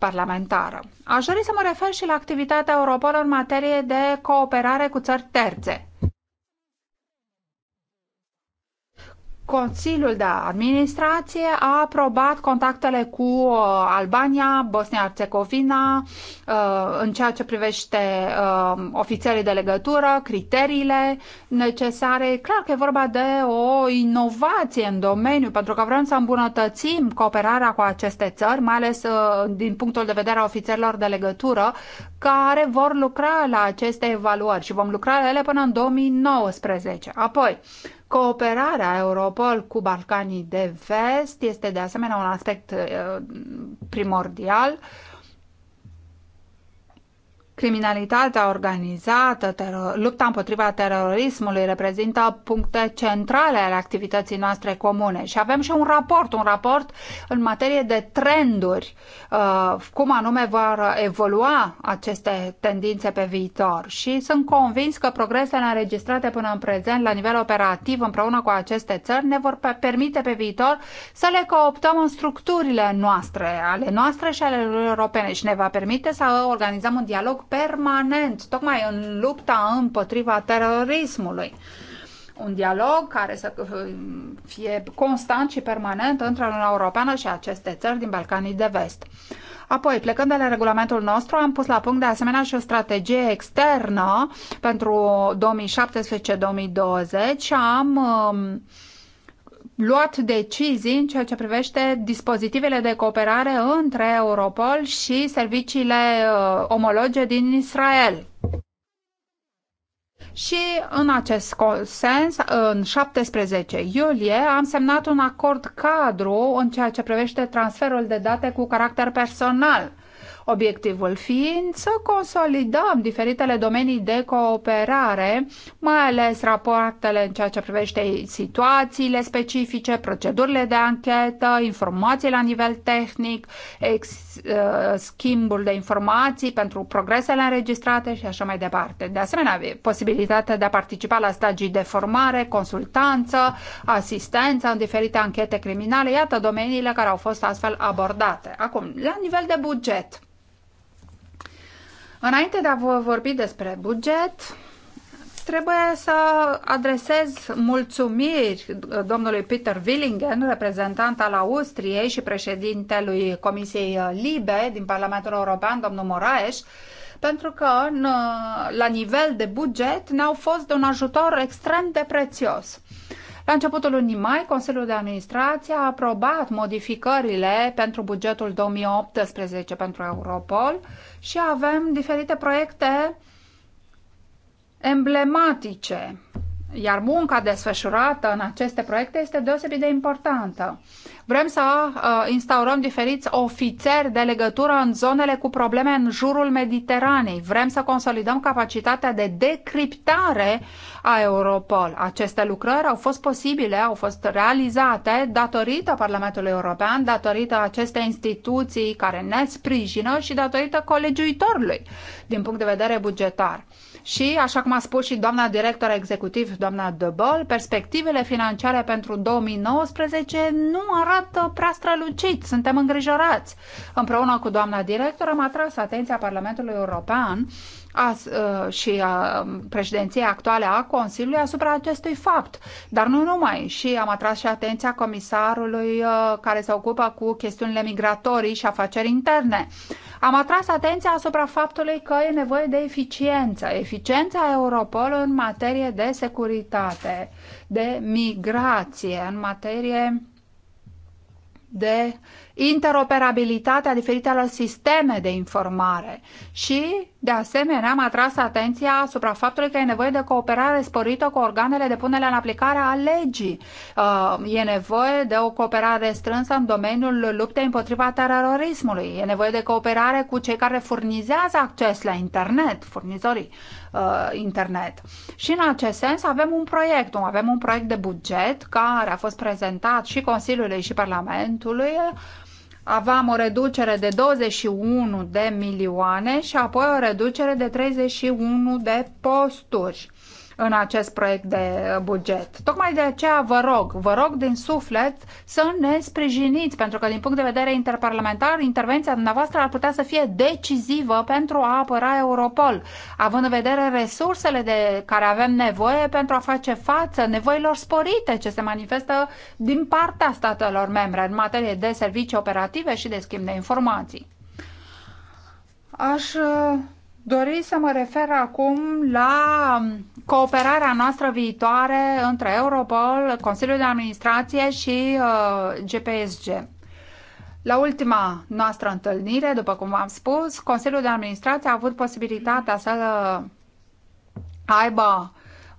Speaker 4: parlamentară. Aș dori să mă refer și la activitatea europeană în materie de cooperare cu țări terțe. Consiliul de Administrație a aprobat contactele cu uh, Albania, Bosnia-Herzegovina uh, în ceea ce privește uh, ofițerii de legătură, criteriile necesare. clar că e vorba de o inovație în domeniu, pentru că vrem să îmbunătățim cooperarea cu aceste țări, mai ales din punctul de vedere a ofițerilor de legătură, care vor lucra la aceste evaluări și vom lucra la ele până în 2019. Apoi, Cooperarea Europol cu Balcanii de Vest este de asemenea un aspect eh, primordial Criminalitatea organizată, lupta împotriva terorismului reprezintă puncte centrale ale activității noastre comune și avem și un raport, un raport în materie de trenduri, uh, cum anume vor evolua aceste tendințe pe viitor și sunt convins că progresele înregistrate până în prezent la nivel operativ împreună cu aceste țări ne vor permite pe viitor să le cooptăm în structurile noastre, ale noastre și ale europene și ne va permite să organizăm un dialog permanent, tocmai în lupta împotriva terorismului un dialog care să fie constant și permanent între Uniunea Europeană și aceste țări din Balcanii de Vest. Apoi, plecând de la regulamentul nostru, am pus la punct de asemenea și o strategie externă pentru 2017-2020 și am uh, luat decizii în ceea ce privește dispozitivele de cooperare între Europol și serviciile uh, omologe din Israel. Și în acest sens, în 17 iulie, am semnat un acord cadru în ceea ce privește transferul de date cu caracter personal obiectivul fiind să consolidăm diferitele domenii de cooperare, mai ales rapoartele în ceea ce privește situațiile specifice, procedurile de anchetă, informații la nivel tehnic, ex, uh, schimbul de informații pentru progresele înregistrate și așa mai departe. De asemenea, posibilitatea de a participa la stagii de formare, consultanță, asistență în diferite anchete criminale, iată domeniile care au fost astfel abordate. Acum, la nivel de buget, Înainte de a vă vorbi despre buget, trebuie să adresez mulțumiri domnului Peter Willingen, reprezentant al Austriei și președintelui Comisiei Libe din Parlamentul European, domnul Moraes, pentru că în, la nivel de buget ne-au fost de un ajutor extrem de prețios. La începutul lunii mai, Consiliul de Administrație a aprobat modificările pentru bugetul 2018 pentru Europol și avem diferite proiecte emblematice iar munca desfășurată în aceste proiecte este deosebit de importantă. Vrem să uh, instaurăm diferiți ofițeri de legătură în zonele cu probleme în jurul Mediteranei. Vrem să consolidăm capacitatea de decriptare a Europol. Aceste lucrări au fost posibile, au fost realizate datorită Parlamentului European, datorită acestei instituții care ne sprijină și datorită colegiuitorului din punct de vedere bugetar și, așa cum a spus și doamna director executiv, doamna De perspectivele financiare pentru 2019 nu arată prea strălucit, suntem îngrijorați. Împreună cu doamna director am atras atenția Parlamentului European a, uh, și a uh, președinției actuale a Consiliului asupra acestui fapt. Dar nu numai. Și am atras și atenția comisarului uh, care se ocupă cu chestiunile migratorii și afaceri interne. Am atras atenția asupra faptului că e nevoie de eficiență. Eficiența Europol în materie de securitate, de migrație, în materie de interoperabilitatea diferitelor sisteme de informare și, de asemenea, am atras atenția asupra faptului că e nevoie de cooperare sporită cu organele de punere în aplicare a legii. Uh, e nevoie de o cooperare strânsă în domeniul luptei împotriva terorismului. E nevoie de cooperare cu cei care furnizează acces la internet, furnizorii uh, internet. Și în acest sens avem un proiect, avem un proiect de buget care a fost prezentat și Consiliului și Parlamentului aveam o reducere de 21 de milioane și apoi o reducere de 31 de posturi în acest proiect de buget. Tocmai de aceea vă rog, vă rog din suflet să ne sprijiniți, pentru că din punct de vedere interparlamentar, intervenția dumneavoastră ar putea să fie decisivă pentru a apăra Europol, având în vedere resursele de care avem nevoie pentru a face față nevoilor sporite ce se manifestă din partea statelor membre în materie de servicii operative și de schimb de informații. Aș dori să mă refer acum la cooperarea noastră viitoare între Europol, Consiliul de Administrație și uh, GPSG. La ultima noastră întâlnire, după cum v-am spus, Consiliul de Administrație a avut posibilitatea să aibă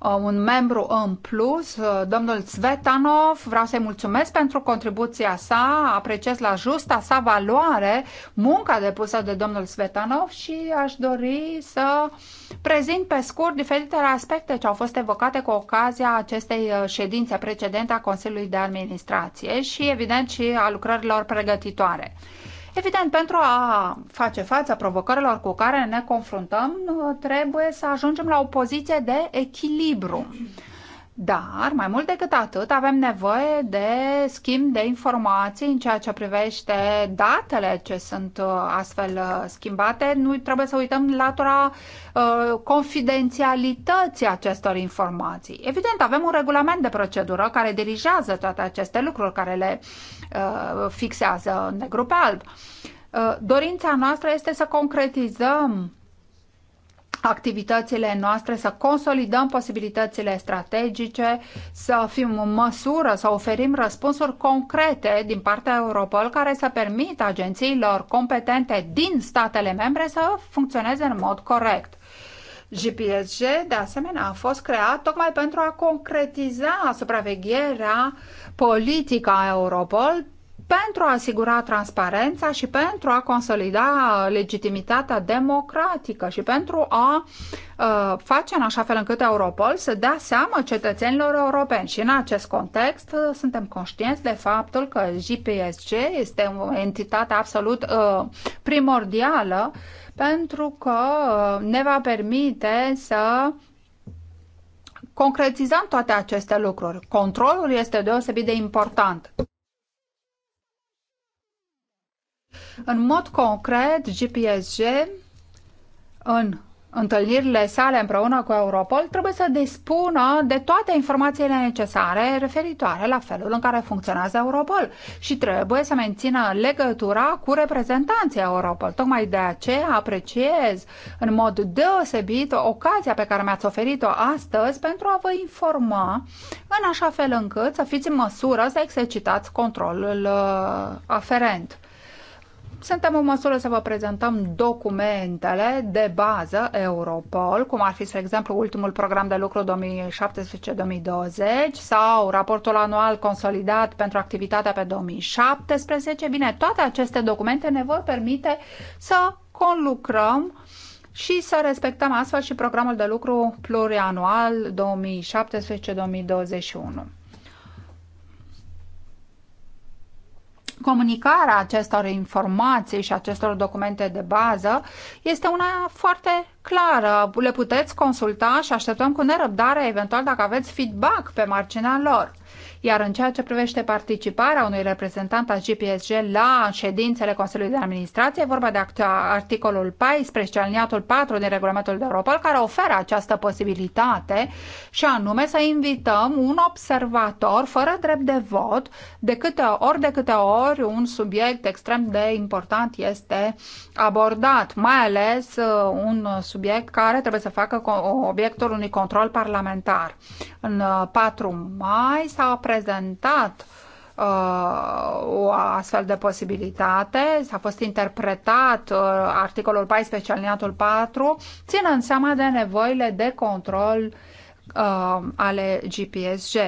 Speaker 4: Uh, un membru în plus, uh, domnul Svetanov. Vreau să-i mulțumesc pentru contribuția sa, apreciez la justa sa valoare munca depusă de domnul Svetanov și aș dori să prezint pe scurt diferitele aspecte ce au fost evocate cu ocazia acestei uh, ședințe precedente a Consiliului de Administrație și, evident, și a lucrărilor pregătitoare. Evident, pentru a face față provocărilor cu care ne confruntăm, trebuie să ajungem la o poziție de echilibru. Dar, mai mult decât atât, avem nevoie de schimb de informații în ceea ce privește datele ce sunt uh, astfel uh, schimbate. Nu trebuie să uităm latura uh, confidențialității acestor informații. Evident, avem un regulament de procedură care dirigează toate aceste lucruri, care le uh, fixează în negru pe alb. Uh, dorința noastră este să concretizăm activitățile noastre, să consolidăm posibilitățile strategice, să fim în măsură să oferim răspunsuri concrete din partea Europol care să permită agențiilor competente din statele membre să funcționeze în mod corect. GPSG, de asemenea, a fost creat tocmai pentru a concretiza supravegherea politică a Europol pentru a asigura transparența și pentru a consolida legitimitatea democratică și pentru a uh, face în așa fel încât Europol să dea seama cetățenilor europeni. Și în acest context uh, suntem conștienți de faptul că GPSG este o entitate absolut uh, primordială pentru că ne va permite să concretizăm toate aceste lucruri. Controlul este deosebit de important. În mod concret, GPSG, în întâlnirile sale împreună cu Europol, trebuie să dispună de toate informațiile necesare referitoare la felul în care funcționează Europol și trebuie să mențină legătura cu reprezentanții Europol. Tocmai de aceea apreciez în mod deosebit ocazia pe care mi-ați oferit-o astăzi pentru a vă informa în așa fel încât să fiți în măsură să exercitați controlul uh, aferent suntem în măsură să vă prezentăm documentele de bază Europol, cum ar fi, spre exemplu, ultimul program de lucru 2017-2020 sau raportul anual consolidat pentru activitatea pe 2017. Bine, toate aceste documente ne vor permite să conlucrăm și să respectăm astfel și programul de lucru plurianual 2017-2021. comunicarea acestor informații și acestor documente de bază este una foarte clară. Le puteți consulta și așteptăm cu nerăbdare, eventual, dacă aveți feedback pe marginea lor. Iar în ceea ce privește participarea unui reprezentant al GPSG la ședințele Consiliului de Administrație, vorba de articolul 14, aliniatul 4 din regulamentul de Europol, care oferă această posibilitate și anume să invităm un observator fără drept de vot de câte ori de câte ori un subiect extrem de important este abordat, mai ales uh, un subiect care trebuie să facă obiectul unui control parlamentar. În 4 uh, mai s-a prezentat uh, o astfel de posibilitate, s-a fost interpretat uh, articolul 14 alineatul 4, ținând seama de nevoile de control uh, ale GPSG.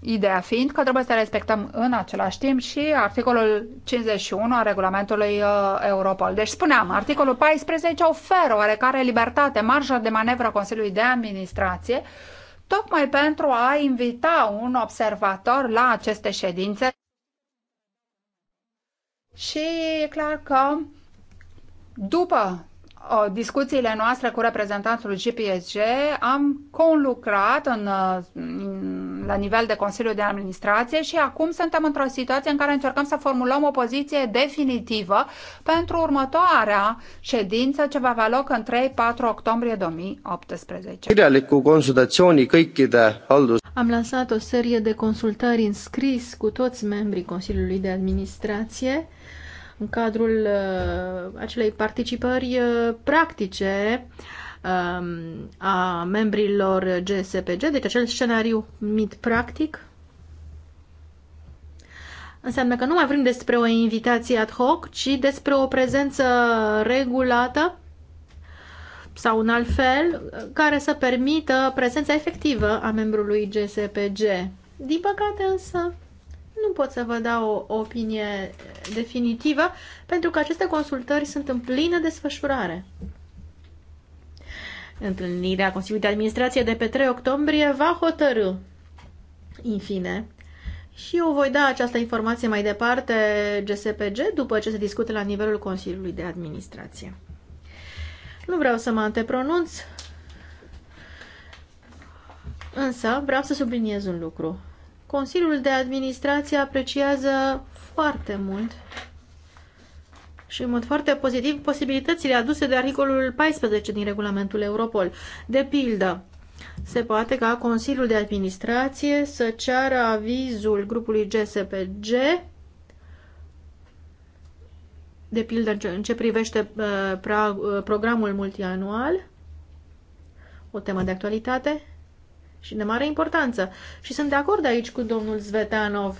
Speaker 4: Ideea fiind că trebuie să respectăm în același timp și articolul 51 a regulamentului uh, Europol. Deci spuneam, articolul 14 oferă oarecare libertate, marjă de manevră Consiliului de Administrație uh, tocmai pentru a invita un observator la aceste ședințe. Și e clar că după discuțiile noastre cu reprezentantul GPSG am conlucrat în, la nivel de Consiliu de Administrație și acum suntem într-o situație în care încercăm să formulăm o poziție definitivă pentru următoarea ședință ce va avea loc în 3-4 octombrie 2018. Am lansat o serie de consultări în scris cu
Speaker 2: toți membrii Consiliului de Administrație în cadrul uh, acelei participări uh, practice um, a membrilor GSPG, deci acel scenariu mit practic, înseamnă că nu mai vorbim despre o invitație ad hoc, ci despre o prezență regulată sau un alt fel care să permită prezența efectivă a membrului GSPG. Din păcate însă, nu pot să vă dau o opinie definitivă, pentru că aceste consultări sunt în plină desfășurare. Întâlnirea Consiliului de Administrație de pe 3 octombrie va hotărâ, în fine, și eu voi da această informație mai departe GSPG după ce se discute la nivelul Consiliului de Administrație. Nu vreau să mă antepronunț, însă vreau să subliniez un lucru. Consiliul de Administrație apreciază foarte mult și în mod foarte pozitiv posibilitățile aduse de articolul 14 din regulamentul Europol. De pildă, se poate ca Consiliul de Administrație să ceară avizul grupului GSPG, de pildă în ce privește uh, uh, programul multianual, o temă de actualitate, și de mare importanță. Și sunt de acord aici cu domnul Zvetanov.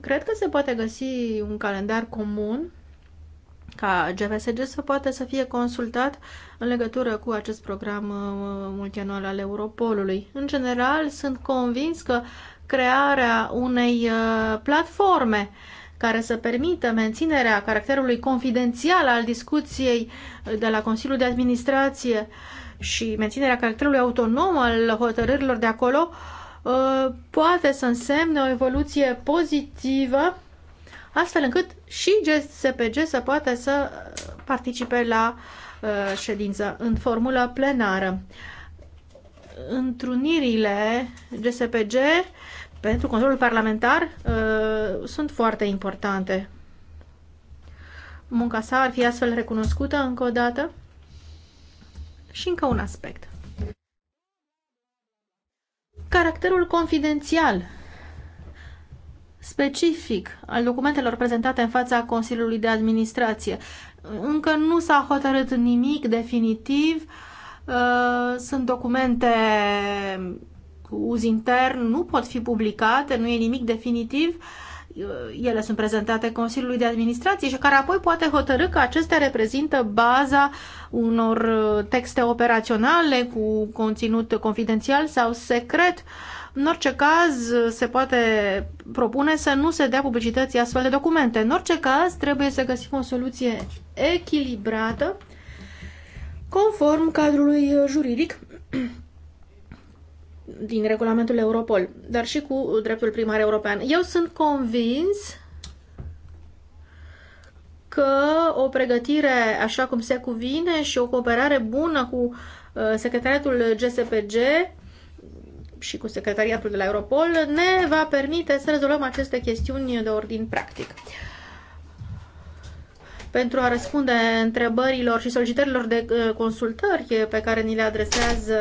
Speaker 2: Cred că se poate găsi un calendar comun ca GVSG să poată să fie consultat în legătură cu acest program uh, multianual al Europolului. În general, sunt convins că crearea unei uh, platforme care să permită menținerea caracterului confidențial al discuției uh, de la Consiliul de Administrație uh, și menținerea caracterului autonom al hotărârilor de acolo uh, poate să însemne o evoluție pozitivă, astfel încât și GSPG să poată să participe la uh, ședință în formulă plenară. Întrunirile GSPG pentru controlul parlamentar uh, sunt foarte importante. Munca sa ar fi astfel recunoscută încă o dată și încă un aspect. Caracterul confidențial specific al documentelor prezentate în fața Consiliului de Administrație. Încă nu s-a hotărât nimic definitiv. Uh, sunt documente cu uz intern, nu pot fi publicate, nu e nimic definitiv Uh, ele sunt prezentate Consiliului de Administrație și care apoi poate hotărâ că acestea reprezintă baza unor uh, texte operaționale cu conținut confidențial sau secret. În orice caz, uh, se poate propune să nu se dea publicității astfel de documente. În orice caz, trebuie să găsim o soluție echilibrată conform cadrului juridic din regulamentul Europol, dar și cu dreptul primar european. Eu sunt convins că o pregătire așa cum se cuvine și o cooperare bună cu uh, secretariatul GSPG și cu secretariatul de la Europol ne va permite să rezolvăm aceste chestiuni de ordin practic pentru a răspunde întrebărilor și solicitărilor de uh, consultări pe care ni le adresează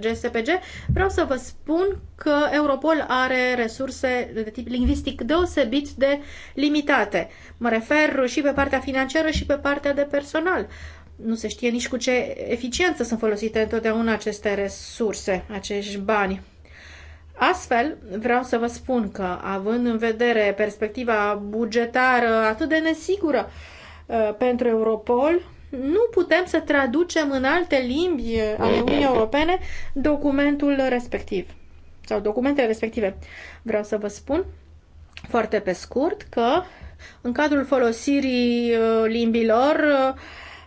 Speaker 2: GSPG, vreau să vă spun că Europol are resurse de tip lingvistic deosebit de limitate. Mă refer și pe partea financiară și pe partea de personal. Nu se știe nici cu ce eficiență sunt folosite întotdeauna aceste resurse, acești bani. Astfel, vreau să vă spun că, având în vedere perspectiva bugetară atât de nesigură Uh, pentru Europol, nu putem să traducem în alte limbi ale Uniunii Europene documentul respectiv sau documentele respective. Vreau să vă spun foarte pe scurt că în cadrul folosirii uh, limbilor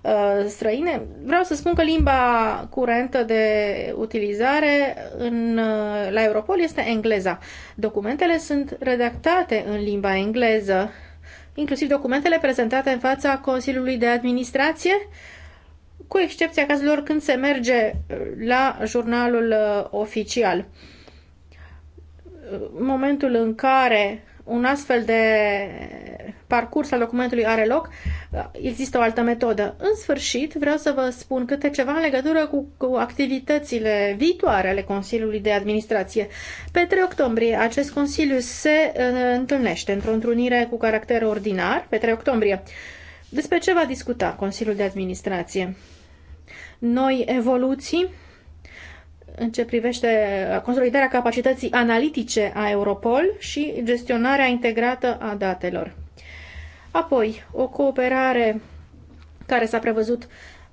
Speaker 2: uh, străine, vreau să spun că limba curentă de utilizare în, la Europol este engleza. Documentele sunt redactate în limba engleză inclusiv documentele prezentate în fața Consiliului de Administrație, cu excepția cazurilor când se merge uh, la jurnalul uh, oficial. Uh, momentul în care un astfel de parcurs al documentului are loc, uh, există o altă metodă. În sfârșit, vreau să vă spun câte ceva în legătură cu, cu activitățile viitoare ale Consiliului de Administrație. Pe 3 octombrie, acest Consiliu se uh, întâlnește într-o întrunire cu caracter ordinar, pe 3 octombrie. Despre ce va discuta Consiliul de Administrație? Noi evoluții în ce privește consolidarea capacității analitice a Europol și gestionarea integrată a datelor. Apoi, o cooperare care s-a prevăzut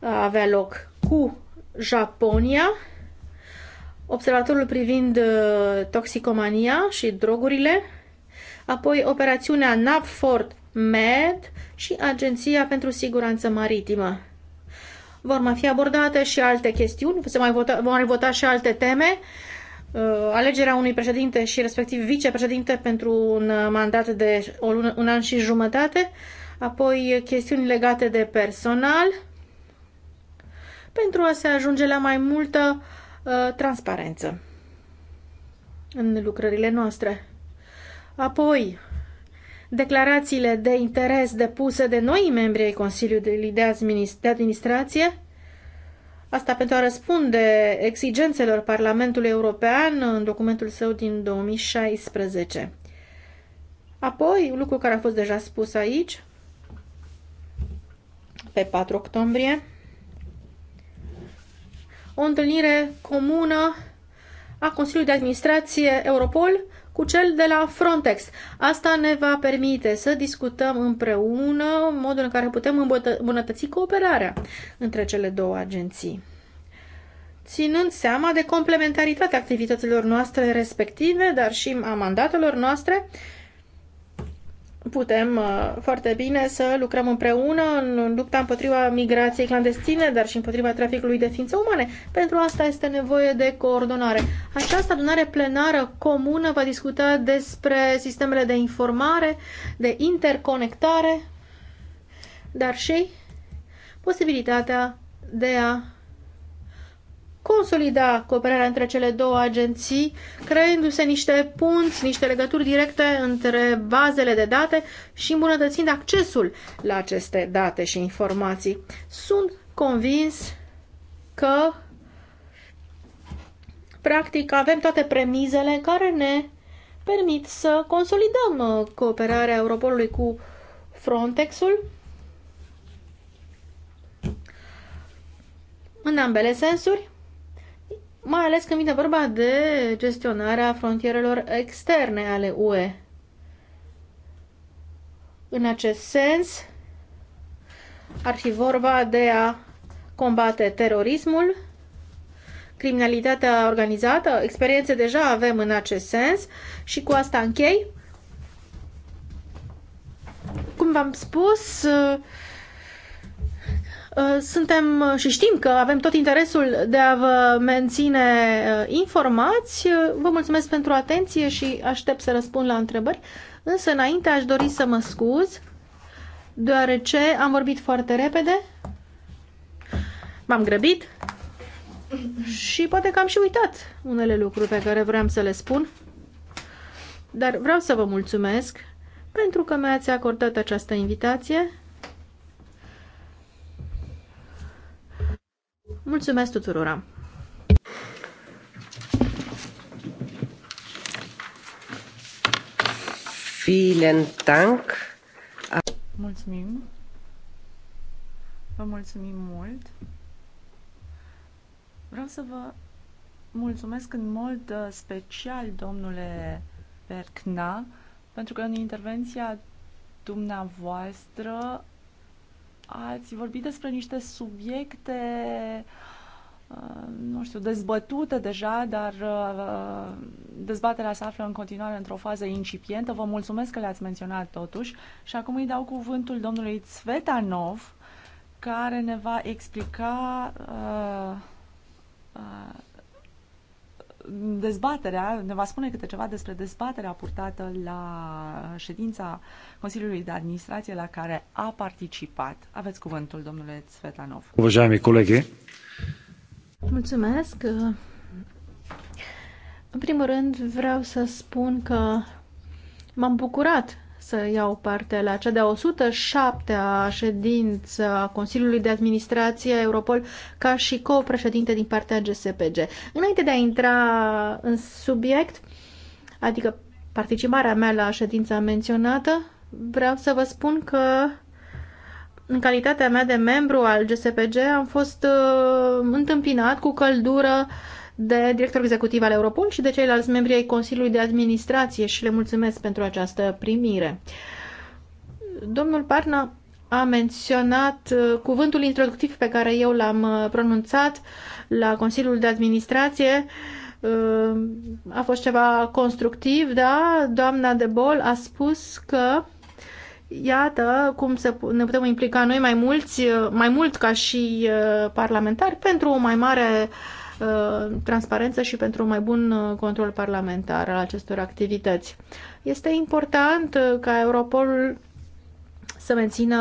Speaker 2: a uh, avea loc cu Japonia, observatorul privind uh, toxicomania și drogurile, apoi operațiunea NAPFORT MED și Agenția pentru Siguranță Maritimă. Vor mai fi abordate și alte chestiuni, se mai vota, vor mai vota și alte teme Uh, alegerea unui președinte și respectiv vicepreședinte pentru un mandat de o lună, un an și jumătate, apoi chestiuni legate de personal, pentru a se ajunge la mai multă uh, transparență în lucrările noastre. Apoi, declarațiile de interes depuse de noi membri ai Consiliului de Administrație Asta pentru a răspunde exigențelor Parlamentului European în documentul său din 2016. Apoi, lucru care a fost deja spus aici, pe 4 octombrie, o întâlnire comună a Consiliului de Administrație Europol cu cel de la Frontex. Asta ne va permite să discutăm împreună modul în care putem îmbunătăți cooperarea între cele două agenții ținând seama de complementaritatea activităților noastre respective, dar și a mandatelor noastre putem uh, foarte bine să lucrăm împreună în lupta împotriva migrației clandestine, dar și împotriva traficului de ființe umane. Pentru asta este nevoie de coordonare. Această adunare plenară comună va discuta despre sistemele de informare, de interconectare, dar și posibilitatea de a consolida cooperarea între cele două agenții, creându-se niște punți, niște legături directe între bazele de date și îmbunătățind accesul la aceste date și informații. Sunt convins că practic avem toate premizele care ne permit să consolidăm uh, cooperarea Europolului cu Frontexul în ambele sensuri mai ales când vine vorba de gestionarea frontierelor externe ale UE. În acest sens, ar fi vorba de a combate terorismul, criminalitatea organizată, experiențe deja avem în acest sens și cu asta închei. Cum v-am spus, Uh, suntem uh, și știm că avem tot interesul de a vă menține uh, informați. Vă mulțumesc pentru atenție și aștept să răspund la întrebări. Însă, înainte, aș dori să mă scuz, deoarece am vorbit foarte repede, m-am grăbit și poate că am și uitat unele lucruri pe care vreau să le spun. Dar vreau să vă mulțumesc pentru că mi-ați acordat această invitație Mulțumesc tuturora!
Speaker 4: Vielen Dank!
Speaker 1: Mulțumim! Vă mulțumim mult! Vreau să vă mulțumesc în mod uh, special, domnule Berkna, pentru că în intervenția dumneavoastră ați vorbit despre niște subiecte uh, nu știu, dezbătute deja, dar uh, dezbaterea se află în continuare într-o fază incipientă. Vă mulțumesc că le-ați menționat totuși și acum îi dau cuvântul domnului Tsvetanov, care ne va explica uh, uh, dezbaterea, ne va spune câte ceva despre dezbaterea purtată la ședința Consiliului de Administrație la care a participat. Aveți cuvântul, domnule Svetanov.
Speaker 2: Уважаеми colegi. Mulțumesc. În primul rând vreau să spun că m-am bucurat să iau parte la cea de-a 107-a ședință a Consiliului de Administrație Europol ca și co-președinte din partea GSPG. Înainte de a intra în subiect, adică participarea mea la ședința menționată, vreau să vă spun că în calitatea mea de membru al GSPG am fost uh, întâmpinat cu căldură uh, de directorul executiv al Europol și de ceilalți membri ai Consiliului de Administrație și le mulțumesc pentru această primire. Domnul Parna a menționat uh, cuvântul introductiv pe care eu l-am uh, pronunțat la Consiliul de Administrație. Uh, a fost ceva constructiv, da? Doamna de Bol a spus că iată cum să ne putem implica noi mai mulți, mai mult ca și parlamentari pentru o mai mare uh, Uh, transparență și pentru un mai bun uh, control parlamentar al acestor activități. Este important uh, ca Europol să mențină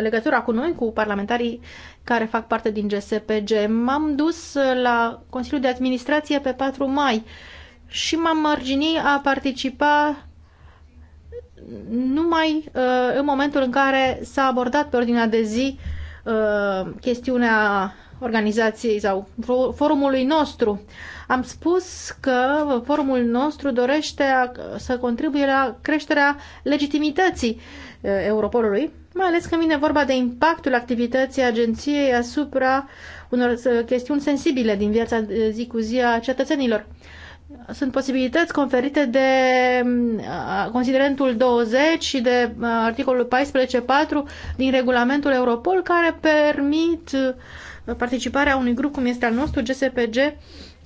Speaker 2: legătura cu noi, cu parlamentarii care fac parte din GSPG. M-am dus la Consiliul de Administrație pe 4 mai și m-am marginit a participa numai uh, în momentul în care s-a abordat pe ordinea de zi uh, chestiunea organizației sau forumului nostru. Am spus că forumul nostru dorește să contribuie la creșterea legitimității Europolului, mai ales când vine vorba de impactul activității agenției asupra unor chestiuni sensibile din viața zi cu zi a cetățenilor. Sunt posibilități conferite de considerentul 20 și de articolul 14.4 din regulamentul Europol care permit uh, participarea unui grup cum este al nostru, GSPG,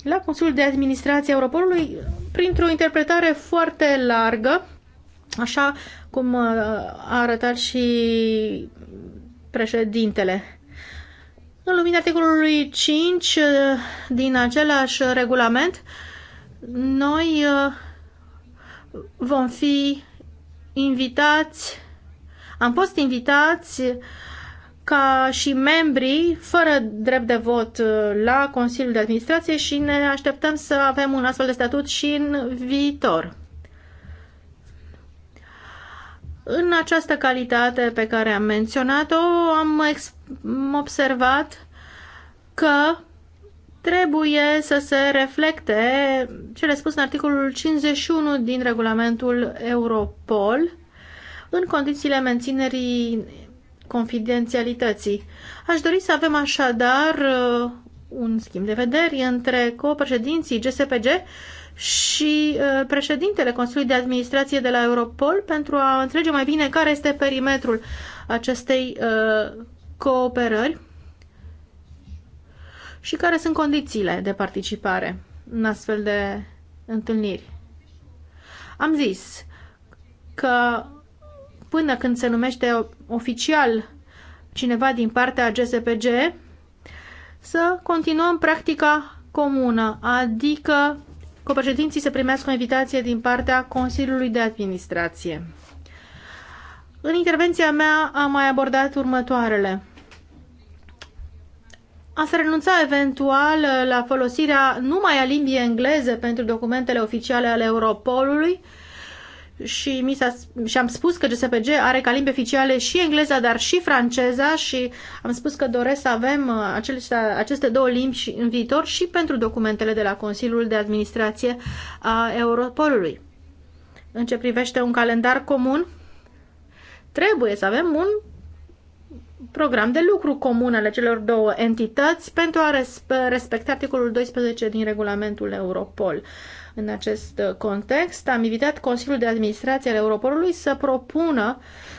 Speaker 2: la Consiliul de Administrație Europolului printr-o interpretare foarte largă, așa cum uh, a arătat și președintele. În lumina articolului 5 uh, din același regulament, noi uh, vom fi invitați, am fost invitați ca și membrii fără drept de vot uh, la Consiliul de Administrație și ne așteptăm să avem un astfel de statut și în viitor. În această calitate pe care am menționat-o, am observat că trebuie să se reflecte cele spus în articolul 51 din regulamentul Europol în condițiile menținerii confidențialității. Aș dori să avem așadar uh, un schimb de vederi între copreședinții GSPG și uh, președintele Consiliului de Administrație de la Europol pentru a înțelege mai bine care este perimetrul acestei uh, cooperări și care sunt condițiile de participare în astfel de întâlniri. Am zis că până când se numește oficial cineva din partea GSPG, să continuăm practica comună, adică copreședinții să primească o invitație din partea Consiliului de Administrație. În intervenția mea am mai abordat următoarele. a să renunța eventual la folosirea numai a limbii engleze pentru documentele oficiale ale Europolului, și, mi s-a, și am spus că GSPG are ca limbi oficiale și engleza, dar și franceza și am spus că doresc să avem uh, aceste, aceste două limbi în viitor și pentru documentele de la Consiliul de Administrație a Europolului. În ce privește un calendar comun, trebuie să avem un program de lucru comun ale celor două entități pentru a respecta articolul 12 din regulamentul Europol. Uh, în acest uh, context, am invitat Consiliul de Administrație al Europolului să propună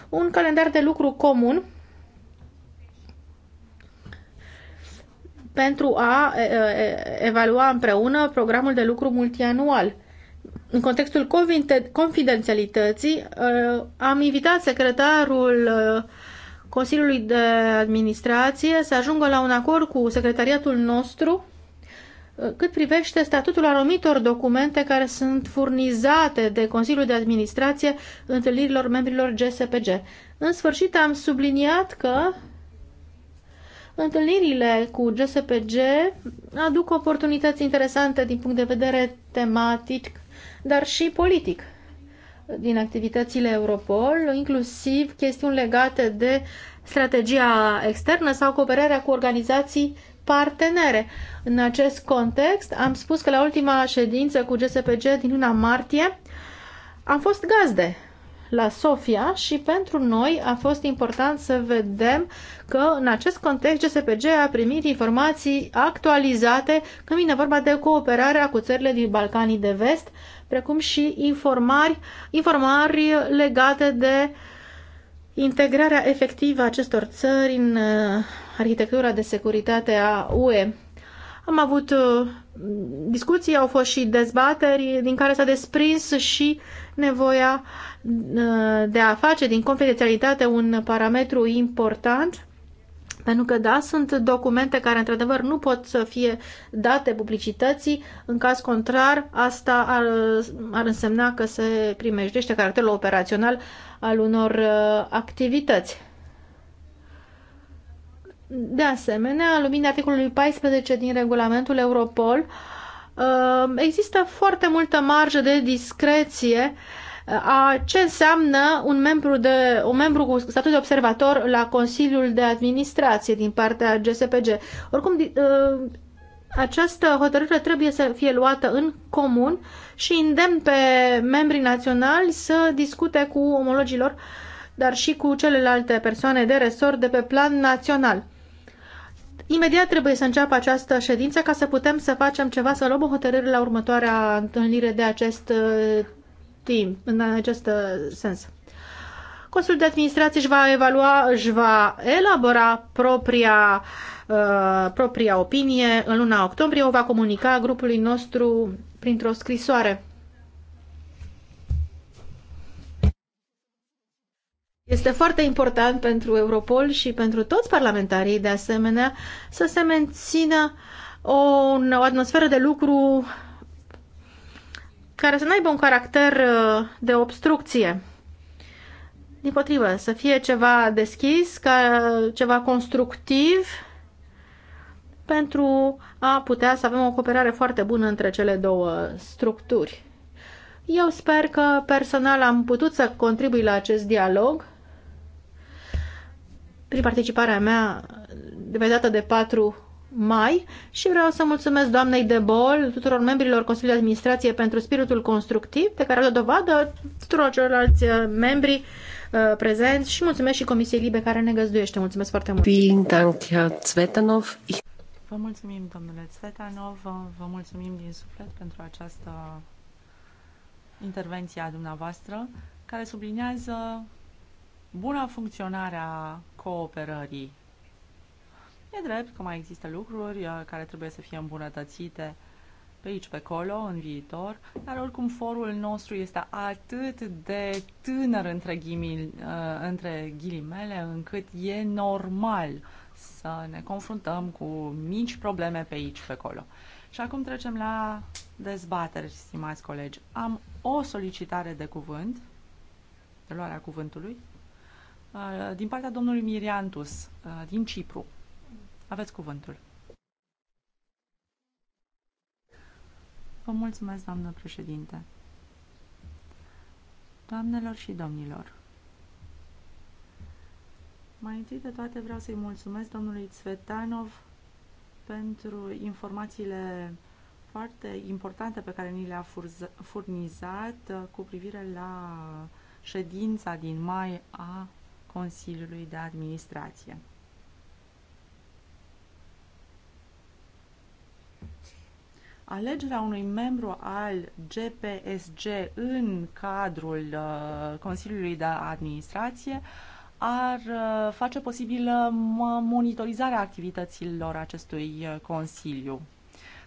Speaker 2: un calendar de lucru comun pentru a evalua împreună programul de lucru multianual. În contextul confidențialității, uh, am invitat secretarul uh, Consiliului de Administrație să ajungă la un acord cu secretariatul nostru cât privește statutul anumitor documente care sunt furnizate de Consiliul de Administrație întâlnirilor membrilor GSPG. În sfârșit am subliniat că întâlnirile cu GSPG aduc oportunități interesante din punct de vedere tematic, dar și politic din activitățile Europol, inclusiv chestiuni legate de strategia externă sau cooperarea cu organizații uh, partenere. În acest context, am spus că la ultima ședință cu GSPG din luna martie am fost gazde la Sofia și pentru noi a fost important să vedem că în acest context GSPG a primit informații actualizate când vine vorba de cooperarea cu țările din Balcanii de Vest, precum și informari, informari legate de integrarea efectivă a acestor țări în arhitectura de securitate a UE. Am avut uh, discuții, au fost și dezbateri din care s-a desprins și nevoia uh, de a face din confidențialitate un parametru important pentru că, da, sunt documente care, într-adevăr, nu pot să fie date publicității. În caz contrar, asta ar, ar însemna că se primejdește caracterul operațional al unor uh, activități. De asemenea, în lumina articolului 14 din regulamentul Europol, uh, există foarte multă marjă de discreție uh, a ce înseamnă un membru, de, un membru cu statut de observator la Consiliul de Administrație din partea GSPG. Oricum, uh, această hotărâre trebuie să fie luată în comun și îndemn pe membrii naționali să discute cu omologilor, dar și cu celelalte persoane de resort de pe plan național. Imediat trebuie să înceapă această ședință ca să putem să facem ceva, să luăm o hotărâre la următoarea întâlnire de acest uh, timp, în acest uh, sens. Consiliul de administrație își va evalua, își va elabora propria, uh, propria opinie în luna octombrie, o va comunica grupului nostru printr-o scrisoare. Este foarte important pentru Europol și pentru toți parlamentarii, de asemenea, să se mențină o, o atmosferă de lucru care să nu aibă un caracter uh, de obstrucție. Din potrivă, să fie ceva deschis, ca ceva constructiv pentru a putea să avem o cooperare foarte bună între cele două structuri. Eu sper că personal am putut să contribui la acest dialog prin participarea mea de pe data de 4 mai și vreau să mulțumesc doamnei de Bol, tuturor membrilor Consiliului de Administrație pentru spiritul constructiv pe care au dovadă, tuturor celorlalți uh, membri uh, prezent și mulțumesc și Comisiei Libe care ne găzduiește. Mulțumesc foarte mult!
Speaker 4: Dank,
Speaker 1: Zvetanov. Vă mulțumim, domnule Zvetanov, vă mulțumim din suflet pentru această intervenție a dumneavoastră care sublinează buna funcționare a cooperării. E drept că mai există lucruri uh, care trebuie să fie îmbunătățite pe aici, pe acolo, în viitor, dar oricum forul nostru este atât de tânăr între, ghimil, uh, între ghilimele, încât e normal să ne confruntăm cu mici probleme pe aici, pe acolo. Și acum trecem la dezbatere, stimați colegi. Am o solicitare de cuvânt, de luarea cuvântului. Uh, din partea domnului Miriantus, uh, din Cipru. Aveți cuvântul. Vă mulțumesc, doamnă președinte. Doamnelor și domnilor, mai întâi de toate vreau să-i mulțumesc domnului Tsvetanov pentru informațiile foarte importante pe care ni le-a furnizat uh, cu privire la ședința din mai a Consiliului de Administrație. Alegerea unui membru al GPSG în cadrul uh, Consiliului de Administrație ar uh, face posibilă monitorizarea activităților acestui uh, Consiliu.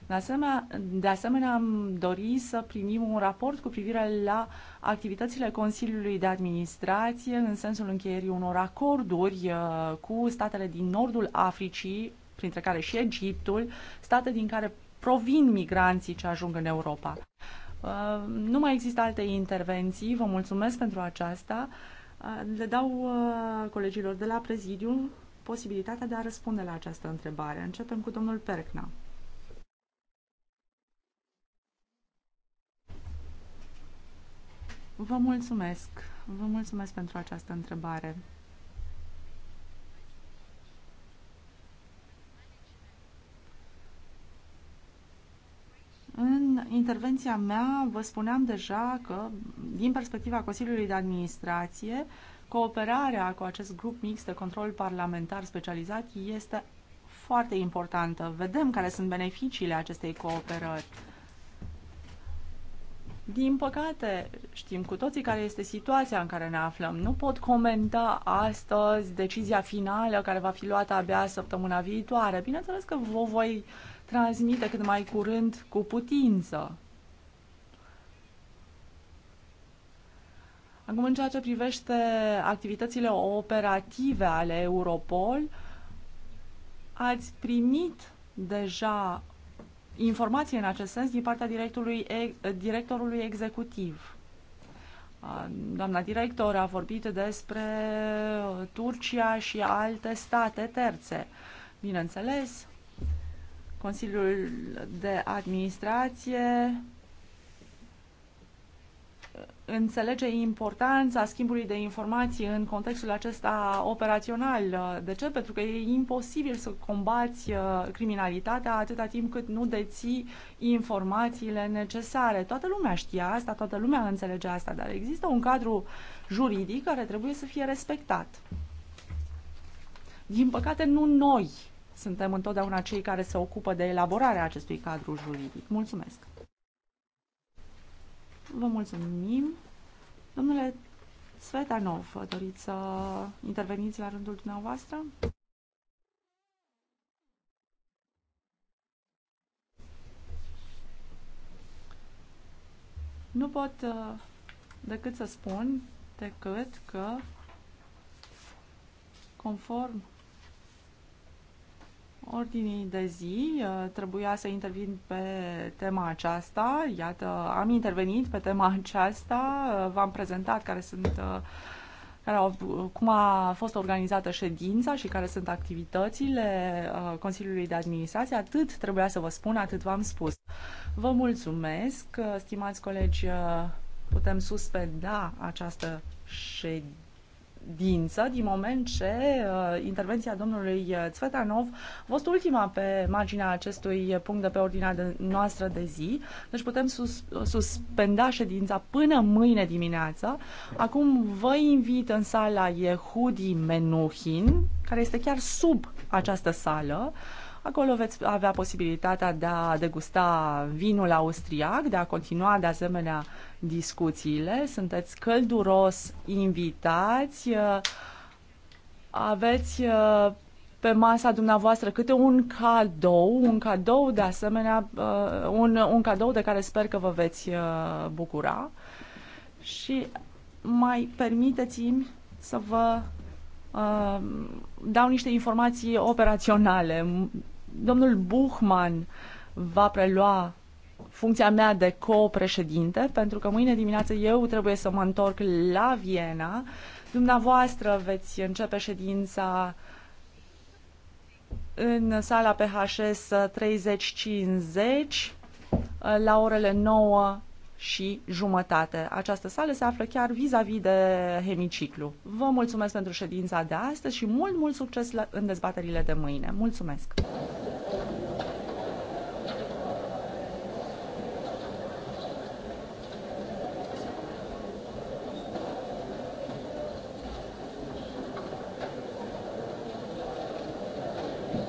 Speaker 1: De asemenea, de asemenea, am dori să primim un raport cu privire la activitățile Consiliului de Administrație în sensul încheierii unor acorduri uh, cu statele din nordul Africii, printre care și Egiptul, state din care provin migranții ce ajung în Europa. Uh, nu mai există alte intervenții, vă mulțumesc pentru aceasta. Uh, le dau colegilor de la prezidiu posibilitatea de a răspunde la această întrebare. Începem cu domnul Percna. Vă mulțumesc. Vă mulțumesc pentru această întrebare. În intervenția mea vă spuneam deja că, din perspectiva Consiliului de Administrație, cooperarea cu acest grup mix de control parlamentar specializat este foarte importantă. Vedem care sunt beneficiile acestei cooperări. Din păcate, știm cu toții care este situația în care ne aflăm. Nu pot comenta astăzi decizia finală care va fi luată abia săptămâna viitoare. Bineînțeles că vă voi transmite cât mai curând cu putință. Acum, în ceea ce privește activitățile operative ale Europol, ați primit deja informații în acest sens din partea directorului, directorului executiv. Doamna director a vorbit despre Turcia și alte state terțe. Bineînțeles, Consiliul de Administrație înțelege importanța schimbului de informații în contextul acesta operațional. De ce? Pentru că e imposibil să combați uh, criminalitatea atâta timp cât nu deții informațiile necesare. Toată lumea știa asta, toată lumea înțelege asta, dar există un cadru juridic care trebuie să fie respectat. Din păcate, nu noi suntem întotdeauna cei care se ocupă de elaborarea acestui cadru juridic. Mulțumesc! Vă mulțumim. Domnule Svetanov, doriți să interveniți la rândul dumneavoastră? Nu pot uh, decât să spun decât că conform ordinii de zi uh, trebuia să intervin pe tema aceasta. Iată, am intervenit pe tema aceasta, uh, v-am prezentat care sunt uh, care au, cum a fost organizată ședința și care sunt activitățile Consiliului de Administrație. Atât trebuia să vă spun, atât v-am spus. Vă mulțumesc, stimați colegi, putem suspenda această ședință ședință din moment ce uh, intervenția domnului Tsvetanov uh, a fost ultima pe marginea acestui punct de pe ordinea de, noastră de zi. Deci putem sus, suspenda ședința până mâine dimineață. Acum vă invit în sala Yehudi Menuhin, care este chiar sub această sală. Acolo veți avea posibilitatea de a degusta vinul austriac, de a continua de asemenea discuțiile. Sunteți călduros invitați. Uh, aveți uh, pe masa dumneavoastră câte un cadou, un cadou de asemenea, uh, un, un cadou de care sper că vă veți bucura. Și mai permiteți-mi să vă uh, dau niște informații operaționale. Domnul Buchman va prelua funcția mea de co-președinte, pentru că mâine dimineață eu trebuie să mă întorc la Viena. Dumneavoastră veți începe ședința în sala PHS 3050 uh, la orele 9 și jumătate. Această sală se află chiar vis-a-vis -vis de hemiciclu. Vă mulțumesc pentru ședința de astăzi și mult, mult succes în dezbaterile de mâine. Mulțumesc!